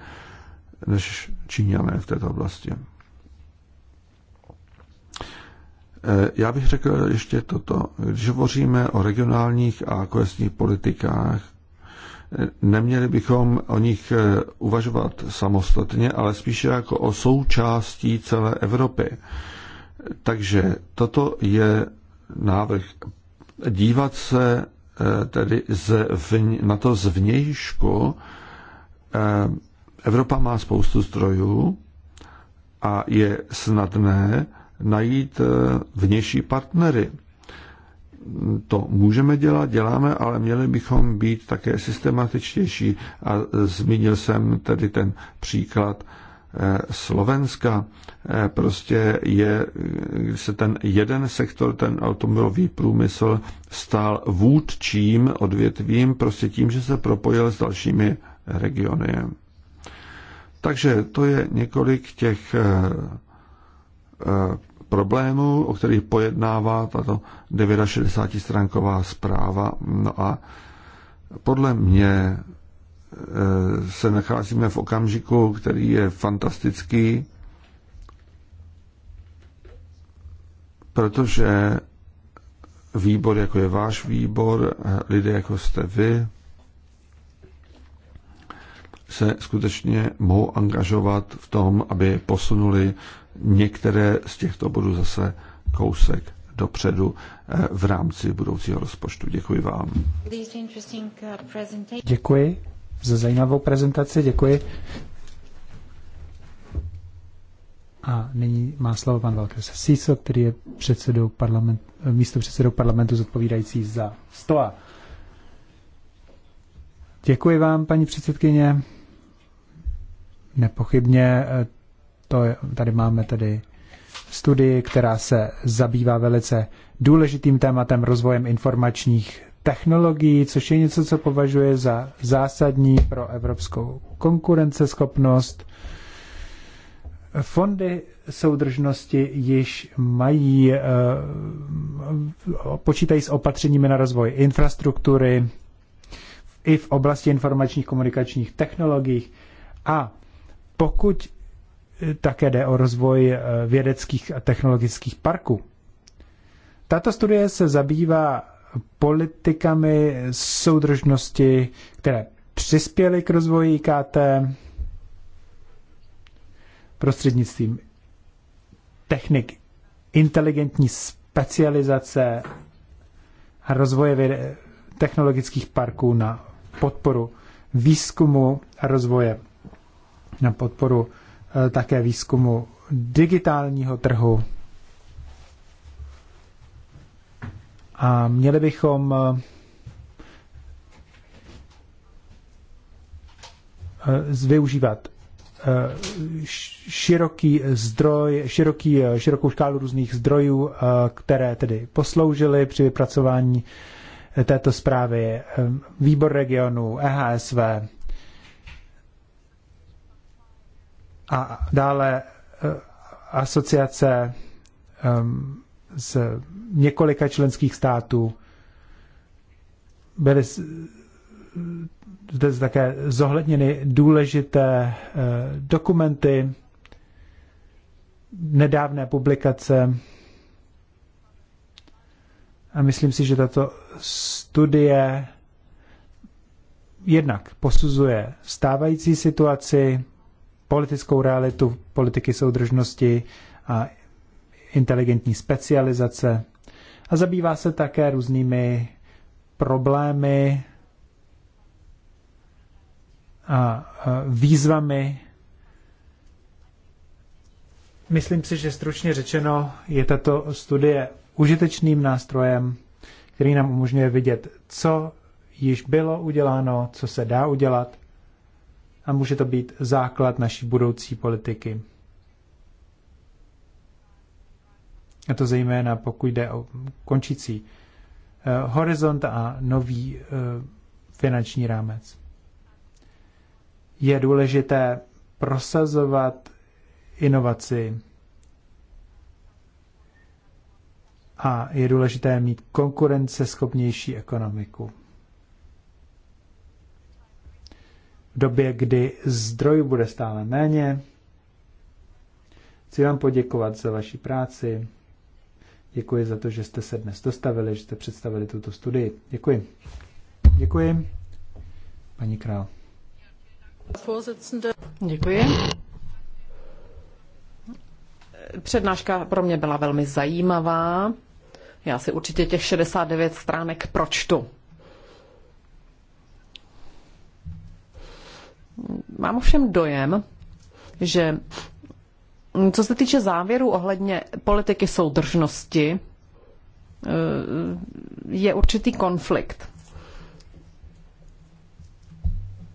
než Číňané v této oblasti. Eh, já bych řekl ještě toto. Když hovoříme o regionálních a kohesních politikách, Neměli bychom o nich eh, uvažovat samostatně, ale spíše jako o součástí celé Evropy. Takže toto je návrh. Dívat se eh, tedy na to zvnějšku. Eh, Evropa má spoustu zdrojů a je snadné najít vnější partnery to můžeme dělat, děláme, ale měli bychom být také systematičtější. A zmínil jsem tedy ten příklad eh, Slovenska. Eh, prostě je, když eh, se ten jeden sektor, ten automobilový průmysl, stál vůdčím odvětvím, prostě tím, že se propojil s dalšími regiony. Takže to je několik těch problémů, o kterých pojednává tato 69-stránková zpráva. No a podle mě e, se nacházíme v okamžiku, který je fantastický, protože výbor, jako je váš výbor, lidé, jako jste vy, se skutečně mohou angažovat v tom, aby posunuli některé z těchto bodů zase kousek dopředu eh, v rámci budoucího rozpočtu. Děkuji vám. Děkuji za zajímavou prezentaci, děkuji. A nyní má slovo pan Valkres Siso, který je předsedou parlament, eh, místo předsedou parlamentu zodpovídající za STOA. Děkuji vám, paní předsedkyně. Nepochybně eh, to je, tady máme tedy studii, která se zabývá velice důležitým tématem rozvojem informačních technologií, což je něco, co považuje za zásadní pro evropskou konkurenceschopnost. Fondy soudržnosti již mají, eh, počítají s opatřeními na rozvoj infrastruktury i v oblasti informačních komunikačních technologií. A pokud také jde o rozvoj eh, vědeckých a technologických parků. Tato studie se zabývá politikami soudržnosti, které přispěly k rozvoji IKT prostřednictvím technik inteligentní specializace a rozvoje věde, technologických parků na podporu výzkumu a rozvoje, na podporu Eh, také výzkumu digitálního trhu. A měli bychom eh, využívat eh, široký zdroj, široký, širokou škálu různých zdrojů, které tedy posloužily při vypracování této zprávy. Výbor regionu, EHSV, A dále eh, asociace ehm, z několika členských států. Byly zde také zohledněny důležité eh, dokumenty, nedávné publikace a myslím si, že tato studie jednak posuzuje stávající situaci, politickou realitu politiky soudržnosti a inteligentní specializace. A zabývá se také různými problémy a výzvami. Myslím si, že stručně řečeno je tato studie užitečným nástrojem, který nám umožňuje vidět, co již bylo uděláno, co se dá udělat a může to být základ naší budoucí politiky. A to zejména pokud jde o končící eh, horizont a nový eh, finanční rámec. Je důležité prosazovat inovaci a je důležité mít konkurenceschopnější ekonomiku. v době, kdy zdrojů bude stále méně. Chci vám poděkovat za vaši práci. Děkuji za to, že jste se dnes dostavili, že jste představili tuto studii. Děkuji. Děkuji. Paní Král. Děkuji. Přednáška pro mě byla velmi zajímavá. Já si určitě těch 69 stránek pročtu. Mám ovšem dojem, že mm, co se týče závěru ohledně politiky soudržnosti, eh, je určitý konflikt.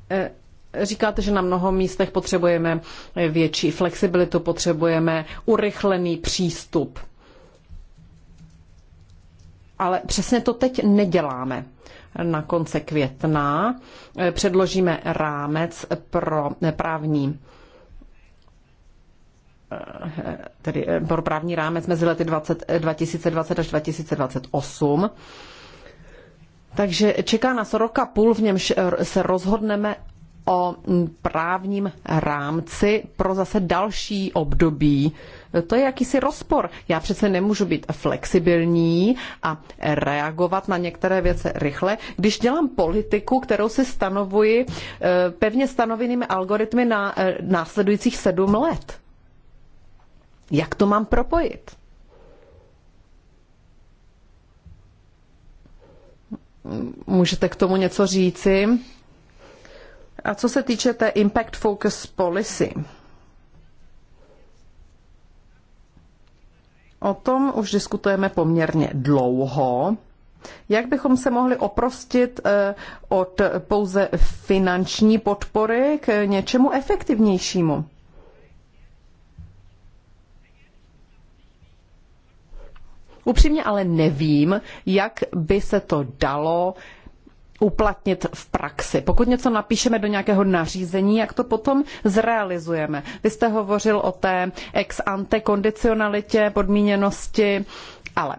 Eh, říkáte, že na mnoho místech potřebujeme větší flexibilitu, potřebujeme urychlený přístup. Ale přesně to teď neděláme na konce května. Eh, předložíme rámec pro právní eh, tedy eh, pro právní rámec mezi lety 20, 2020 až 2028. Takže čeká nás roka půl, v němž se rozhodneme o právním rámci pro zase další období to je jakýsi rozpor. Já přece nemůžu být flexibilní a reagovat na některé věci rychle, když dělám politiku, kterou si stanovuji eh, pevně stanovenými algoritmy na eh, následujících sedm let. Jak to mám propojit? Můžete k tomu něco říci? A co se týče té impact focus policy, O tom už diskutujeme poměrně dlouho. Jak bychom se mohli oprostit eh, od pouze finanční podpory k něčemu efektivnějšímu? Upřímně ale nevím, jak by se to dalo uplatnit v praxi. Pokud něco napíšeme do nějakého nařízení, jak to potom zrealizujeme. Vy jste hovořil o té ex ante kondicionalitě, podmíněnosti, ale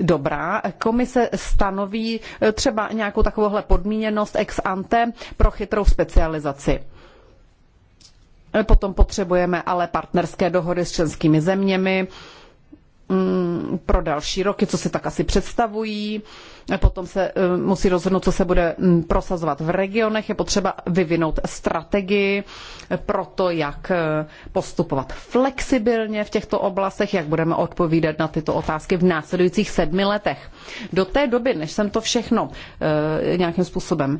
dobrá. Komise stanoví eh, třeba nějakou takovouhle podmíněnost ex ante pro chytrou specializaci. Eh, potom potřebujeme ale partnerské dohody s členskými zeměmi mm, pro další roky, co si tak asi představují potom se eh, musí rozhodnout, co se bude mm, prosazovat v regionech. Je potřeba vyvinout strategii pro to, jak eh, postupovat flexibilně v těchto oblastech, jak budeme odpovídat na tyto otázky v následujících sedmi letech. Do té doby, než jsem to všechno eh, nějakým způsobem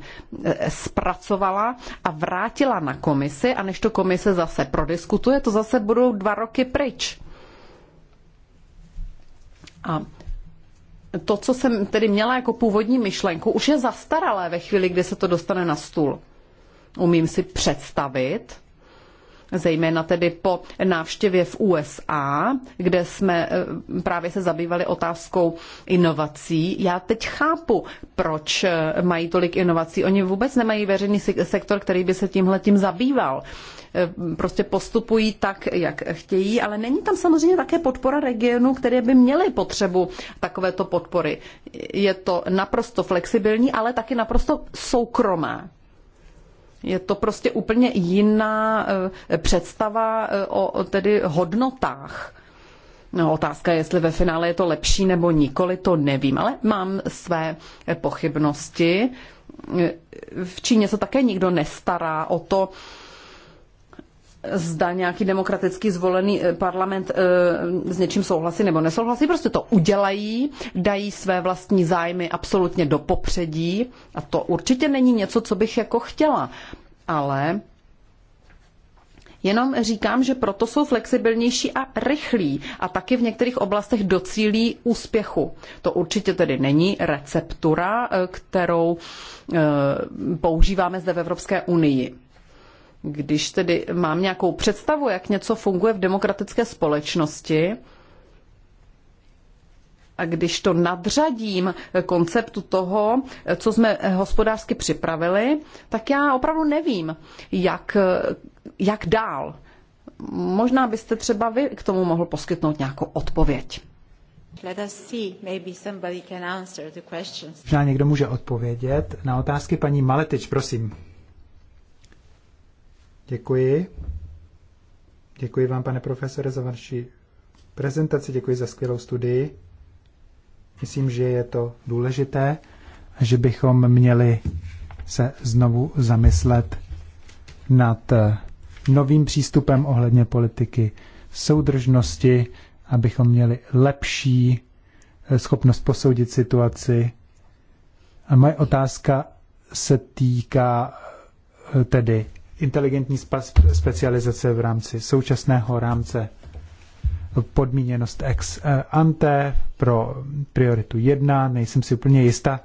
zpracovala a vrátila na komisi a než to komise zase prodiskutuje, to zase budou dva roky pryč. A to, co jsem tedy měla jako původní myšlenku, už je zastaralé ve chvíli, kdy se to dostane na stůl. Umím si představit, zejména tedy po návštěvě v USA, kde jsme eh, právě se zabývali otázkou inovací. Já teď chápu, proč eh, mají tolik inovací. Oni vůbec nemají veřejný sektor, který by se tímhle tím zabýval. Eh, prostě postupují tak, jak chtějí, ale není tam samozřejmě také podpora regionů, které by měly potřebu takovéto podpory. Je to naprosto flexibilní, ale taky naprosto soukromé. Je to prostě úplně jiná eh, představa eh, o tedy hodnotách. No, otázka je, jestli ve finále je to lepší nebo nikoli, to nevím, ale mám své pochybnosti. V Číně se také nikdo nestará o to, zda nějaký demokraticky zvolený eh, parlament eh, s něčím souhlasí nebo nesouhlasí, prostě to udělají, dají své vlastní zájmy absolutně do popředí a to určitě není něco, co bych jako chtěla, ale Jenom říkám, že proto jsou flexibilnější a rychlí a taky v některých oblastech docílí úspěchu. To určitě tedy není receptura, eh, kterou používáme zde v Evropské unii když tedy mám nějakou představu, jak něco funguje v demokratické společnosti, a když to nadřadím konceptu toho, co jsme hospodářsky připravili, tak já opravdu nevím, jak, jak dál. Možná byste třeba vy k tomu mohl poskytnout nějakou odpověď. Možná někdo může odpovědět na otázky paní Maletič, prosím. Děkuji. Děkuji vám, pane profesore, za vaši prezentaci, děkuji za skvělou studii. Myslím, že je to důležité, že bychom měli se znovu zamyslet nad eh, novým přístupem ohledně politiky soudržnosti, abychom měli lepší eh, schopnost posoudit situaci. A moje otázka se týká eh, tedy inteligentní specializace v rámci současného rámce podmíněnost ex eh, ante pro prioritu 1. Nejsem si úplně jista,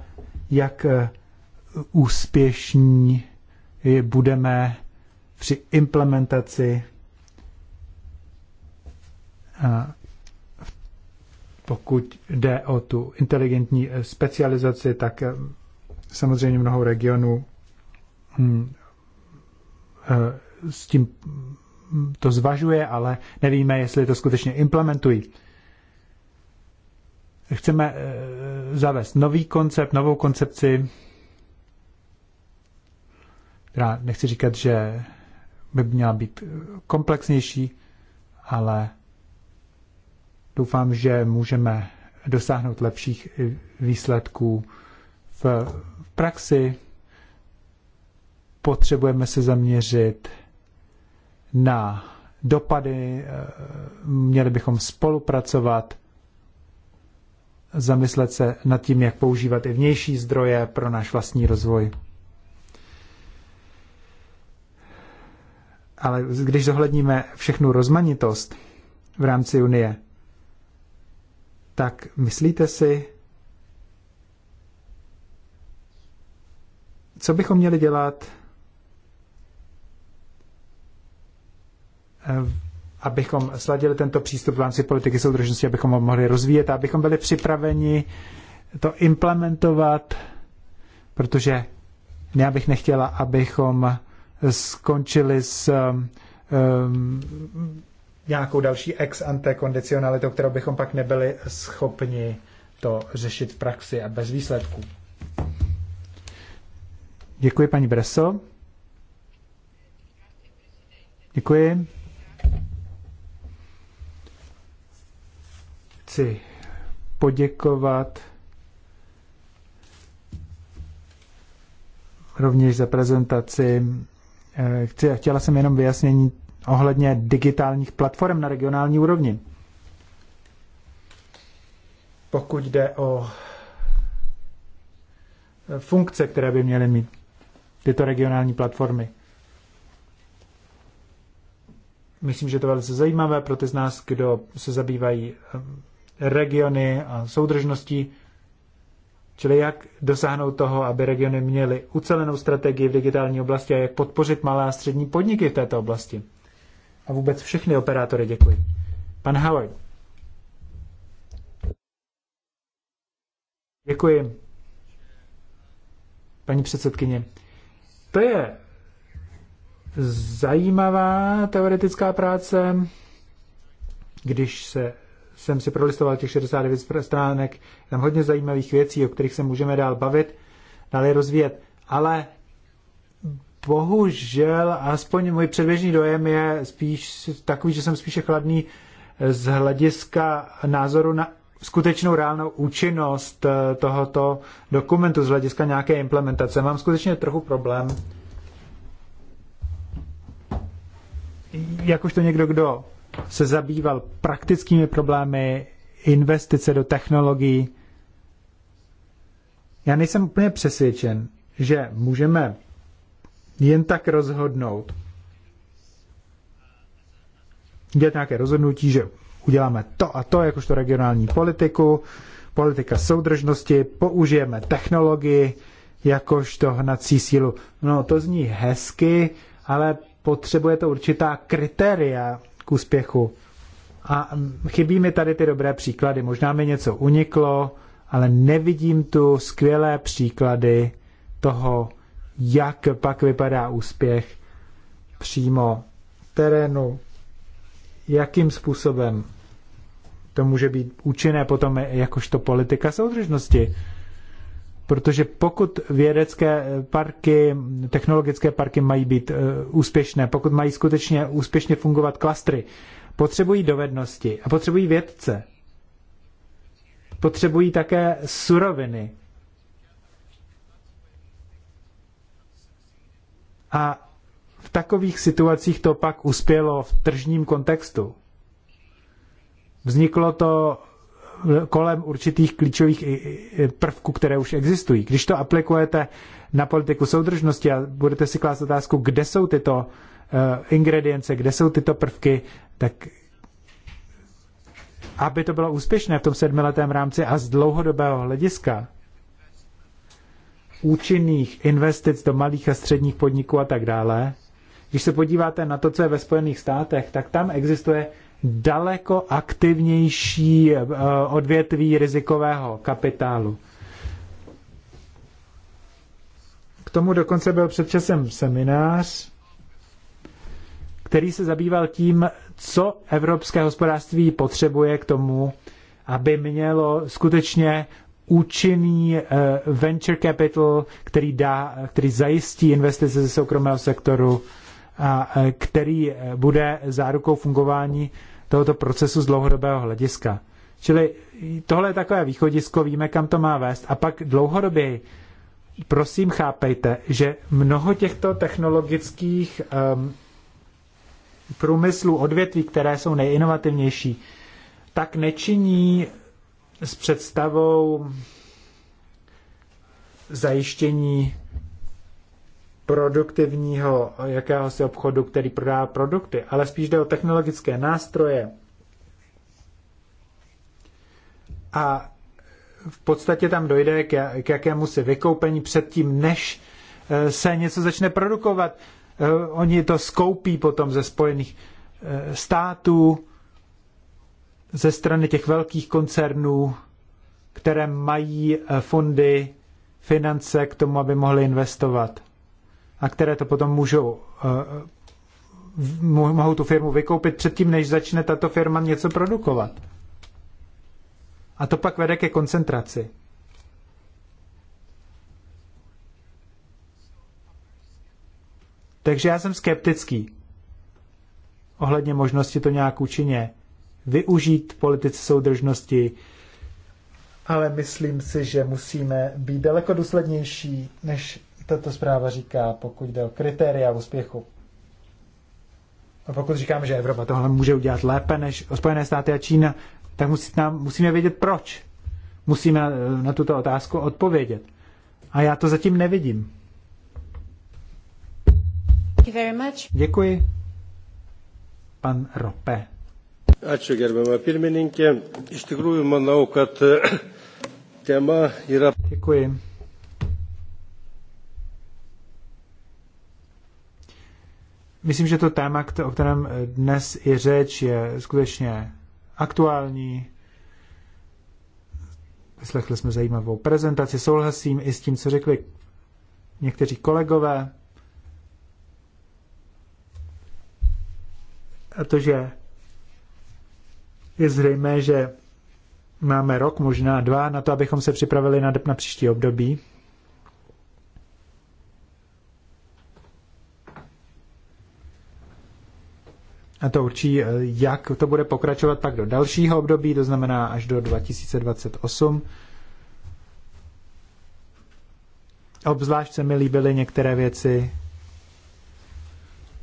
jak eh, úspěšní budeme při implementaci eh, pokud jde o tu inteligentní specializaci, tak samozřejmě mnoho regionů hm, Eh, s tím to zvažuje, ale nevíme, jestli to skutečně implementují. Chceme eh, zavést nový koncept, novou koncepci, která nechci říkat, že by měla být komplexnější, ale doufám, že můžeme dosáhnout lepších výsledků v praxi, potřebujeme se zaměřit na dopady, eh, měli bychom spolupracovat, zamyslet se nad tím, jak používat i vnější zdroje pro náš vlastní rozvoj. Ale když zohledníme všechnu rozmanitost v rámci Unie, tak myslíte si, co bychom měli dělat Eh, abychom sladili tento přístup v rámci politiky soudržnosti, abychom ho mohli rozvíjet a abychom byli připraveni to implementovat, protože já bych nechtěla, abychom skončili s um, nějakou další ex ante kondicionalitou, kterou bychom pak nebyli schopni to řešit v praxi a bez výsledků. Děkuji, paní Breso. Děkuji. chci poděkovat rovněž za prezentaci. Eh, chci, chtěla jsem jenom vyjasnění ohledně digitálních platform na regionální úrovni. Pokud jde o eh, funkce, které by měly mít tyto regionální platformy. Myslím, že to je velice zajímavé pro ty z nás, kdo se zabývají eh, regiony a soudržností, čili jak dosáhnout toho, aby regiony měly ucelenou strategii v digitální oblasti a jak podpořit malé a střední podniky v této oblasti. A vůbec všechny operátory děkuji. Pan Howard. Děkuji. Paní předsedkyně. To je zajímavá teoretická práce, když se jsem si prolistoval těch 69 stránek, tam hodně zajímavých věcí, o kterých se můžeme dál bavit, dál je rozvíjet, ale bohužel, aspoň můj předběžný dojem je spíš takový, že jsem spíše chladný z hlediska názoru na skutečnou reálnou účinnost eh, tohoto dokumentu z hlediska nějaké implementace. Mám skutečně trochu problém. Jak už to někdo, kdo se zabýval praktickými problémy investice do technologií. Já nejsem úplně přesvědčen, že můžeme jen tak rozhodnout, dělat nějaké rozhodnutí, že uděláme to a to, jakožto regionální politiku, politika soudržnosti, použijeme technologii, jakožto hnací sílu. No, to zní hezky, ale potřebuje to určitá kritéria, k úspěchu. A chybí mi tady ty dobré příklady. Možná mi něco uniklo, ale nevidím tu skvělé příklady toho, jak pak vypadá úspěch přímo v terénu, jakým způsobem to může být účinné potom jakožto politika soudržnosti protože pokud vědecké parky, technologické parky mají být eh, úspěšné, pokud mají skutečně úspěšně fungovat klastry, potřebují dovednosti a potřebují vědce. Potřebují také suroviny. A v takových situacích to pak uspělo v tržním kontextu. Vzniklo to kolem určitých klíčových prvků, které už existují. Když to aplikujete na politiku soudržnosti a budete si klást otázku, kde jsou tyto eh, ingredience, kde jsou tyto prvky, tak aby to bylo úspěšné v tom sedmiletém rámci a z dlouhodobého hlediska účinných investic do malých a středních podniků a tak dále, když se podíváte na to, co je ve Spojených státech, tak tam existuje daleko aktivnější eh, odvětví rizikového kapitálu. K tomu dokonce byl předčasem seminář, který se zabýval tím, co evropské hospodářství potřebuje k tomu, aby mělo skutečně účinný eh, venture capital, který, dá, který zajistí investice ze soukromého sektoru a eh, který bude zárukou fungování tohoto procesu z dlouhodobého hlediska. Čili tohle je takové východisko, víme, kam to má vést. A pak dlouhodobě. prosím, chápejte, že mnoho těchto technologických um, průmyslů, odvětví, které jsou nejinovativnější, tak nečiní s představou zajištění produktivního jakéhosi obchodu, který prodá produkty, ale spíš jde o technologické nástroje. A v podstatě tam dojde k, k jakému si vykoupení předtím, než eh, se něco začne produkovat. Eh, oni to skoupí potom ze Spojených eh, států, ze strany těch velkých koncernů, které mají fondy, finance k tomu, aby mohly investovat a které to potom můžou eh, eh, mohou tu firmu vykoupit předtím, než začne tato firma něco produkovat. A to pak vede ke koncentraci. Takže já jsem skeptický ohledně možnosti to nějak účinně využít politice soudržnosti, ale myslím si, že musíme být daleko důslednější, než tato zpráva říká, pokud jde o kritéria úspěchu. A pokud říkáme, že Evropa tohle může udělat lépe než Spojené státy a Čína, tak musí, nám, musíme vědět proč. Musíme eh, na tuto otázku odpovědět. A já to zatím nevidím. Děkuji. Pan Rope. Ačiū gerbiamą pirmininkę. Iš tikrųjų manau, kad eh, [CLEARS THROAT] tema yra. Děkuji. Myslím, že to téma, o kterém eh, dnes i řeč, je skutečně aktuální. Vyslechli jsme zajímavou prezentaci, souhlasím i s tím, co řekli někteří kolegové. A to, že je zřejmé, že máme rok, možná dva, na to, abychom se připravili na, na příští období. a to určí, eh, jak to bude pokračovat pak do dalšího období, to znamená až do 2028. Obzvlášť se mi líbily některé věci,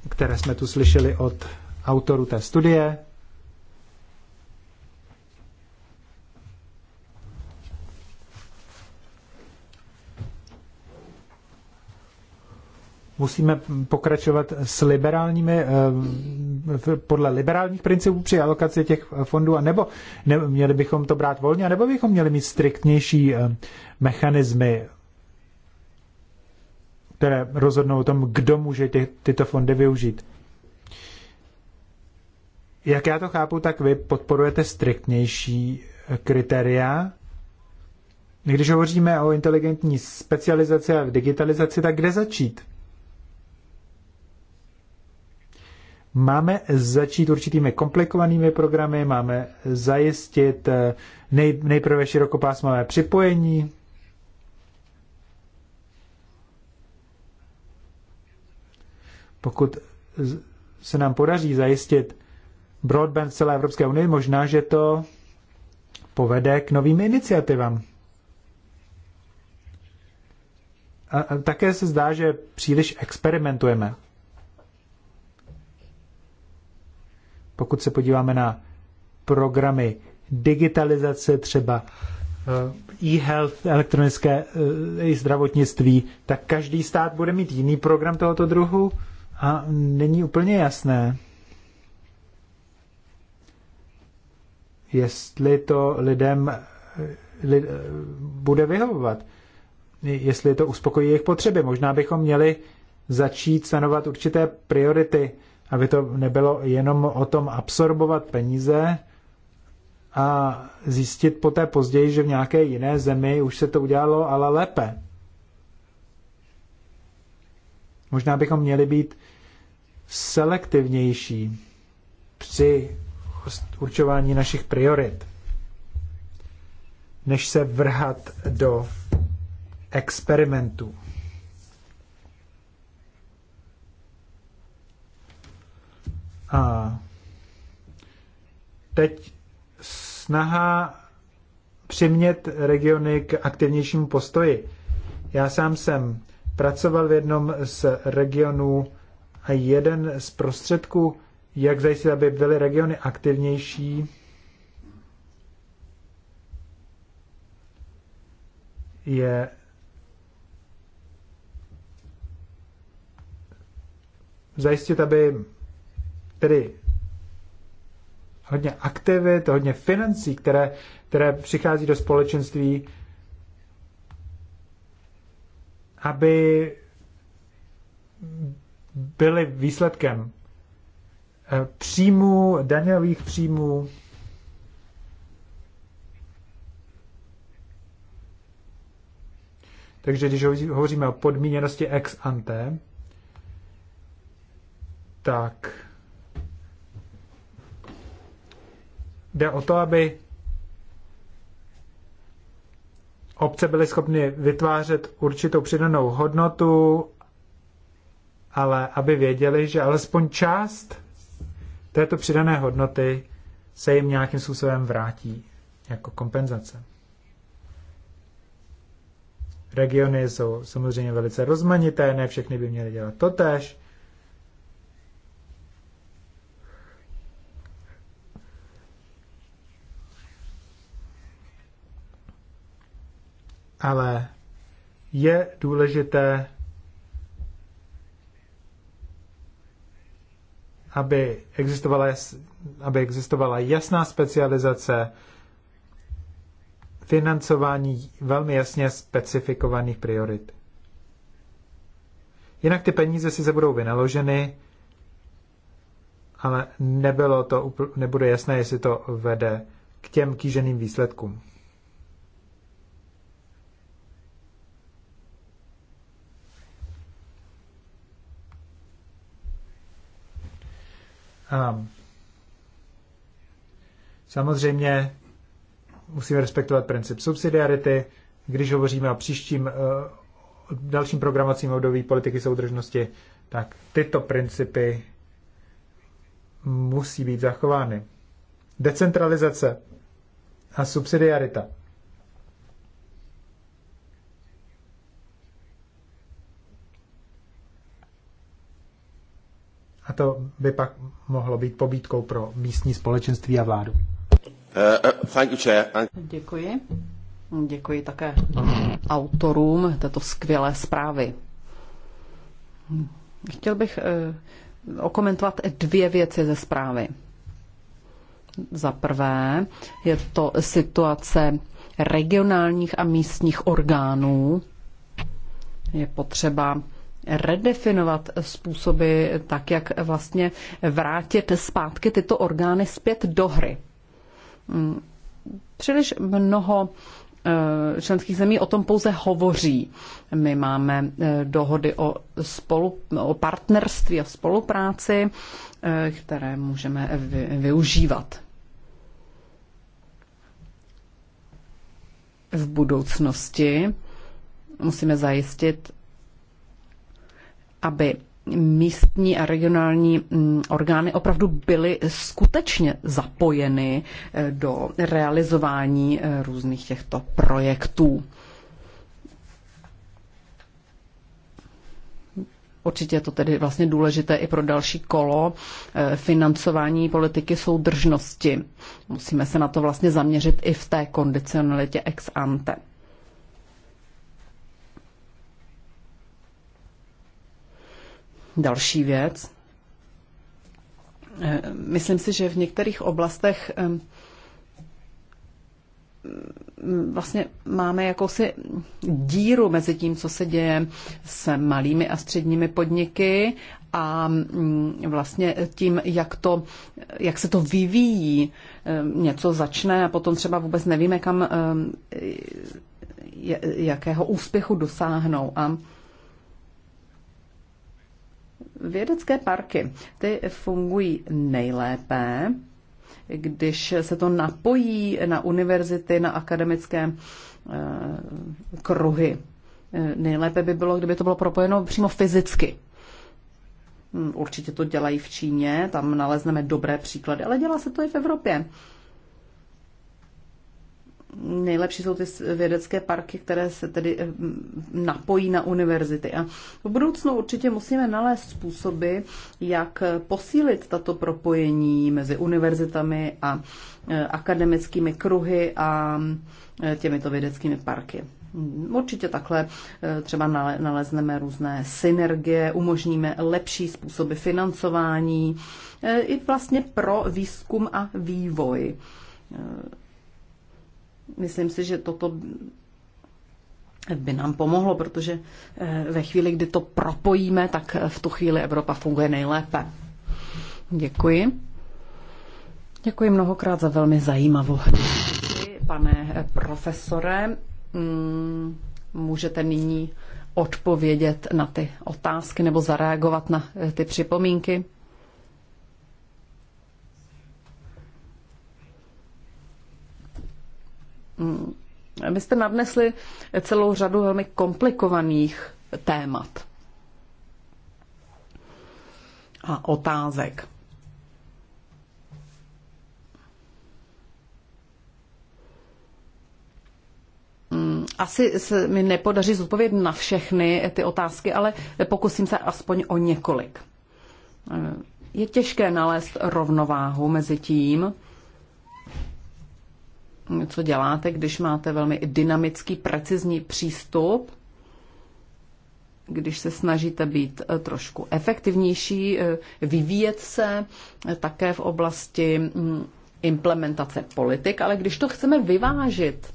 které jsme tu slyšeli od autorů té studie. Musíme pokračovat s liberálními eh, podle liberálních principů při alokaci těch fondů, nebo ne, měli bychom to brát volně, nebo bychom měli mít striktnější eh, mechanismy, které rozhodnou o tom, kdo může ty, tyto fondy využít. Jak já to chápu, tak vy podporujete striktnější eh, kritéria. Když hovoříme o inteligentní specializaci a digitalizaci, tak kde začít? Máme začít určitými komplikovanými programy, máme zajistit eh, nej, nejprve širokopásmové připojení, pokud se nám podaří zajistit broadband v celé Evropské unii, možná, že to povede k novým iniciativám. A, a také se zdá, že příliš experimentujeme. Pokud se podíváme na programy digitalizace, třeba eh, e-health, elektronické e zdravotnictví, tak každý stát bude mít jiný program tohoto druhu a není úplně jasné, jestli to lidem eh, li, bude vyhovovat, jestli to uspokojí jejich potřeby. Možná bychom měli začít stanovat určité priority aby to nebylo jenom o tom absorbovat peníze a zjistit poté později, že v nějaké jiné zemi už se to udělalo, ale lépe. Možná bychom měli být selektivnější při určování našich priorit, než se vrhat do experimentů. A teď snaha přimět regiony k aktivnějšímu postoji. Já sám jsem pracoval v jednom z regionů a jeden z prostředků, jak zajistit, aby byly regiony aktivnější, je zajistit, aby tedy hodně aktivit, hodně financí, které, které přichází do společenství, aby byly výsledkem eh, příjmů, daňových příjmů, Takže když hovoříme o podmíněnosti ex ante, tak Jde o to, aby obce byly schopny vytvářet určitou přidanou hodnotu, ale aby věděli, že alespoň část této přidané hodnoty se jim nějakým způsobem vrátí jako kompenzace. Regiony jsou samozřejmě velice rozmanité, ne všechny by měly dělat totéž, ale je důležité, aby existovala, aby existovala jasná specializace, financování velmi jasně specifikovaných priorit. Jinak ty peníze si se budou vynaloženy, ale nebylo to, nebude jasné, jestli to vede k těm kýženým výsledkům. Um, samozřejmě musíme respektovat princip subsidiarity, když hovoříme o příštím eh, dalším programovacím období politiky soudržnosti, tak tyto principy musí být zachovány. Decentralizace a subsidiarita. to by pak mohlo být pobítkou pro místní společenství a vládu. Uh, uh, Děkuji. Děkuji také autorům této skvělé zprávy. Chtěl bych uh, okomentovat dvě věci ze zprávy. Za prvé je to situace regionálních a místních orgánů. Je potřeba redefinovat způsoby, tak jak vlastně vrátit zpátky tyto orgány zpět do hry. Mm, příliš mnoho eh, členských zemí o tom pouze hovoří. My máme eh, dohody o, spolu, o partnerství a spolupráci, eh, které můžeme využívat. V budoucnosti musíme zajistit, aby místní a regionální mm, orgány opravdu byly skutečně zapojeny eh, do realizování eh, různých těchto projektů. Určitě je to tedy vlastně důležité i pro další kolo eh, financování politiky soudržnosti. Musíme se na to vlastně zaměřit i v té kondicionalitě ex ante. Další věc. Eh, myslím si, že v některých oblastech eh, vlastně máme jakousi díru mezi tím, co se děje s malými a středními podniky a vlastně tím, jak, to, jak se to vyvíjí. Eh, něco začne a potom třeba vůbec nevíme, kam, jakého úspěchu dosáhnou. A Vědecké parky, ty fungují nejlépe, když se to napojí na univerzity, na akademické eh, kruhy. Eh, nejlépe by bylo, kdyby to bylo propojeno přímo fyzicky. Hm, určitě to dělají v Číně, tam nalezneme dobré příklady, ale dělá se to i v Evropě nejlepší jsou ty vědecké parky, které se tedy eh, napojí na univerzity. A v budoucnu určitě musíme nalézt způsoby, jak posílit tato propojení mezi univerzitami a eh, akademickými kruhy a eh, těmito vědeckými parky. Určitě takhle třeba nalezneme různé synergie, umožníme lepší způsoby financování i vlastně pro výzkum a vývoj Myslím si, že toto by nám pomohlo, protože eh, ve chvíli, kdy to propojíme, tak eh, v tu chvíli Evropa funguje nejlépe. Děkuji. Děkuji mnohokrát za velmi zajímavou pane eh, profesore. Mm, můžete nyní odpovědět na ty otázky nebo zareagovat na ty připomínky. Mm, vy jste nadnesli celou řadu velmi komplikovaných témat a otázek. Mm, asi se mi nepodaří zodpovědět na všechny ty otázky, ale pokusím se aspoň o několik. Mm, je těžké nalézt rovnováhu mezi tím, co děláte, když máte velmi dynamický, precizní přístup, když se snažíte být eh, trošku efektivnější, eh, vyvíjet se eh, také v oblasti mm, implementace politik, ale když to chceme vyvážit,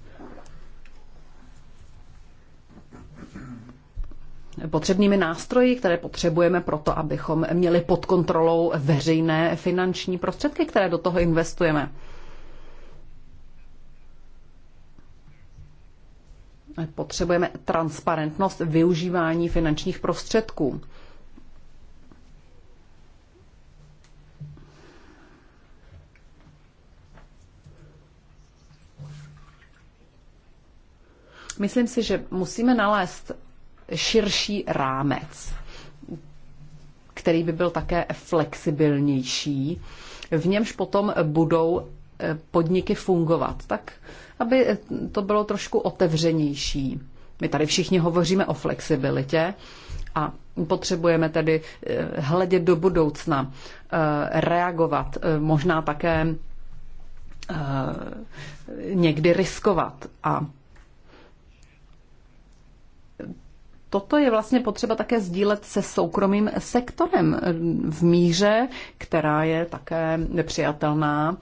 potřebnými nástroji, které potřebujeme pro to, abychom měli pod kontrolou veřejné finanční prostředky, které do toho investujeme. Potřebujeme transparentnost využívání finančních prostředků. Myslím si, že musíme nalézt širší rámec, který by byl také flexibilnější, v němž potom budou eh, podniky fungovat. Tak aby to bylo trošku otevřenější. My tady všichni hovoříme o flexibilitě a potřebujeme tedy eh, hledět do budoucna, eh, reagovat, eh, možná také někdy riskovat a toto je vlastně potřeba také sdílet se soukromým sektorem v míře, která je také nepřijatelná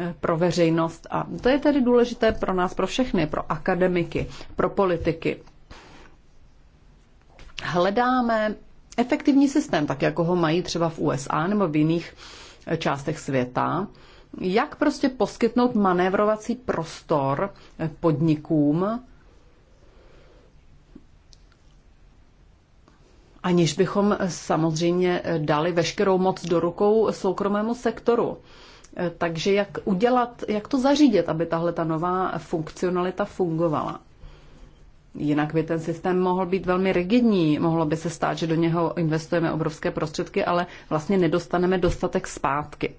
Eh, pro veřejnost. A to je tedy důležité pro nás, pro všechny, pro akademiky, pro politiky. Hledáme efektivní systém, tak jako ho mají třeba v USA nebo v jiných eh, částech světa, jak prostě poskytnout manévrovací prostor eh, podnikům, aniž bychom samozřejmě dali veškerou moc do rukou soukromému sektoru. Eh, takže jak udělat, jak to zařídit, aby tahle ta nová funkcionalita fungovala? Jinak by ten systém mohl být velmi rigidní, mohlo by se stát, že do něho investujeme obrovské prostředky, ale vlastně nedostaneme dostatek zpátky.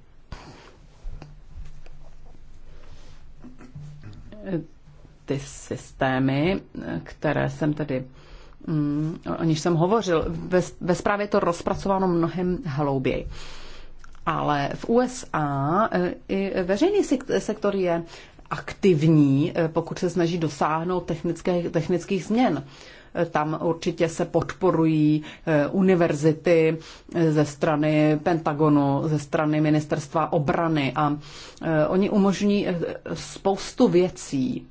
Eh, ty systémy, eh, které jsem tedy, mm, o nich jsem hovořil, ve, ve zprávě je to rozpracováno mnohem hlouběji. Ale v USA e, i veřejný sektor je aktivní, e, pokud se snaží dosáhnout technické, technických změn. E, tam určitě se podporují univerzity ze strany Pentagonu, ze strany Ministerstva obrany a oni umožní spoustu věcí,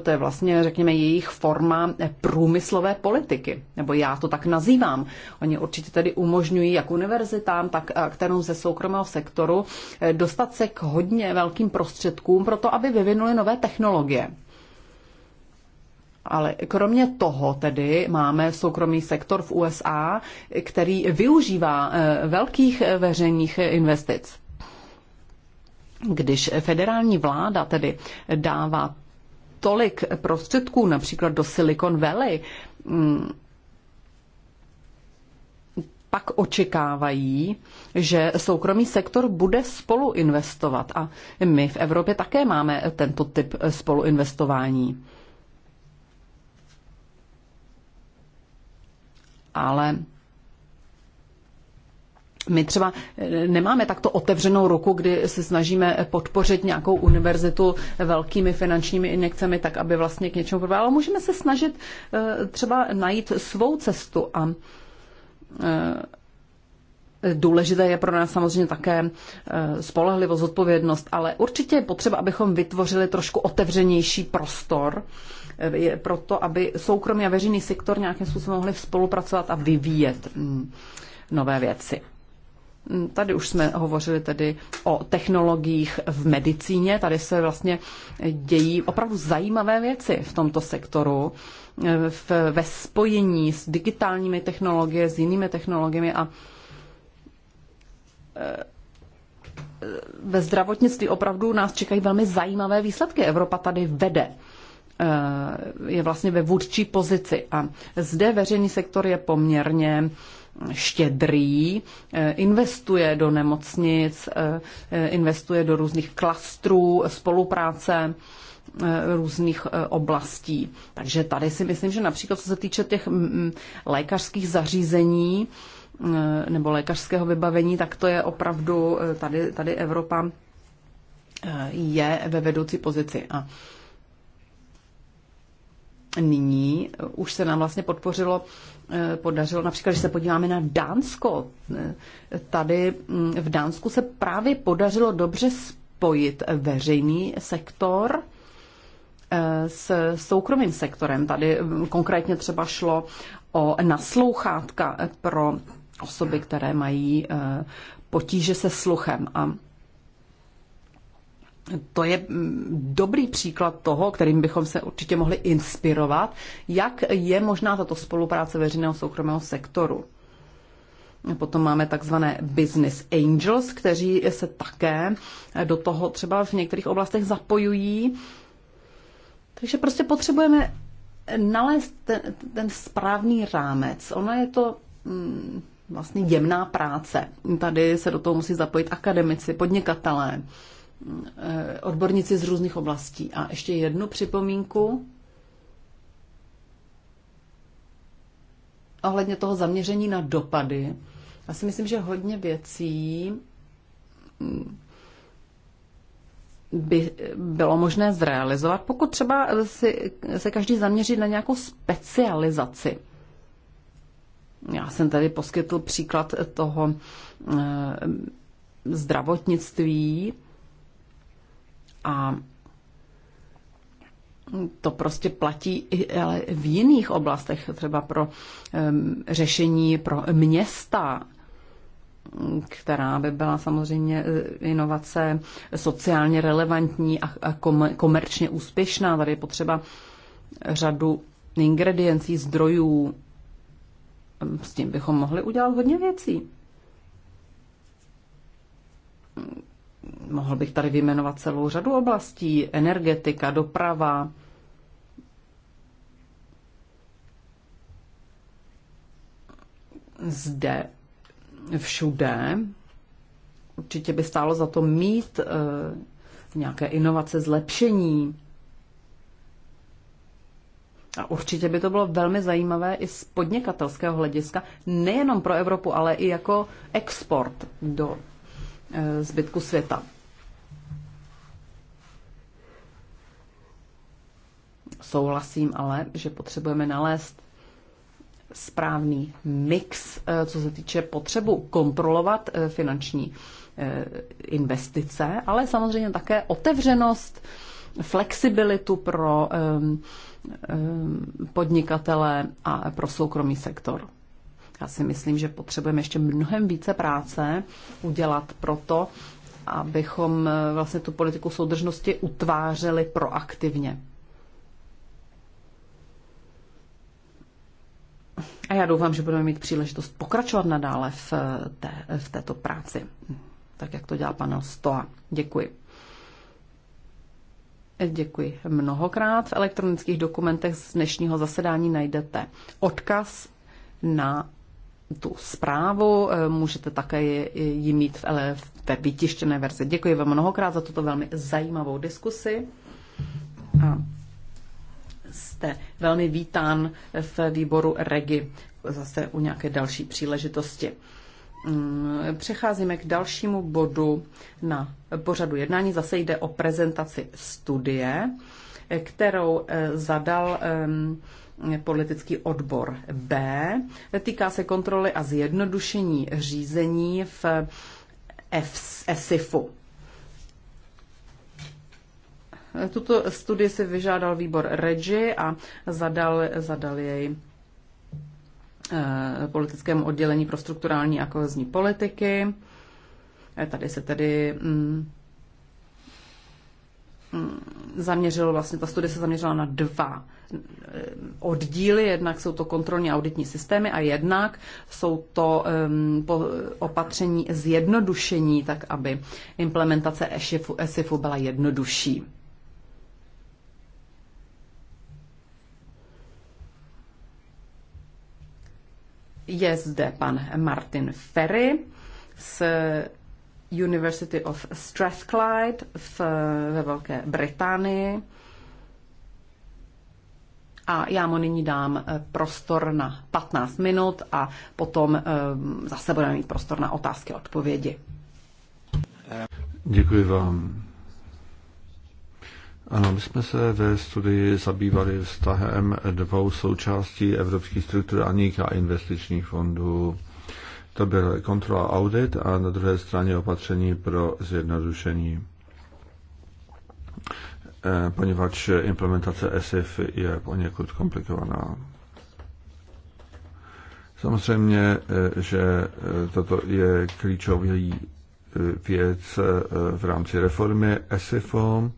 to je vlastně, řekněme, jejich forma průmyslové politiky, nebo já to tak nazývám. Oni určitě tedy umožňují jak univerzitám, tak kterou ze soukromého sektoru eh, dostat se k hodně velkým prostředkům pro to, aby vyvinuli nové technologie. Ale kromě toho tedy máme soukromý sektor v USA, který využívá eh, velkých eh, veřejných investic. Když federální vláda tedy dává tolik prostředků, například do Silicon Valley, mm, pak očekávají, že soukromý sektor bude spoluinvestovat. A my v Evropě také máme tento typ spoluinvestování. Ale my třeba eh, nemáme takto otevřenou ruku, kdy se snažíme podpořit nějakou univerzitu velkými finančními injekcemi, tak aby vlastně k něčemu proběhla, ale můžeme se snažit eh, třeba najít svou cestu a eh, Důležité je pro nás samozřejmě také spolehlivost, odpovědnost, ale určitě je potřeba, abychom vytvořili trošku otevřenější prostor pro to, aby soukromý a veřejný sektor nějakým způsobem mohli spolupracovat a vyvíjet mm, nové věci. Mm, tady už jsme hovořili tedy o technologiích v medicíně. Tady se vlastně dějí opravdu zajímavé věci v tomto sektoru eh, v, ve spojení s digitálními technologie, s jinými technologiemi a eh, ve zdravotnictví opravdu nás čekají velmi zajímavé výsledky. Evropa tady vede eh, je vlastně ve vůdčí pozici. A zde veřejný sektor je poměrně štědrý, eh, investuje do nemocnic, eh, investuje do různých klastrů, spolupráce eh, různých oblastí. Takže tady si myslím, že například co se týče těch mm, mm, lékařských zařízení nebo lékařského vybavení, tak to je opravdu, tady, tady Evropa je ve vedoucí pozici. A nyní už se nám vlastně podpořilo Eh, podařilo. Například, když se podíváme na Dánsko, eh, tady mm, v Dánsku se právě podařilo dobře spojit veřejný sektor eh, s soukromým sektorem. Tady mm, konkrétně třeba šlo o naslouchátka pro osoby, které mají potíže se sluchem. A to je mm, dobrý příklad toho, kterým bychom se určitě mohli inspirovat, jak je možná tato spolupráce veřejného soukromého sektoru. Potom máme takzvané business angels, kteří se také do toho třeba v některých oblastech zapojují. Takže prostě potřebujeme nalézt ten, ten správný rámec. Ono je to mm, vlastně jemná práce. Tady se do toho musí zapojit akademici, podnikatelé, Eh, odborníci z různých oblastí. A ještě jednu připomínku ohledně toho zaměření na dopady. Já si myslím, že hodně věcí mm, by bylo možné zrealizovat, pokud třeba si, se každý zaměří na nějakou specializaci. Já jsem tady poskytl příklad toho e, zdravotnictví, a to prostě platí i ale v jiných oblastech, třeba pro um, řešení pro města, která by byla samozřejmě e, inovace sociálně relevantní a, a komerčně úspěšná. Tady je potřeba řadu ingrediencí, zdrojů. S tím bychom mohli udělat hodně věcí. Mohl bych tady vyjmenovat celou řadu oblastí, energetika, doprava, zde všude. Určitě by stálo za to mít e, nějaké inovace, zlepšení. A určitě by to bylo velmi zajímavé i z podnikatelského hlediska, nejenom pro Evropu, ale i jako export do Eh, zbytku světa. Souhlasím ale, že potřebujeme nalézt správný mix, eh, co se týče potřebu kontrolovat eh, finanční investice, ale samozřejmě také otevřenost, flexibilitu pro podnikatele a pro soukromý sektor. Já si myslím, že potřebujeme ještě mnohem více práce udělat proto, abychom eh, vlastně tu politiku soudržnosti utvářeli proaktivně. A já doufám, že budeme mít příležitost pokračovat nadále v, eh, té, v této práci, tak jak to dělá pan Stoa. Děkuji. Děkuji mnohokrát. V elektronických dokumentech z dnešního zasedání najdete odkaz na tu zprávu, eh, můžete také ji mít v, té vytištěné verzi. Děkuji vám mnohokrát za tuto velmi zajímavou diskusi. A jste velmi vítán v výboru REGI zase u nějaké další příležitosti. Mm, přecházíme k dalšímu bodu na pořadu jednání. Zase jde o prezentaci studie, kterou eh, zadal politický odbor B. Týká se kontroly a zjednodušení řízení v ESIFu. Tuto studii si vyžádal výbor REGI a zadal, zadal jej eh, politickému oddělení pro strukturální a kohezní politiky. Eh, tady se tedy mm, Mm, zaměřilo, vlastně ta studie se zaměřila na dva eh, oddíly. Jednak jsou to kontrolní auditní systémy a jednak jsou to um, po, opatření zjednodušení, tak aby implementace ESIFu, ESIFu byla jednodušší. Je zde pan Martin Ferry z University of Strathclyde v, ve Velké Británii. A já mu nyní dám eh, prostor na 15 minut a potom eh, zase budeme mít prostor na otázky a odpovědi. Děkuji vám. Ano, my jsme se ve studii zabývali vztahem dvou součástí evropských strukturálních a investičních fondů. To byl kontrola audit a na druhé straně opatření pro zjednodušení. Eh, poněvadž implementace ESIF je poněkud komplikovaná. Samozřejmě, eh, že eh, toto je klíčový věc v rámci reformy ESIFO.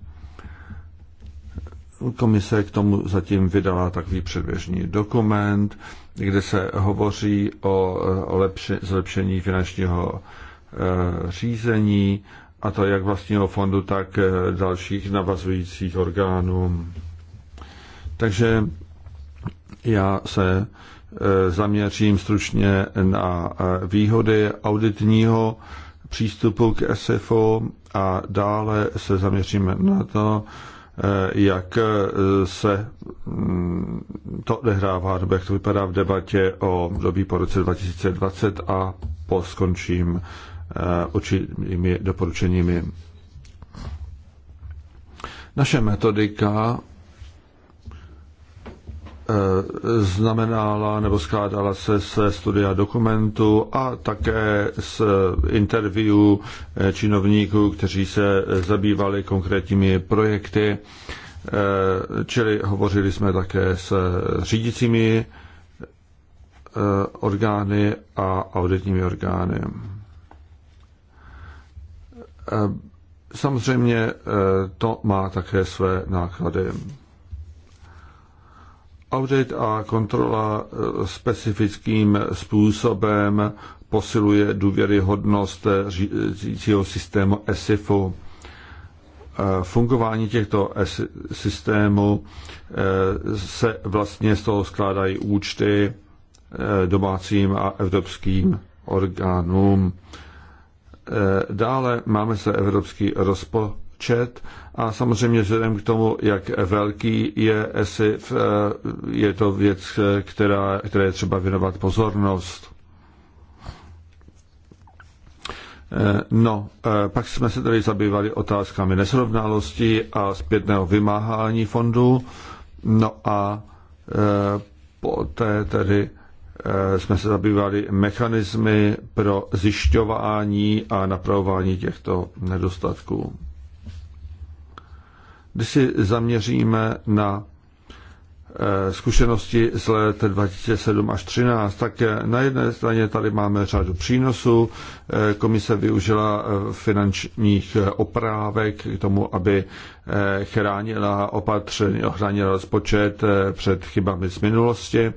Komise k tomu zatím vydala takový předběžný dokument kde se hovoří o, o lepši, zlepšení finančního e, řízení, a to jak vlastního fondu, tak e, dalších navazujících orgánů. Takže já se e, zaměřím stručně na výhody auditního přístupu k SFO a dále se zaměříme na to, Eh, jak eh, se mm, to odehrává, nebo jak to vypadá v debatě o dobí po roce 2020 a po skončím určitými eh, doporučeními. Naše metodika Eh, znamenala nebo skládala se se studia dokumentu a také z interview eh, činovníků, kteří se eh, zabývali konkrétními projekty, čili hovořili jsme také s řídícími orgány a auditními orgány. Samozřejmě to má také své náklady. Audit a kontrola eh, specifickým způsobem posiluje důvěryhodnost eh, řídícího systému ESIFu. Eh, fungování těchto systémů se vlastně z toho skládají účty domácím a evropským orgánům. Dále máme se evropský rozpočet čet a samozřejmě vzhledem k tomu, jak velký je ESIF, eh, je to věc, eh, která, které je třeba věnovat pozornost. Eh, no, pak jsme se tady zabývali otázkami nesrovnalosti a zpětného vymáhání fondů. No a poté tedy jsme se zabývali mechanismy pro zjišťování a napravování těchto nedostatků když si zaměříme na eh, zkušenosti z let 2007 až 2013, tak eh, na jedné straně tady máme řadu přínosů. Eh, komise využila finančních oprávek k tomu, aby chránila opatření, ochránila rozpočet před chybami z minulosti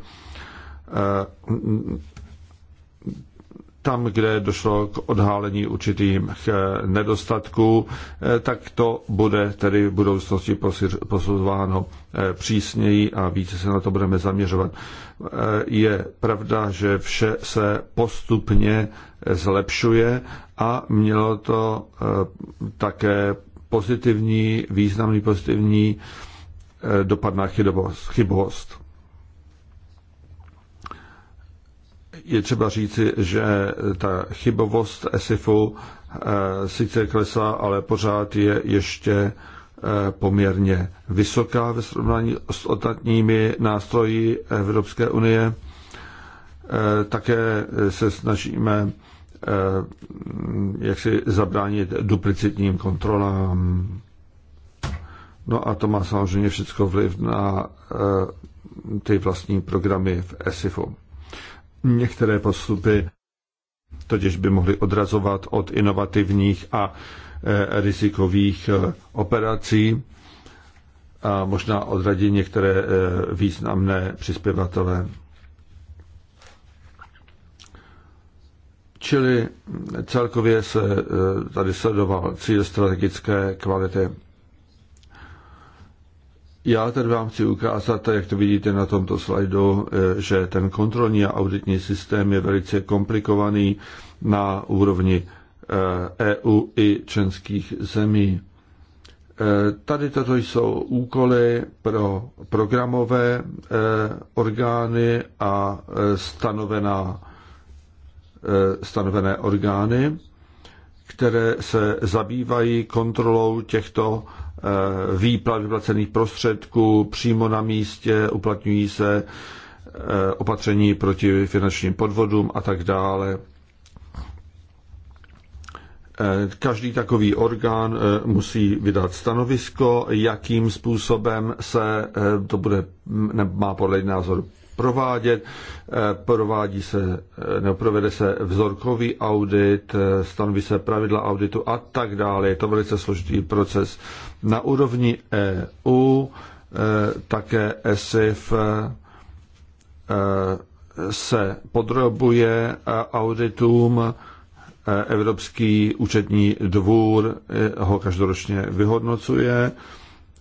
tam, kde došlo k odhálení určitých eh, nedostatků, eh, tak to bude tedy v budoucnosti posuzováno eh, přísněji a více se na to budeme zaměřovat. Je pravda, že vše se postupně zlepšuje a mělo to také pozitivní, významný pozitivní dopad na chybovost. je třeba říci, že ta chybovost ESIFu eh, sice klesá, ale pořád je ještě eh, poměrně vysoká ve srovnání s ostatními nástroji Evropské unie. Eh, také se snažíme jak si zabránit duplicitním kontrolám. No a to má samozřejmě všechno vliv na ty vlastní programy v ESIFu. Některé postupy totiž by mohly odrazovat od inovativních a e, rizikových e, operací a možná odradit některé e, významné přispěvatele. Čili celkově se tady sledoval cíl strategické kvality. Já tady vám chci ukázat, jak to vidíte na tomto slajdu, e, že ten kontrolní a auditní systém je velice komplikovaný na úrovni EU e i členských zemí. E, tady toto jsou úkoly pro programové orgány a stanovená, stanovené orgány, které se zabývají kontrolou těchto Eh, výplat vyplacených prostředků přímo na místě, uplatňují se eh, opatření proti finančním podvodům a tak dále. Eh, každý takový orgán musí vydat stanovisko, jakým způsobem se to bude, má podle názoru provádět. Provádí se, nebo provede se vzorkový audit, stanoví se pravidla auditu a tak dále. Je to velice složitý proces na úrovni EU e, také ESIF e, se podrobuje auditům e, Evropský účetní dvůr ho každoročně vyhodnocuje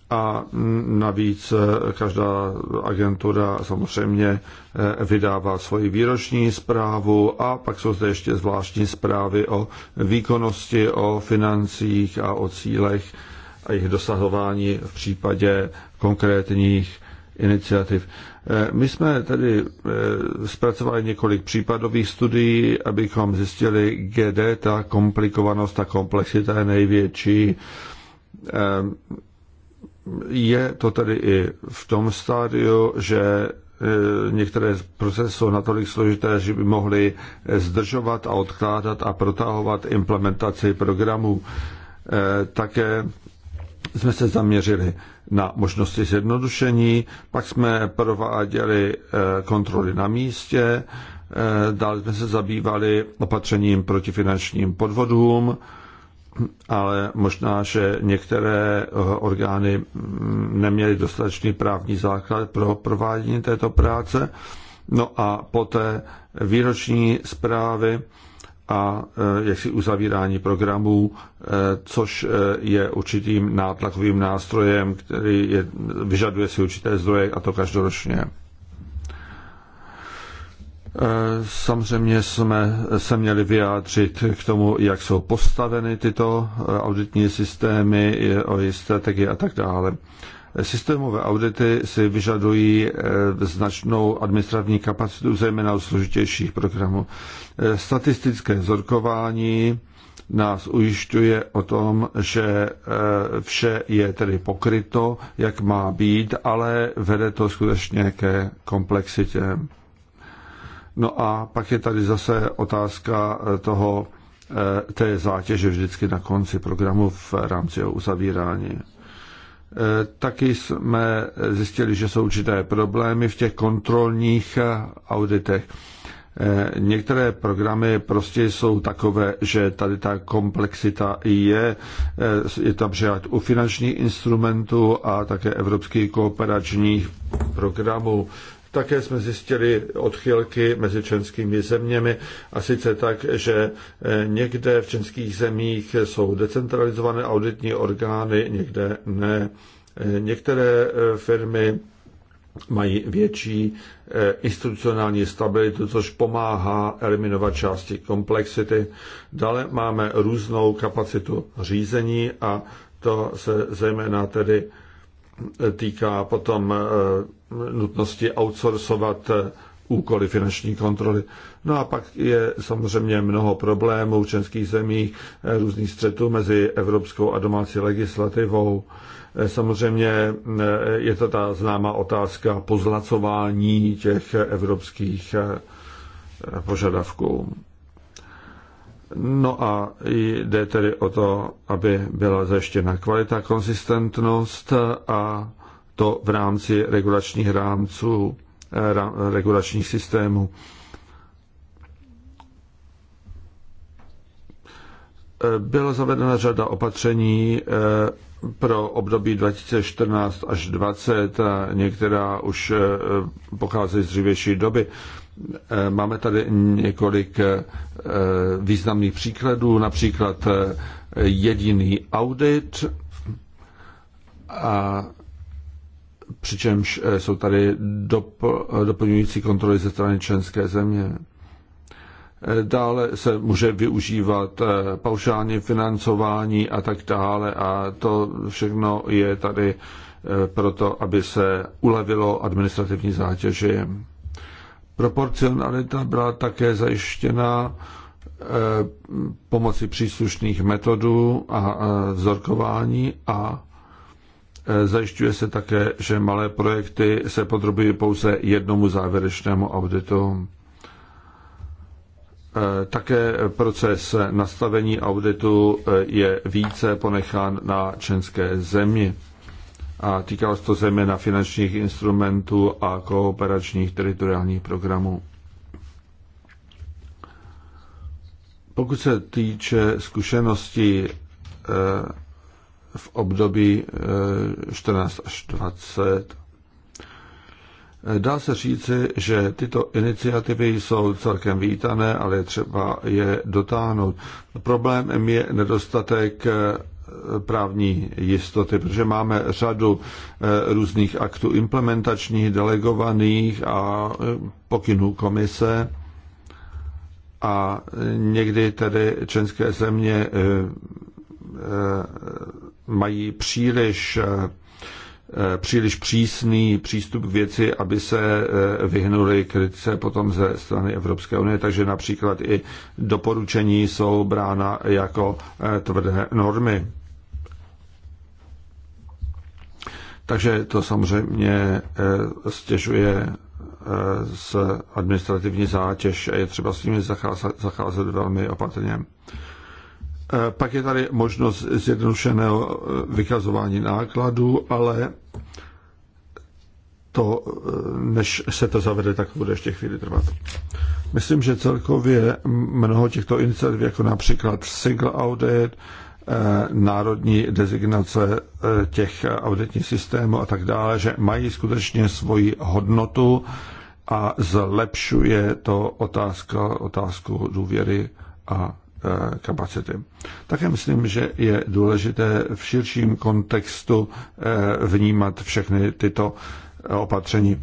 a navíc každá agentura samozřejmě vydává svoji výroční zprávu a pak jsou zde ještě zvláštní zprávy o výkonnosti, o financích a o cílech a jejich dosahování v případě konkrétních iniciativ. Eh, my jsme tedy eh, zpracovali několik případových studií, abychom zjistili, kde ta komplikovanost, ta komplexita je největší. Eh, je to tedy i v tom stádiu, že některé procesy jsou natolik složité, že by mohly zdržovat a odkládat a protahovat implementaci programů. Také jsme se zaměřili na možnosti zjednodušení, pak jsme prováděli eh, kontroly na místě, eh, dále jsme se zabývali opatřením proti finančním podvodům, ale možná, že některé eh, orgány mm, neměly dostatečný právní základ pro provádění této práce. No a poté výroční zprávy a eh, jaksi uzavírání programů, eh, což eh, je určitým nátlakovým nástrojem, který je, vyžaduje si určité zdroje a to každoročně. Samozřejmě jsme se měli vyjádřit k tomu, jak jsou postaveny tyto auditní systémy, o strategii a tak dále. Systémové audity si vyžadují eh, značnou administrativní kapacitu, zejména u složitějších programů. Eh, statistické zorkování nás ujišťuje o tom, že eh, vše je tedy pokryto, jak má být, ale vede to skutečně ke komplexitě. No a pak je tady zase otázka toho, té zátěže vždycky na konci programu v rámci jeho uzavírání. Eh, taky jsme zjistili, že jsou určité problémy v těch kontrolních eh, auditech. Eh, některé programy prostě jsou takové, že tady ta komplexita je, je tam přijat u finančních instrumentů a také evropských kooperačních programů. Také jsme zjistili odchylky mezi členskými zeměmi a sice tak, že eh, někde v českých zemích jsou decentralizované auditní orgány, někde ne. Eh, některé eh, firmy mají větší institucionální stabilitu, což pomáhá eliminovat části komplexity. Dále máme různou kapacitu řízení a to se zejména tedy týká potom nutnosti outsourcovat eh, úkoly finanční kontroly. No a pak je samozřejmě mnoho problémů v členských zemích, eh, různých střetů mezi evropskou a domácí legislativou. Eh, samozřejmě je to ta známá otázka pozlacování těch evropských požadavků. No a jde tedy o to, aby byla zajištěna kvalita, konsistentnost a to v rámci regulačních rámců, eh, regulačních systémů. Eh, byla zavedena řada opatření eh, pro období 2014 až 2020 a některá už pocházejí z dřívější doby. Máme tady několik významných příkladů, například jediný audit a přičemž eh, jsou tady eh, doplňující kontroly ze strany členské země. Eh, dále se může využívat paušální financování a tak dále a to všechno je tady proto, aby se ulevilo administrativní zátěži. Proporcionalita byla také zajištěna pomocí příslušných metodů a vzorkování a Eh, zajišťuje se také, že malé projekty se podrobují pouze jednomu závěrečnému auditu. Eh, také proces nastavení auditu eh, je více ponechán na členské zemi. A týkalo se to zejména finančních instrumentů a kooperačních teritoriálních programů. Pokud se týče zkušeností v období 14 eh, až 20. Dá se říci, že tyto iniciativy jsou celkem vítané, ale je třeba je dotáhnout. Problémem je nedostatek eh, právní jistoty, protože máme řadu eh, různých aktů implementačních, delegovaných a pokynů komise a někdy tedy české země mají příliš eh, eh, příliš přísný přístup k věci, aby se eh, vyhnuli kritice potom ze strany Evropské unie, takže například i doporučení jsou brána jako tvrdé normy. Takže to samozřejmě stěžuje s administrativní zátěž a je třeba s nimi zacházet, zacházet velmi opatrně. Eh, pak je tady možnost zjednodušeného eh, vykazování nákladů, ale to, eh, než se to zavede, tak bude ještě chvíli trvat. Myslím, že celkově mnoho těchto iniciativ, jako například single audit, národní designace těch auditních systémů a tak dále, že mají skutečně svoji hodnotu a zlepšuje to otázka, otázku důvěry a Eh, kapacity. Také myslím, že je důležité v širším kontextu eh, vnímat všechny tyto eh, opatření.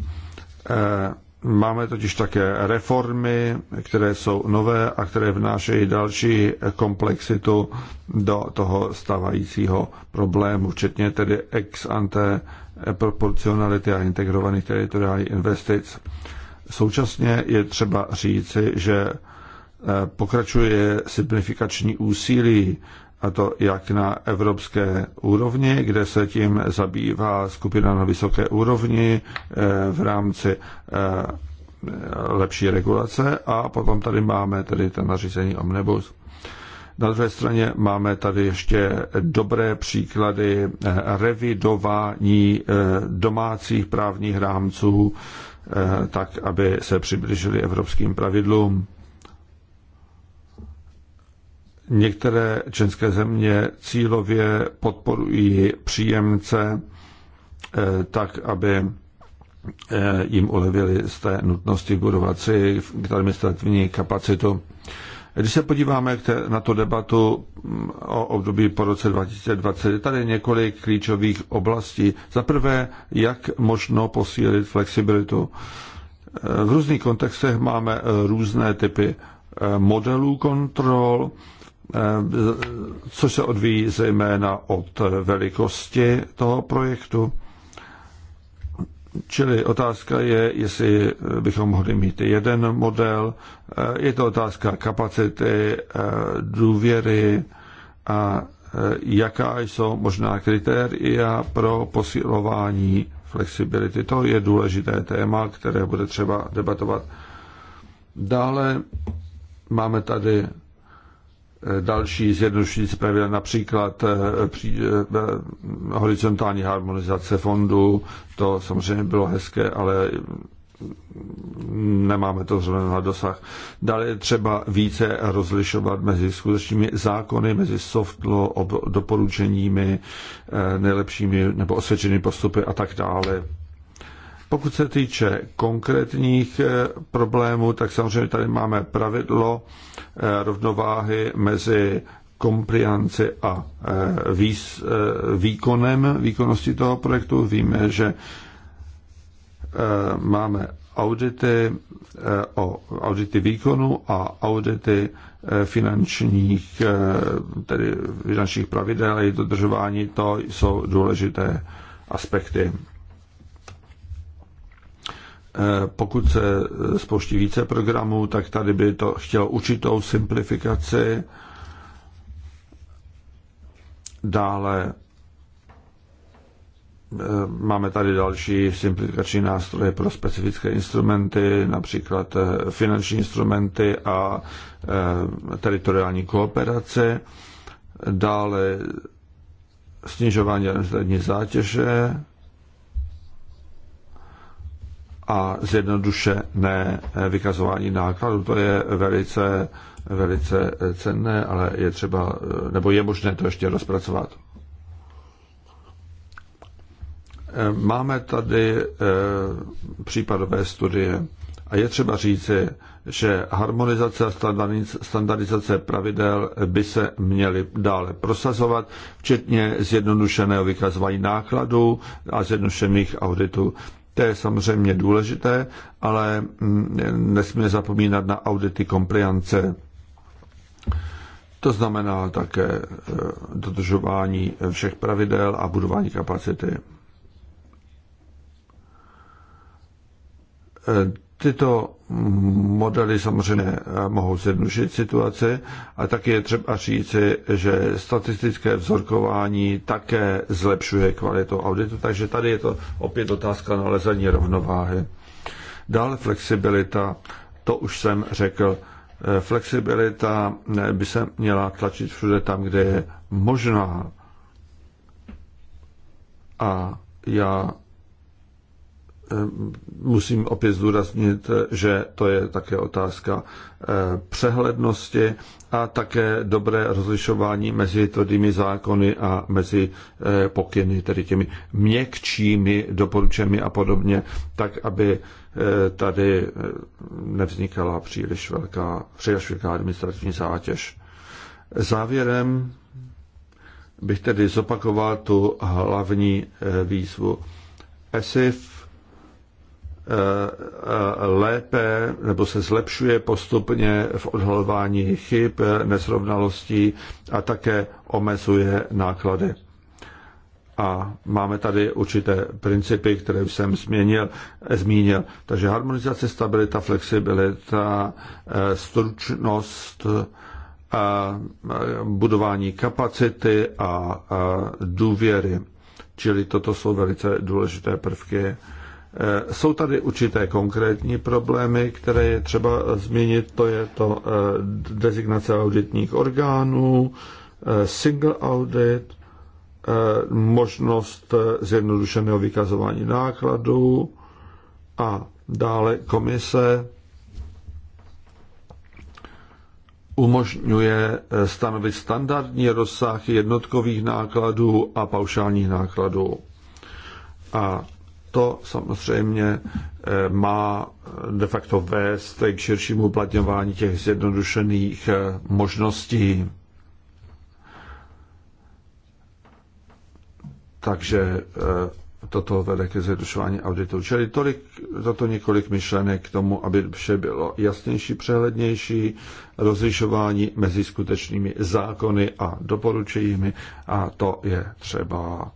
Máme totiž také reformy, které jsou nové a které vnášejí další komplexitu do toho stávajícího problému, včetně tedy ex ante proporcionality a integrovaných teritoriálních investic. Současně je třeba říci, že pokračuje simplifikační úsilí, a to jak na evropské úrovni, kde se tím zabývá skupina na vysoké úrovni eh, v rámci eh, lepší regulace a potom tady máme tedy ten nařízení Omnibus. Na druhé straně máme tady ještě dobré příklady eh, revidování domácích právních rámců, tak aby se přiblížili evropským pravidlům. Některé české země cílově podporují příjemce eh, tak, aby eh, jim ulevili z té nutnosti budovat si administrativní kapacitu. Když se podíváme na tu debatu mm, o období po roce 2020, je tady několik klíčových oblastí. Za prvé, jak možno posílit flexibilitu. Eh, v různých kontextech máme různé typy modelů kontrol, Eh, což se odvíjí zejména od velikosti toho projektu. Čili otázka je, jestli bychom mohli mít jeden model. Eh, je to otázka kapacity, eh, důvěry a jaká jsou možná kritéria pro posilování flexibility. To je důležité téma, které bude třeba debatovat. Dále máme tady další zjednodušující pravidla, například eh, při, eh, eh, horizontální harmonizace fondů. To samozřejmě bylo hezké, ale nemáme to zrovna na dosah. Dále je třeba více rozlišovat mezi skutečnými zákony, mezi soft law, doporučeními, nejlepšími nebo osvědčenými postupy a tak dále. Pokud se týče konkrétních eh, problémů, tak samozřejmě tady máme pravidlo eh, rovnováhy mezi komplianci a eh, výs, výkonem, výkonnosti toho projektu. Víme, že máme audity, o audity výkonu a audity finančních, tedy finančních pravidel a jejich dodržování, to jsou důležité aspekty Eh, pokud se spouští více programů, tak tady by to chtělo určitou simplifikaci. Dále eh, máme tady další simplifikační nástroje pro specifické instrumenty, například eh, finanční instrumenty a teritoriální kooperace. Dále snižování zátěže, a zjednodušené eh, vykazování nákladů. To je velice, velice eh, cenné, ale je třeba, eh, nebo je možné to ještě rozpracovat. Máme tady případové studie a je třeba říci, že harmonizace a standardizace pravidel by se měly dále prosazovat, včetně zjednodušeného vykazování nákladů a zjednodušených auditů. To je samozřejmě důležité, ale nesmíme zapomínat na audity kompliance. To znamená také eh, dodržování všech pravidel a budování kapacity. Eh, Tyto modely samozřejmě eh, mohou zjednodušit situaci a taky je třeba říci, že statistické vzorkování také zlepšuje kvalitu auditu, takže tady je to opět otázka nalezení rovnováhy. Dále flexibilita, to už jsem řekl, eh, flexibilita eh, by se měla tlačit všude tam, kde je možná. A já Eh, musím opět zdůraznit, že to je také otázka eh, přehlednosti a také dobré rozlišování mezi tvrdými zákony a mezi eh, pokyny, tedy těmi měkčími doporučemi a podobně, tak aby tady nevznikala příliš velká, příliš velká administrativní zátěž. Závěrem bych tedy zopakoval tu hlavní výzvu. ESIF lépe nebo se zlepšuje postupně v odhalování chyb, nesrovnalostí a také omezuje náklady. A máme tady určité principy, které jsem změnil, zmínil. Takže harmonizace, stabilita, flexibilita, eh, stručnost, eh, budování kapacity a eh, důvěry. Čili toto jsou velice důležité prvky Eh, jsou tady určité konkrétní problémy, které je třeba eh, změnit, to je to eh, designace auditních orgánů, single audit, možnost zjednodušeného vykazování nákladů a dále komise umožňuje stanovit standardní rozsah jednotkových nákladů a paušálních nákladů. A to samozřejmě eh, má eh, de facto vést k širšímu uplatňování těch zjednodušených eh, možností. Takže toto vede ke zjednodušování auditu. Čili tolik, toto několik myšlenek k tomu, aby vše bylo jasnější, přehlednější, rozlišování mezi skutečnými zákony a doporučeními a to je třeba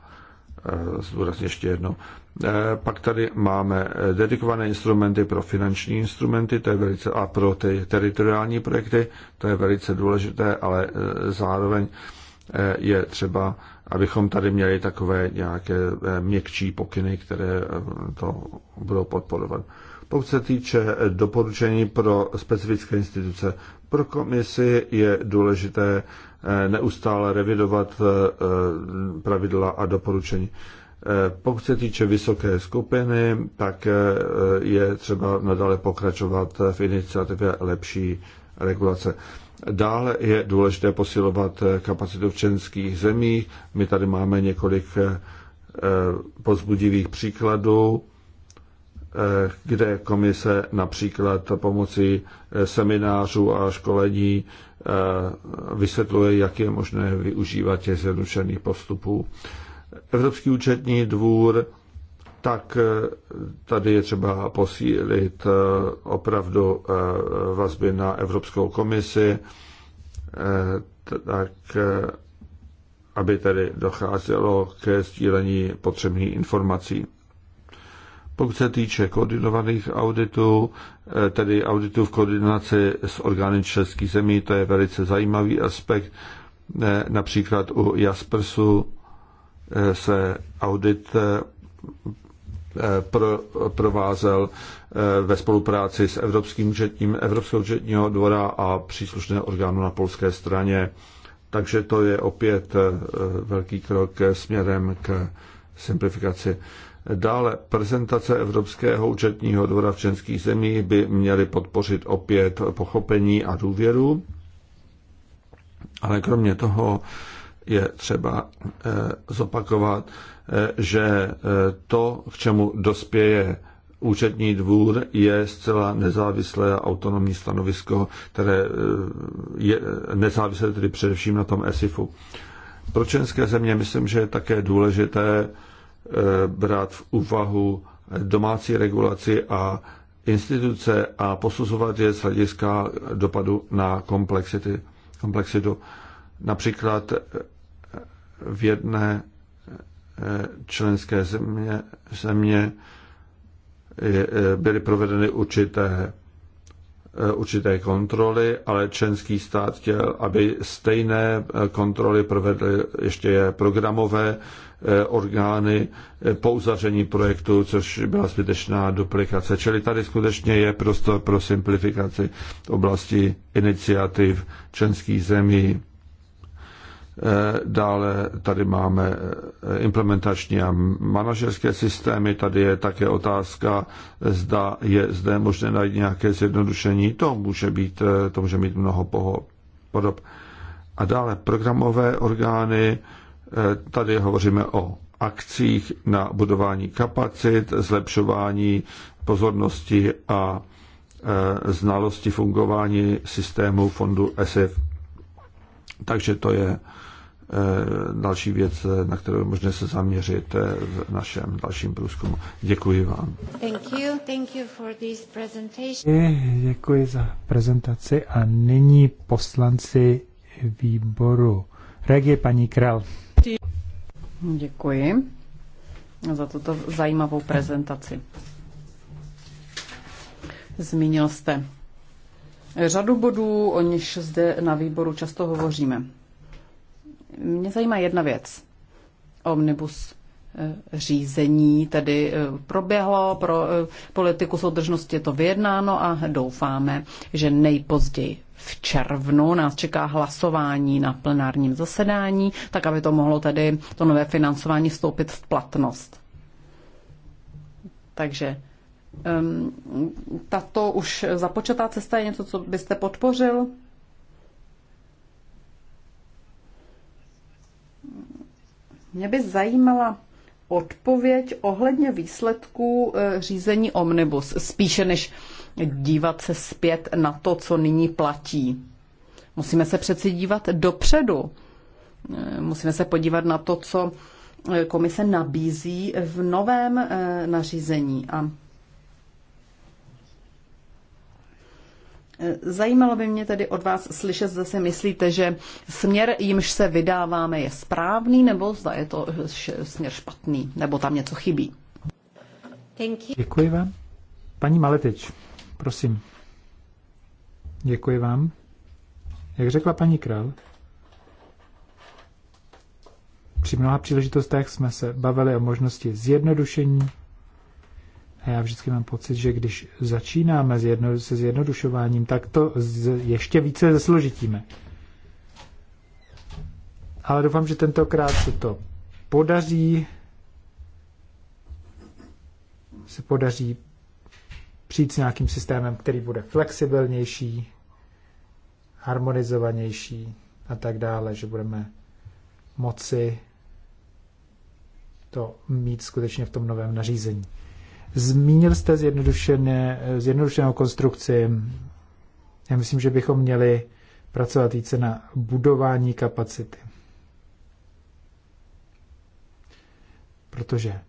zdůraznit ještě jednou. Eh, pak tady máme eh, dedikované instrumenty pro finanční instrumenty to je velice, a pro ty teritoriální projekty, to je velice důležité, ale eh, zároveň je třeba, abychom tady měli takové nějaké měkčí pokyny, které to budou podporovat. Pokud se týče doporučení pro specifické instituce, pro komisi je důležité neustále revidovat pravidla a doporučení. Eh, pokud se týče vysoké skupiny, tak eh, je třeba nadále pokračovat v iniciativě lepší regulace. Dále je důležité posilovat eh, kapacitu v členských zemích. My tady máme několik pozbudivých příkladů, kde komise například pomocí seminářů a školení vysvětluje, jak je možné využívat těch zjednodušených postupů. Evropský účetní dvůr, tak eh, tady je třeba posílit eh, opravdu eh, vazby na Evropskou komisi, tak aby tedy docházelo ke sdílení potřebných informací. Pokud se týče koordinovaných auditů, tedy auditů v koordinaci s orgány českých zemí, to je velice zajímavý aspekt. Například u Jaspersu Eh, se audit eh, eh, pro provázel ve spolupráci s Evropským účetním, Evropského účetního dvora a příslušné orgánu na polské straně. Takže to je opět velký krok směrem k simplifikaci. Dále prezentace Evropského účetního dvora v členských zemích by měly podpořit opět pochopení a důvěru. Ale kromě toho je třeba eh, zopakovat, eh, že eh, to, k čemu dospěje účetní dvůr, je zcela nezávislé a autonomní stanovisko, které je nezávislé tedy především na tom ESIFu. Pro členské země myslím, že je také důležité brát v úvahu domácí regulaci a instituce a posuzovat je z hlediska dopadu na komplexity, komplexitu. Například v jedné eh, členské země, země eh, byly provedeny určité, eh, určité kontroly, ale členský stát chtěl, aby stejné kontroly provedly ještě programové orgány po uzavření projektu, což byla zbytečná duplikace. Čili tady skutečně je prostor pro simplifikaci oblasti iniciativ členských zemí. Eh, dále tady máme eh, implementační a manažerské systémy. Tady je také otázka, zda je zde možné najít nějaké zjednodušení. To může, být, eh, to může mít mnoho podob. A dále programové orgány. Tady hovoříme o akcích na budování kapacit, zlepšování pozornosti a znalosti fungování systému fondu SF Takže to je Eh, další věc, eh, na kterou je možné se zaměřit eh, v našem dalším průzkumu. Děkuji vám. Thank you. Thank you for this Děkuji za prezentaci a nyní poslanci výboru. Regie paní Král. Děkuji za tuto zajímavou prezentaci. Zmínil jste řadu bodů, o nichž zde na výboru často hovoříme. Mě zajímá jedna věc. Omnibus eh, řízení tedy eh, proběhlo, pro eh, politiku soudržnosti je to vyjednáno a doufáme, že nejpozději v červnu nás čeká hlasování na plenárním zasedání, tak aby to mohlo tedy to nové financování vstoupit v platnost. Takže ehm, tato už započatá cesta je něco, co byste podpořil? Mě by zajímala odpověď ohledně výsledků eh, řízení Omnibus, spíše než dívat se zpět na to, co nyní platí. Musíme se přeci dívat dopředu. Eh, musíme se podívat na to, co eh, komise nabízí v novém nařízení. A Zajímalo by mě tedy od vás slyšet, zda se myslíte, že směr, jimž se vydáváme, je správný, nebo zda je to směr špatný, nebo tam něco chybí. Děkuji vám. Paní Maletič, prosím. Děkuji vám. Jak řekla paní Král, při mnoha příležitostech jsme se bavili o možnosti zjednodušení a já vždycky mám pocit, že když začínáme se zjednodušováním, tak to ještě více zesložitíme. Ale doufám, že tentokrát se to podaří, se podaří přijít s nějakým systémem, který bude flexibilnější, harmonizovanější a tak dále, že budeme moci to mít skutečně v tom novém nařízení. Zmínil jste zjednodušené, zjednodušenou konstrukci. Já myslím, že bychom měli pracovat více na budování kapacity. Protože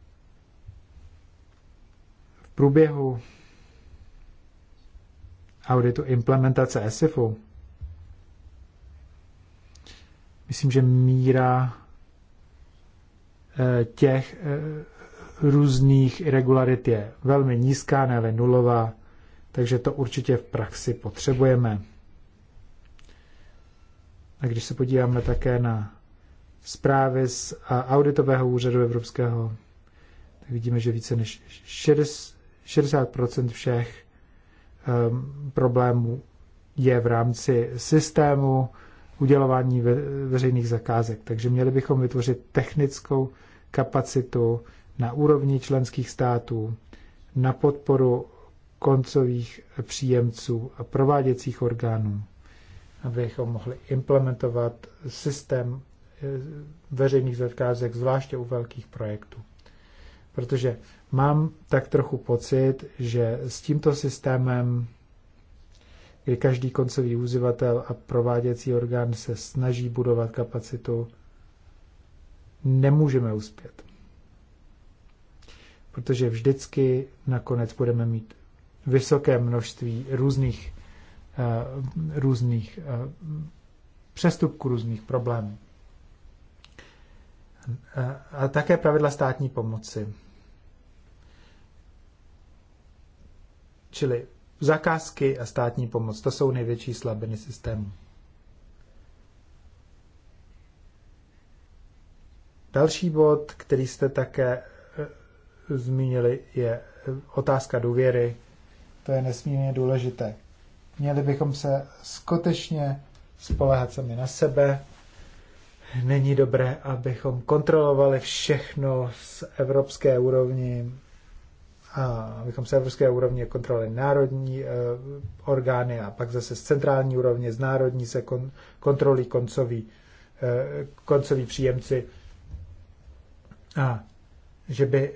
v průběhu auditu implementace ESIFu myslím, že míra eh, těch eh, různých irregularit je velmi nízká, ne nulová, takže to určitě v praxi potřebujeme. A když se podíváme také na zprávy z auditového úřadu evropského, tak vidíme, že více než 60% všech um, problémů je v rámci systému udělování ve, veřejných zakázek. Takže měli bychom vytvořit technickou kapacitu na úrovni členských států na podporu koncových příjemců a prováděcích orgánů, abychom mohli implementovat systém eh, veřejných zakázek, zvláště u velkých projektů. Protože mám tak trochu pocit, že s tímto systémem, kdy každý koncový uživatel a prováděcí orgán se snaží budovat kapacitu, nemůžeme uspět protože vždycky nakonec budeme mít vysoké množství různých, eh, různých eh, přestupků, různých problémů. Eh, a také pravidla státní pomoci. Čili zakázky a státní pomoc, to jsou největší slabiny systému. Další bod, který jste také zmínili, je otázka důvěry. To je nesmírně důležité. Měli bychom se skutečně spolehat sami na sebe. Není dobré, abychom kontrolovali všechno z evropské úrovni, a abychom z evropské úrovně kontrolovali národní e, orgány a pak zase z centrální úrovně, z národní se kon, kontrolují koncoví, e, koncoví příjemci. A že by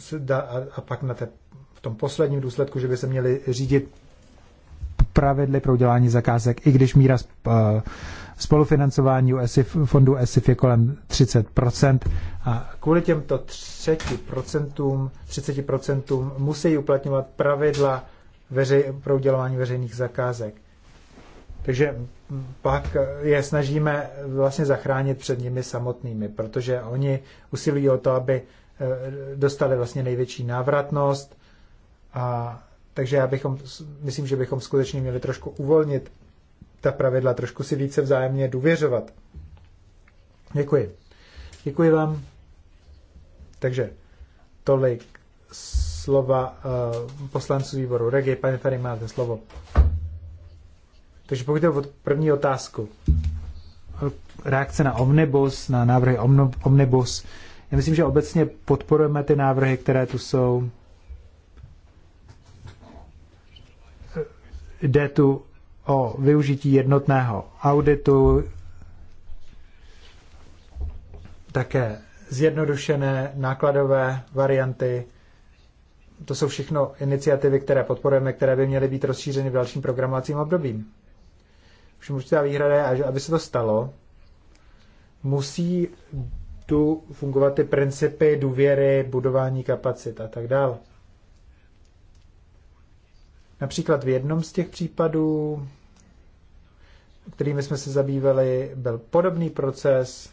se dá, a, a pak na té, v tom posledním důsledku, že by se měli řídit pravidly pro udělání zakázek, i když míra eh, spolufinancování ESIF, fondu ESIF je kolem 30%. A kvůli těmto 30%, 30% musí uplatňovat pravidla veřej, pro udělování veřejných zakázek. Takže pak je snažíme vlastně zachránit před nimi samotnými, protože oni usilují o to, aby Eh, dostali vlastně největší návratnost. A, takže já bychom, myslím, že bychom skutečně měli trošku uvolnit ta pravidla, trošku si více vzájemně důvěřovat. Děkuji. Děkuji vám. Takže tolik slova uh, poslanců výboru Regi. Pane Ferry, máte slovo. Takže pokud je o první otázku, reakce na Omnibus, na návrhy Omnibus, já myslím, že obecně podporujeme ty návrhy, které tu jsou. Jde tu o využití jednotného auditu, také zjednodušené nákladové varianty. To jsou všechno iniciativy, které podporujeme, které by měly být rozšířeny v dalším programovacím období. Všem určitá výhrada je, aby se to stalo, musí tu fungovat ty principy důvěry, budování kapacit a tak dále. Například v jednom z těch případů, kterými jsme se zabývali, byl podobný proces,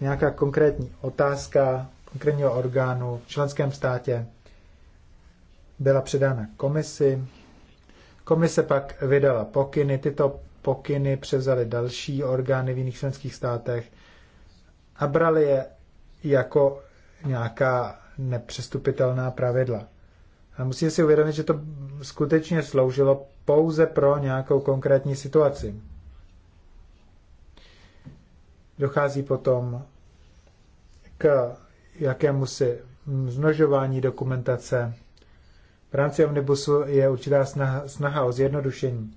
nějaká konkrétní otázka konkrétního orgánu v členském státě byla předána komisi. Komise pak vydala pokyny, tyto pokyny převzaly další orgány v jiných členských státech a brali je jako nějaká nepřestupitelná pravidla. A musíte si uvědomit, že to skutečně sloužilo pouze pro nějakou konkrétní situaci. Dochází potom k jakému si dokumentace. V rámci omnibusu je určitá snaha, snaha o zjednodušení,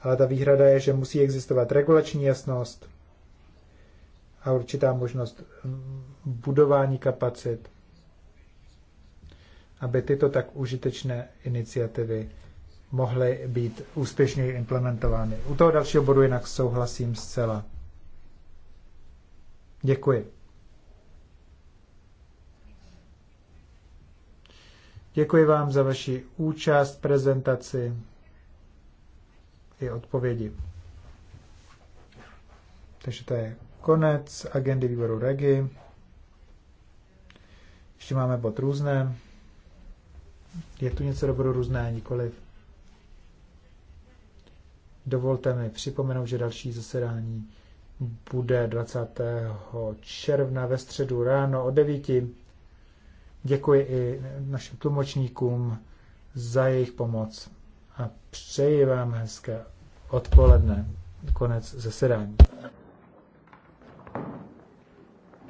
ale ta výhrada je, že musí existovat regulační jasnost, a určitá možnost mm, budování kapacit, aby tyto tak užitečné iniciativy mohly být úspěšně implementovány. U toho dalšího bodu jinak souhlasím zcela. Děkuji. Děkuji vám za vaši účast, prezentaci i odpovědi. Takže to je konec agendy výboru Regi. Ještě máme bod různé. Je tu něco dobro různé, nikoliv. Dovolte mi připomenout, že další zasedání bude 20. června ve středu ráno o 9. Děkuji i našim tlumočníkům za jejich pomoc a přeji vám hezké odpoledne. Konec zasedání.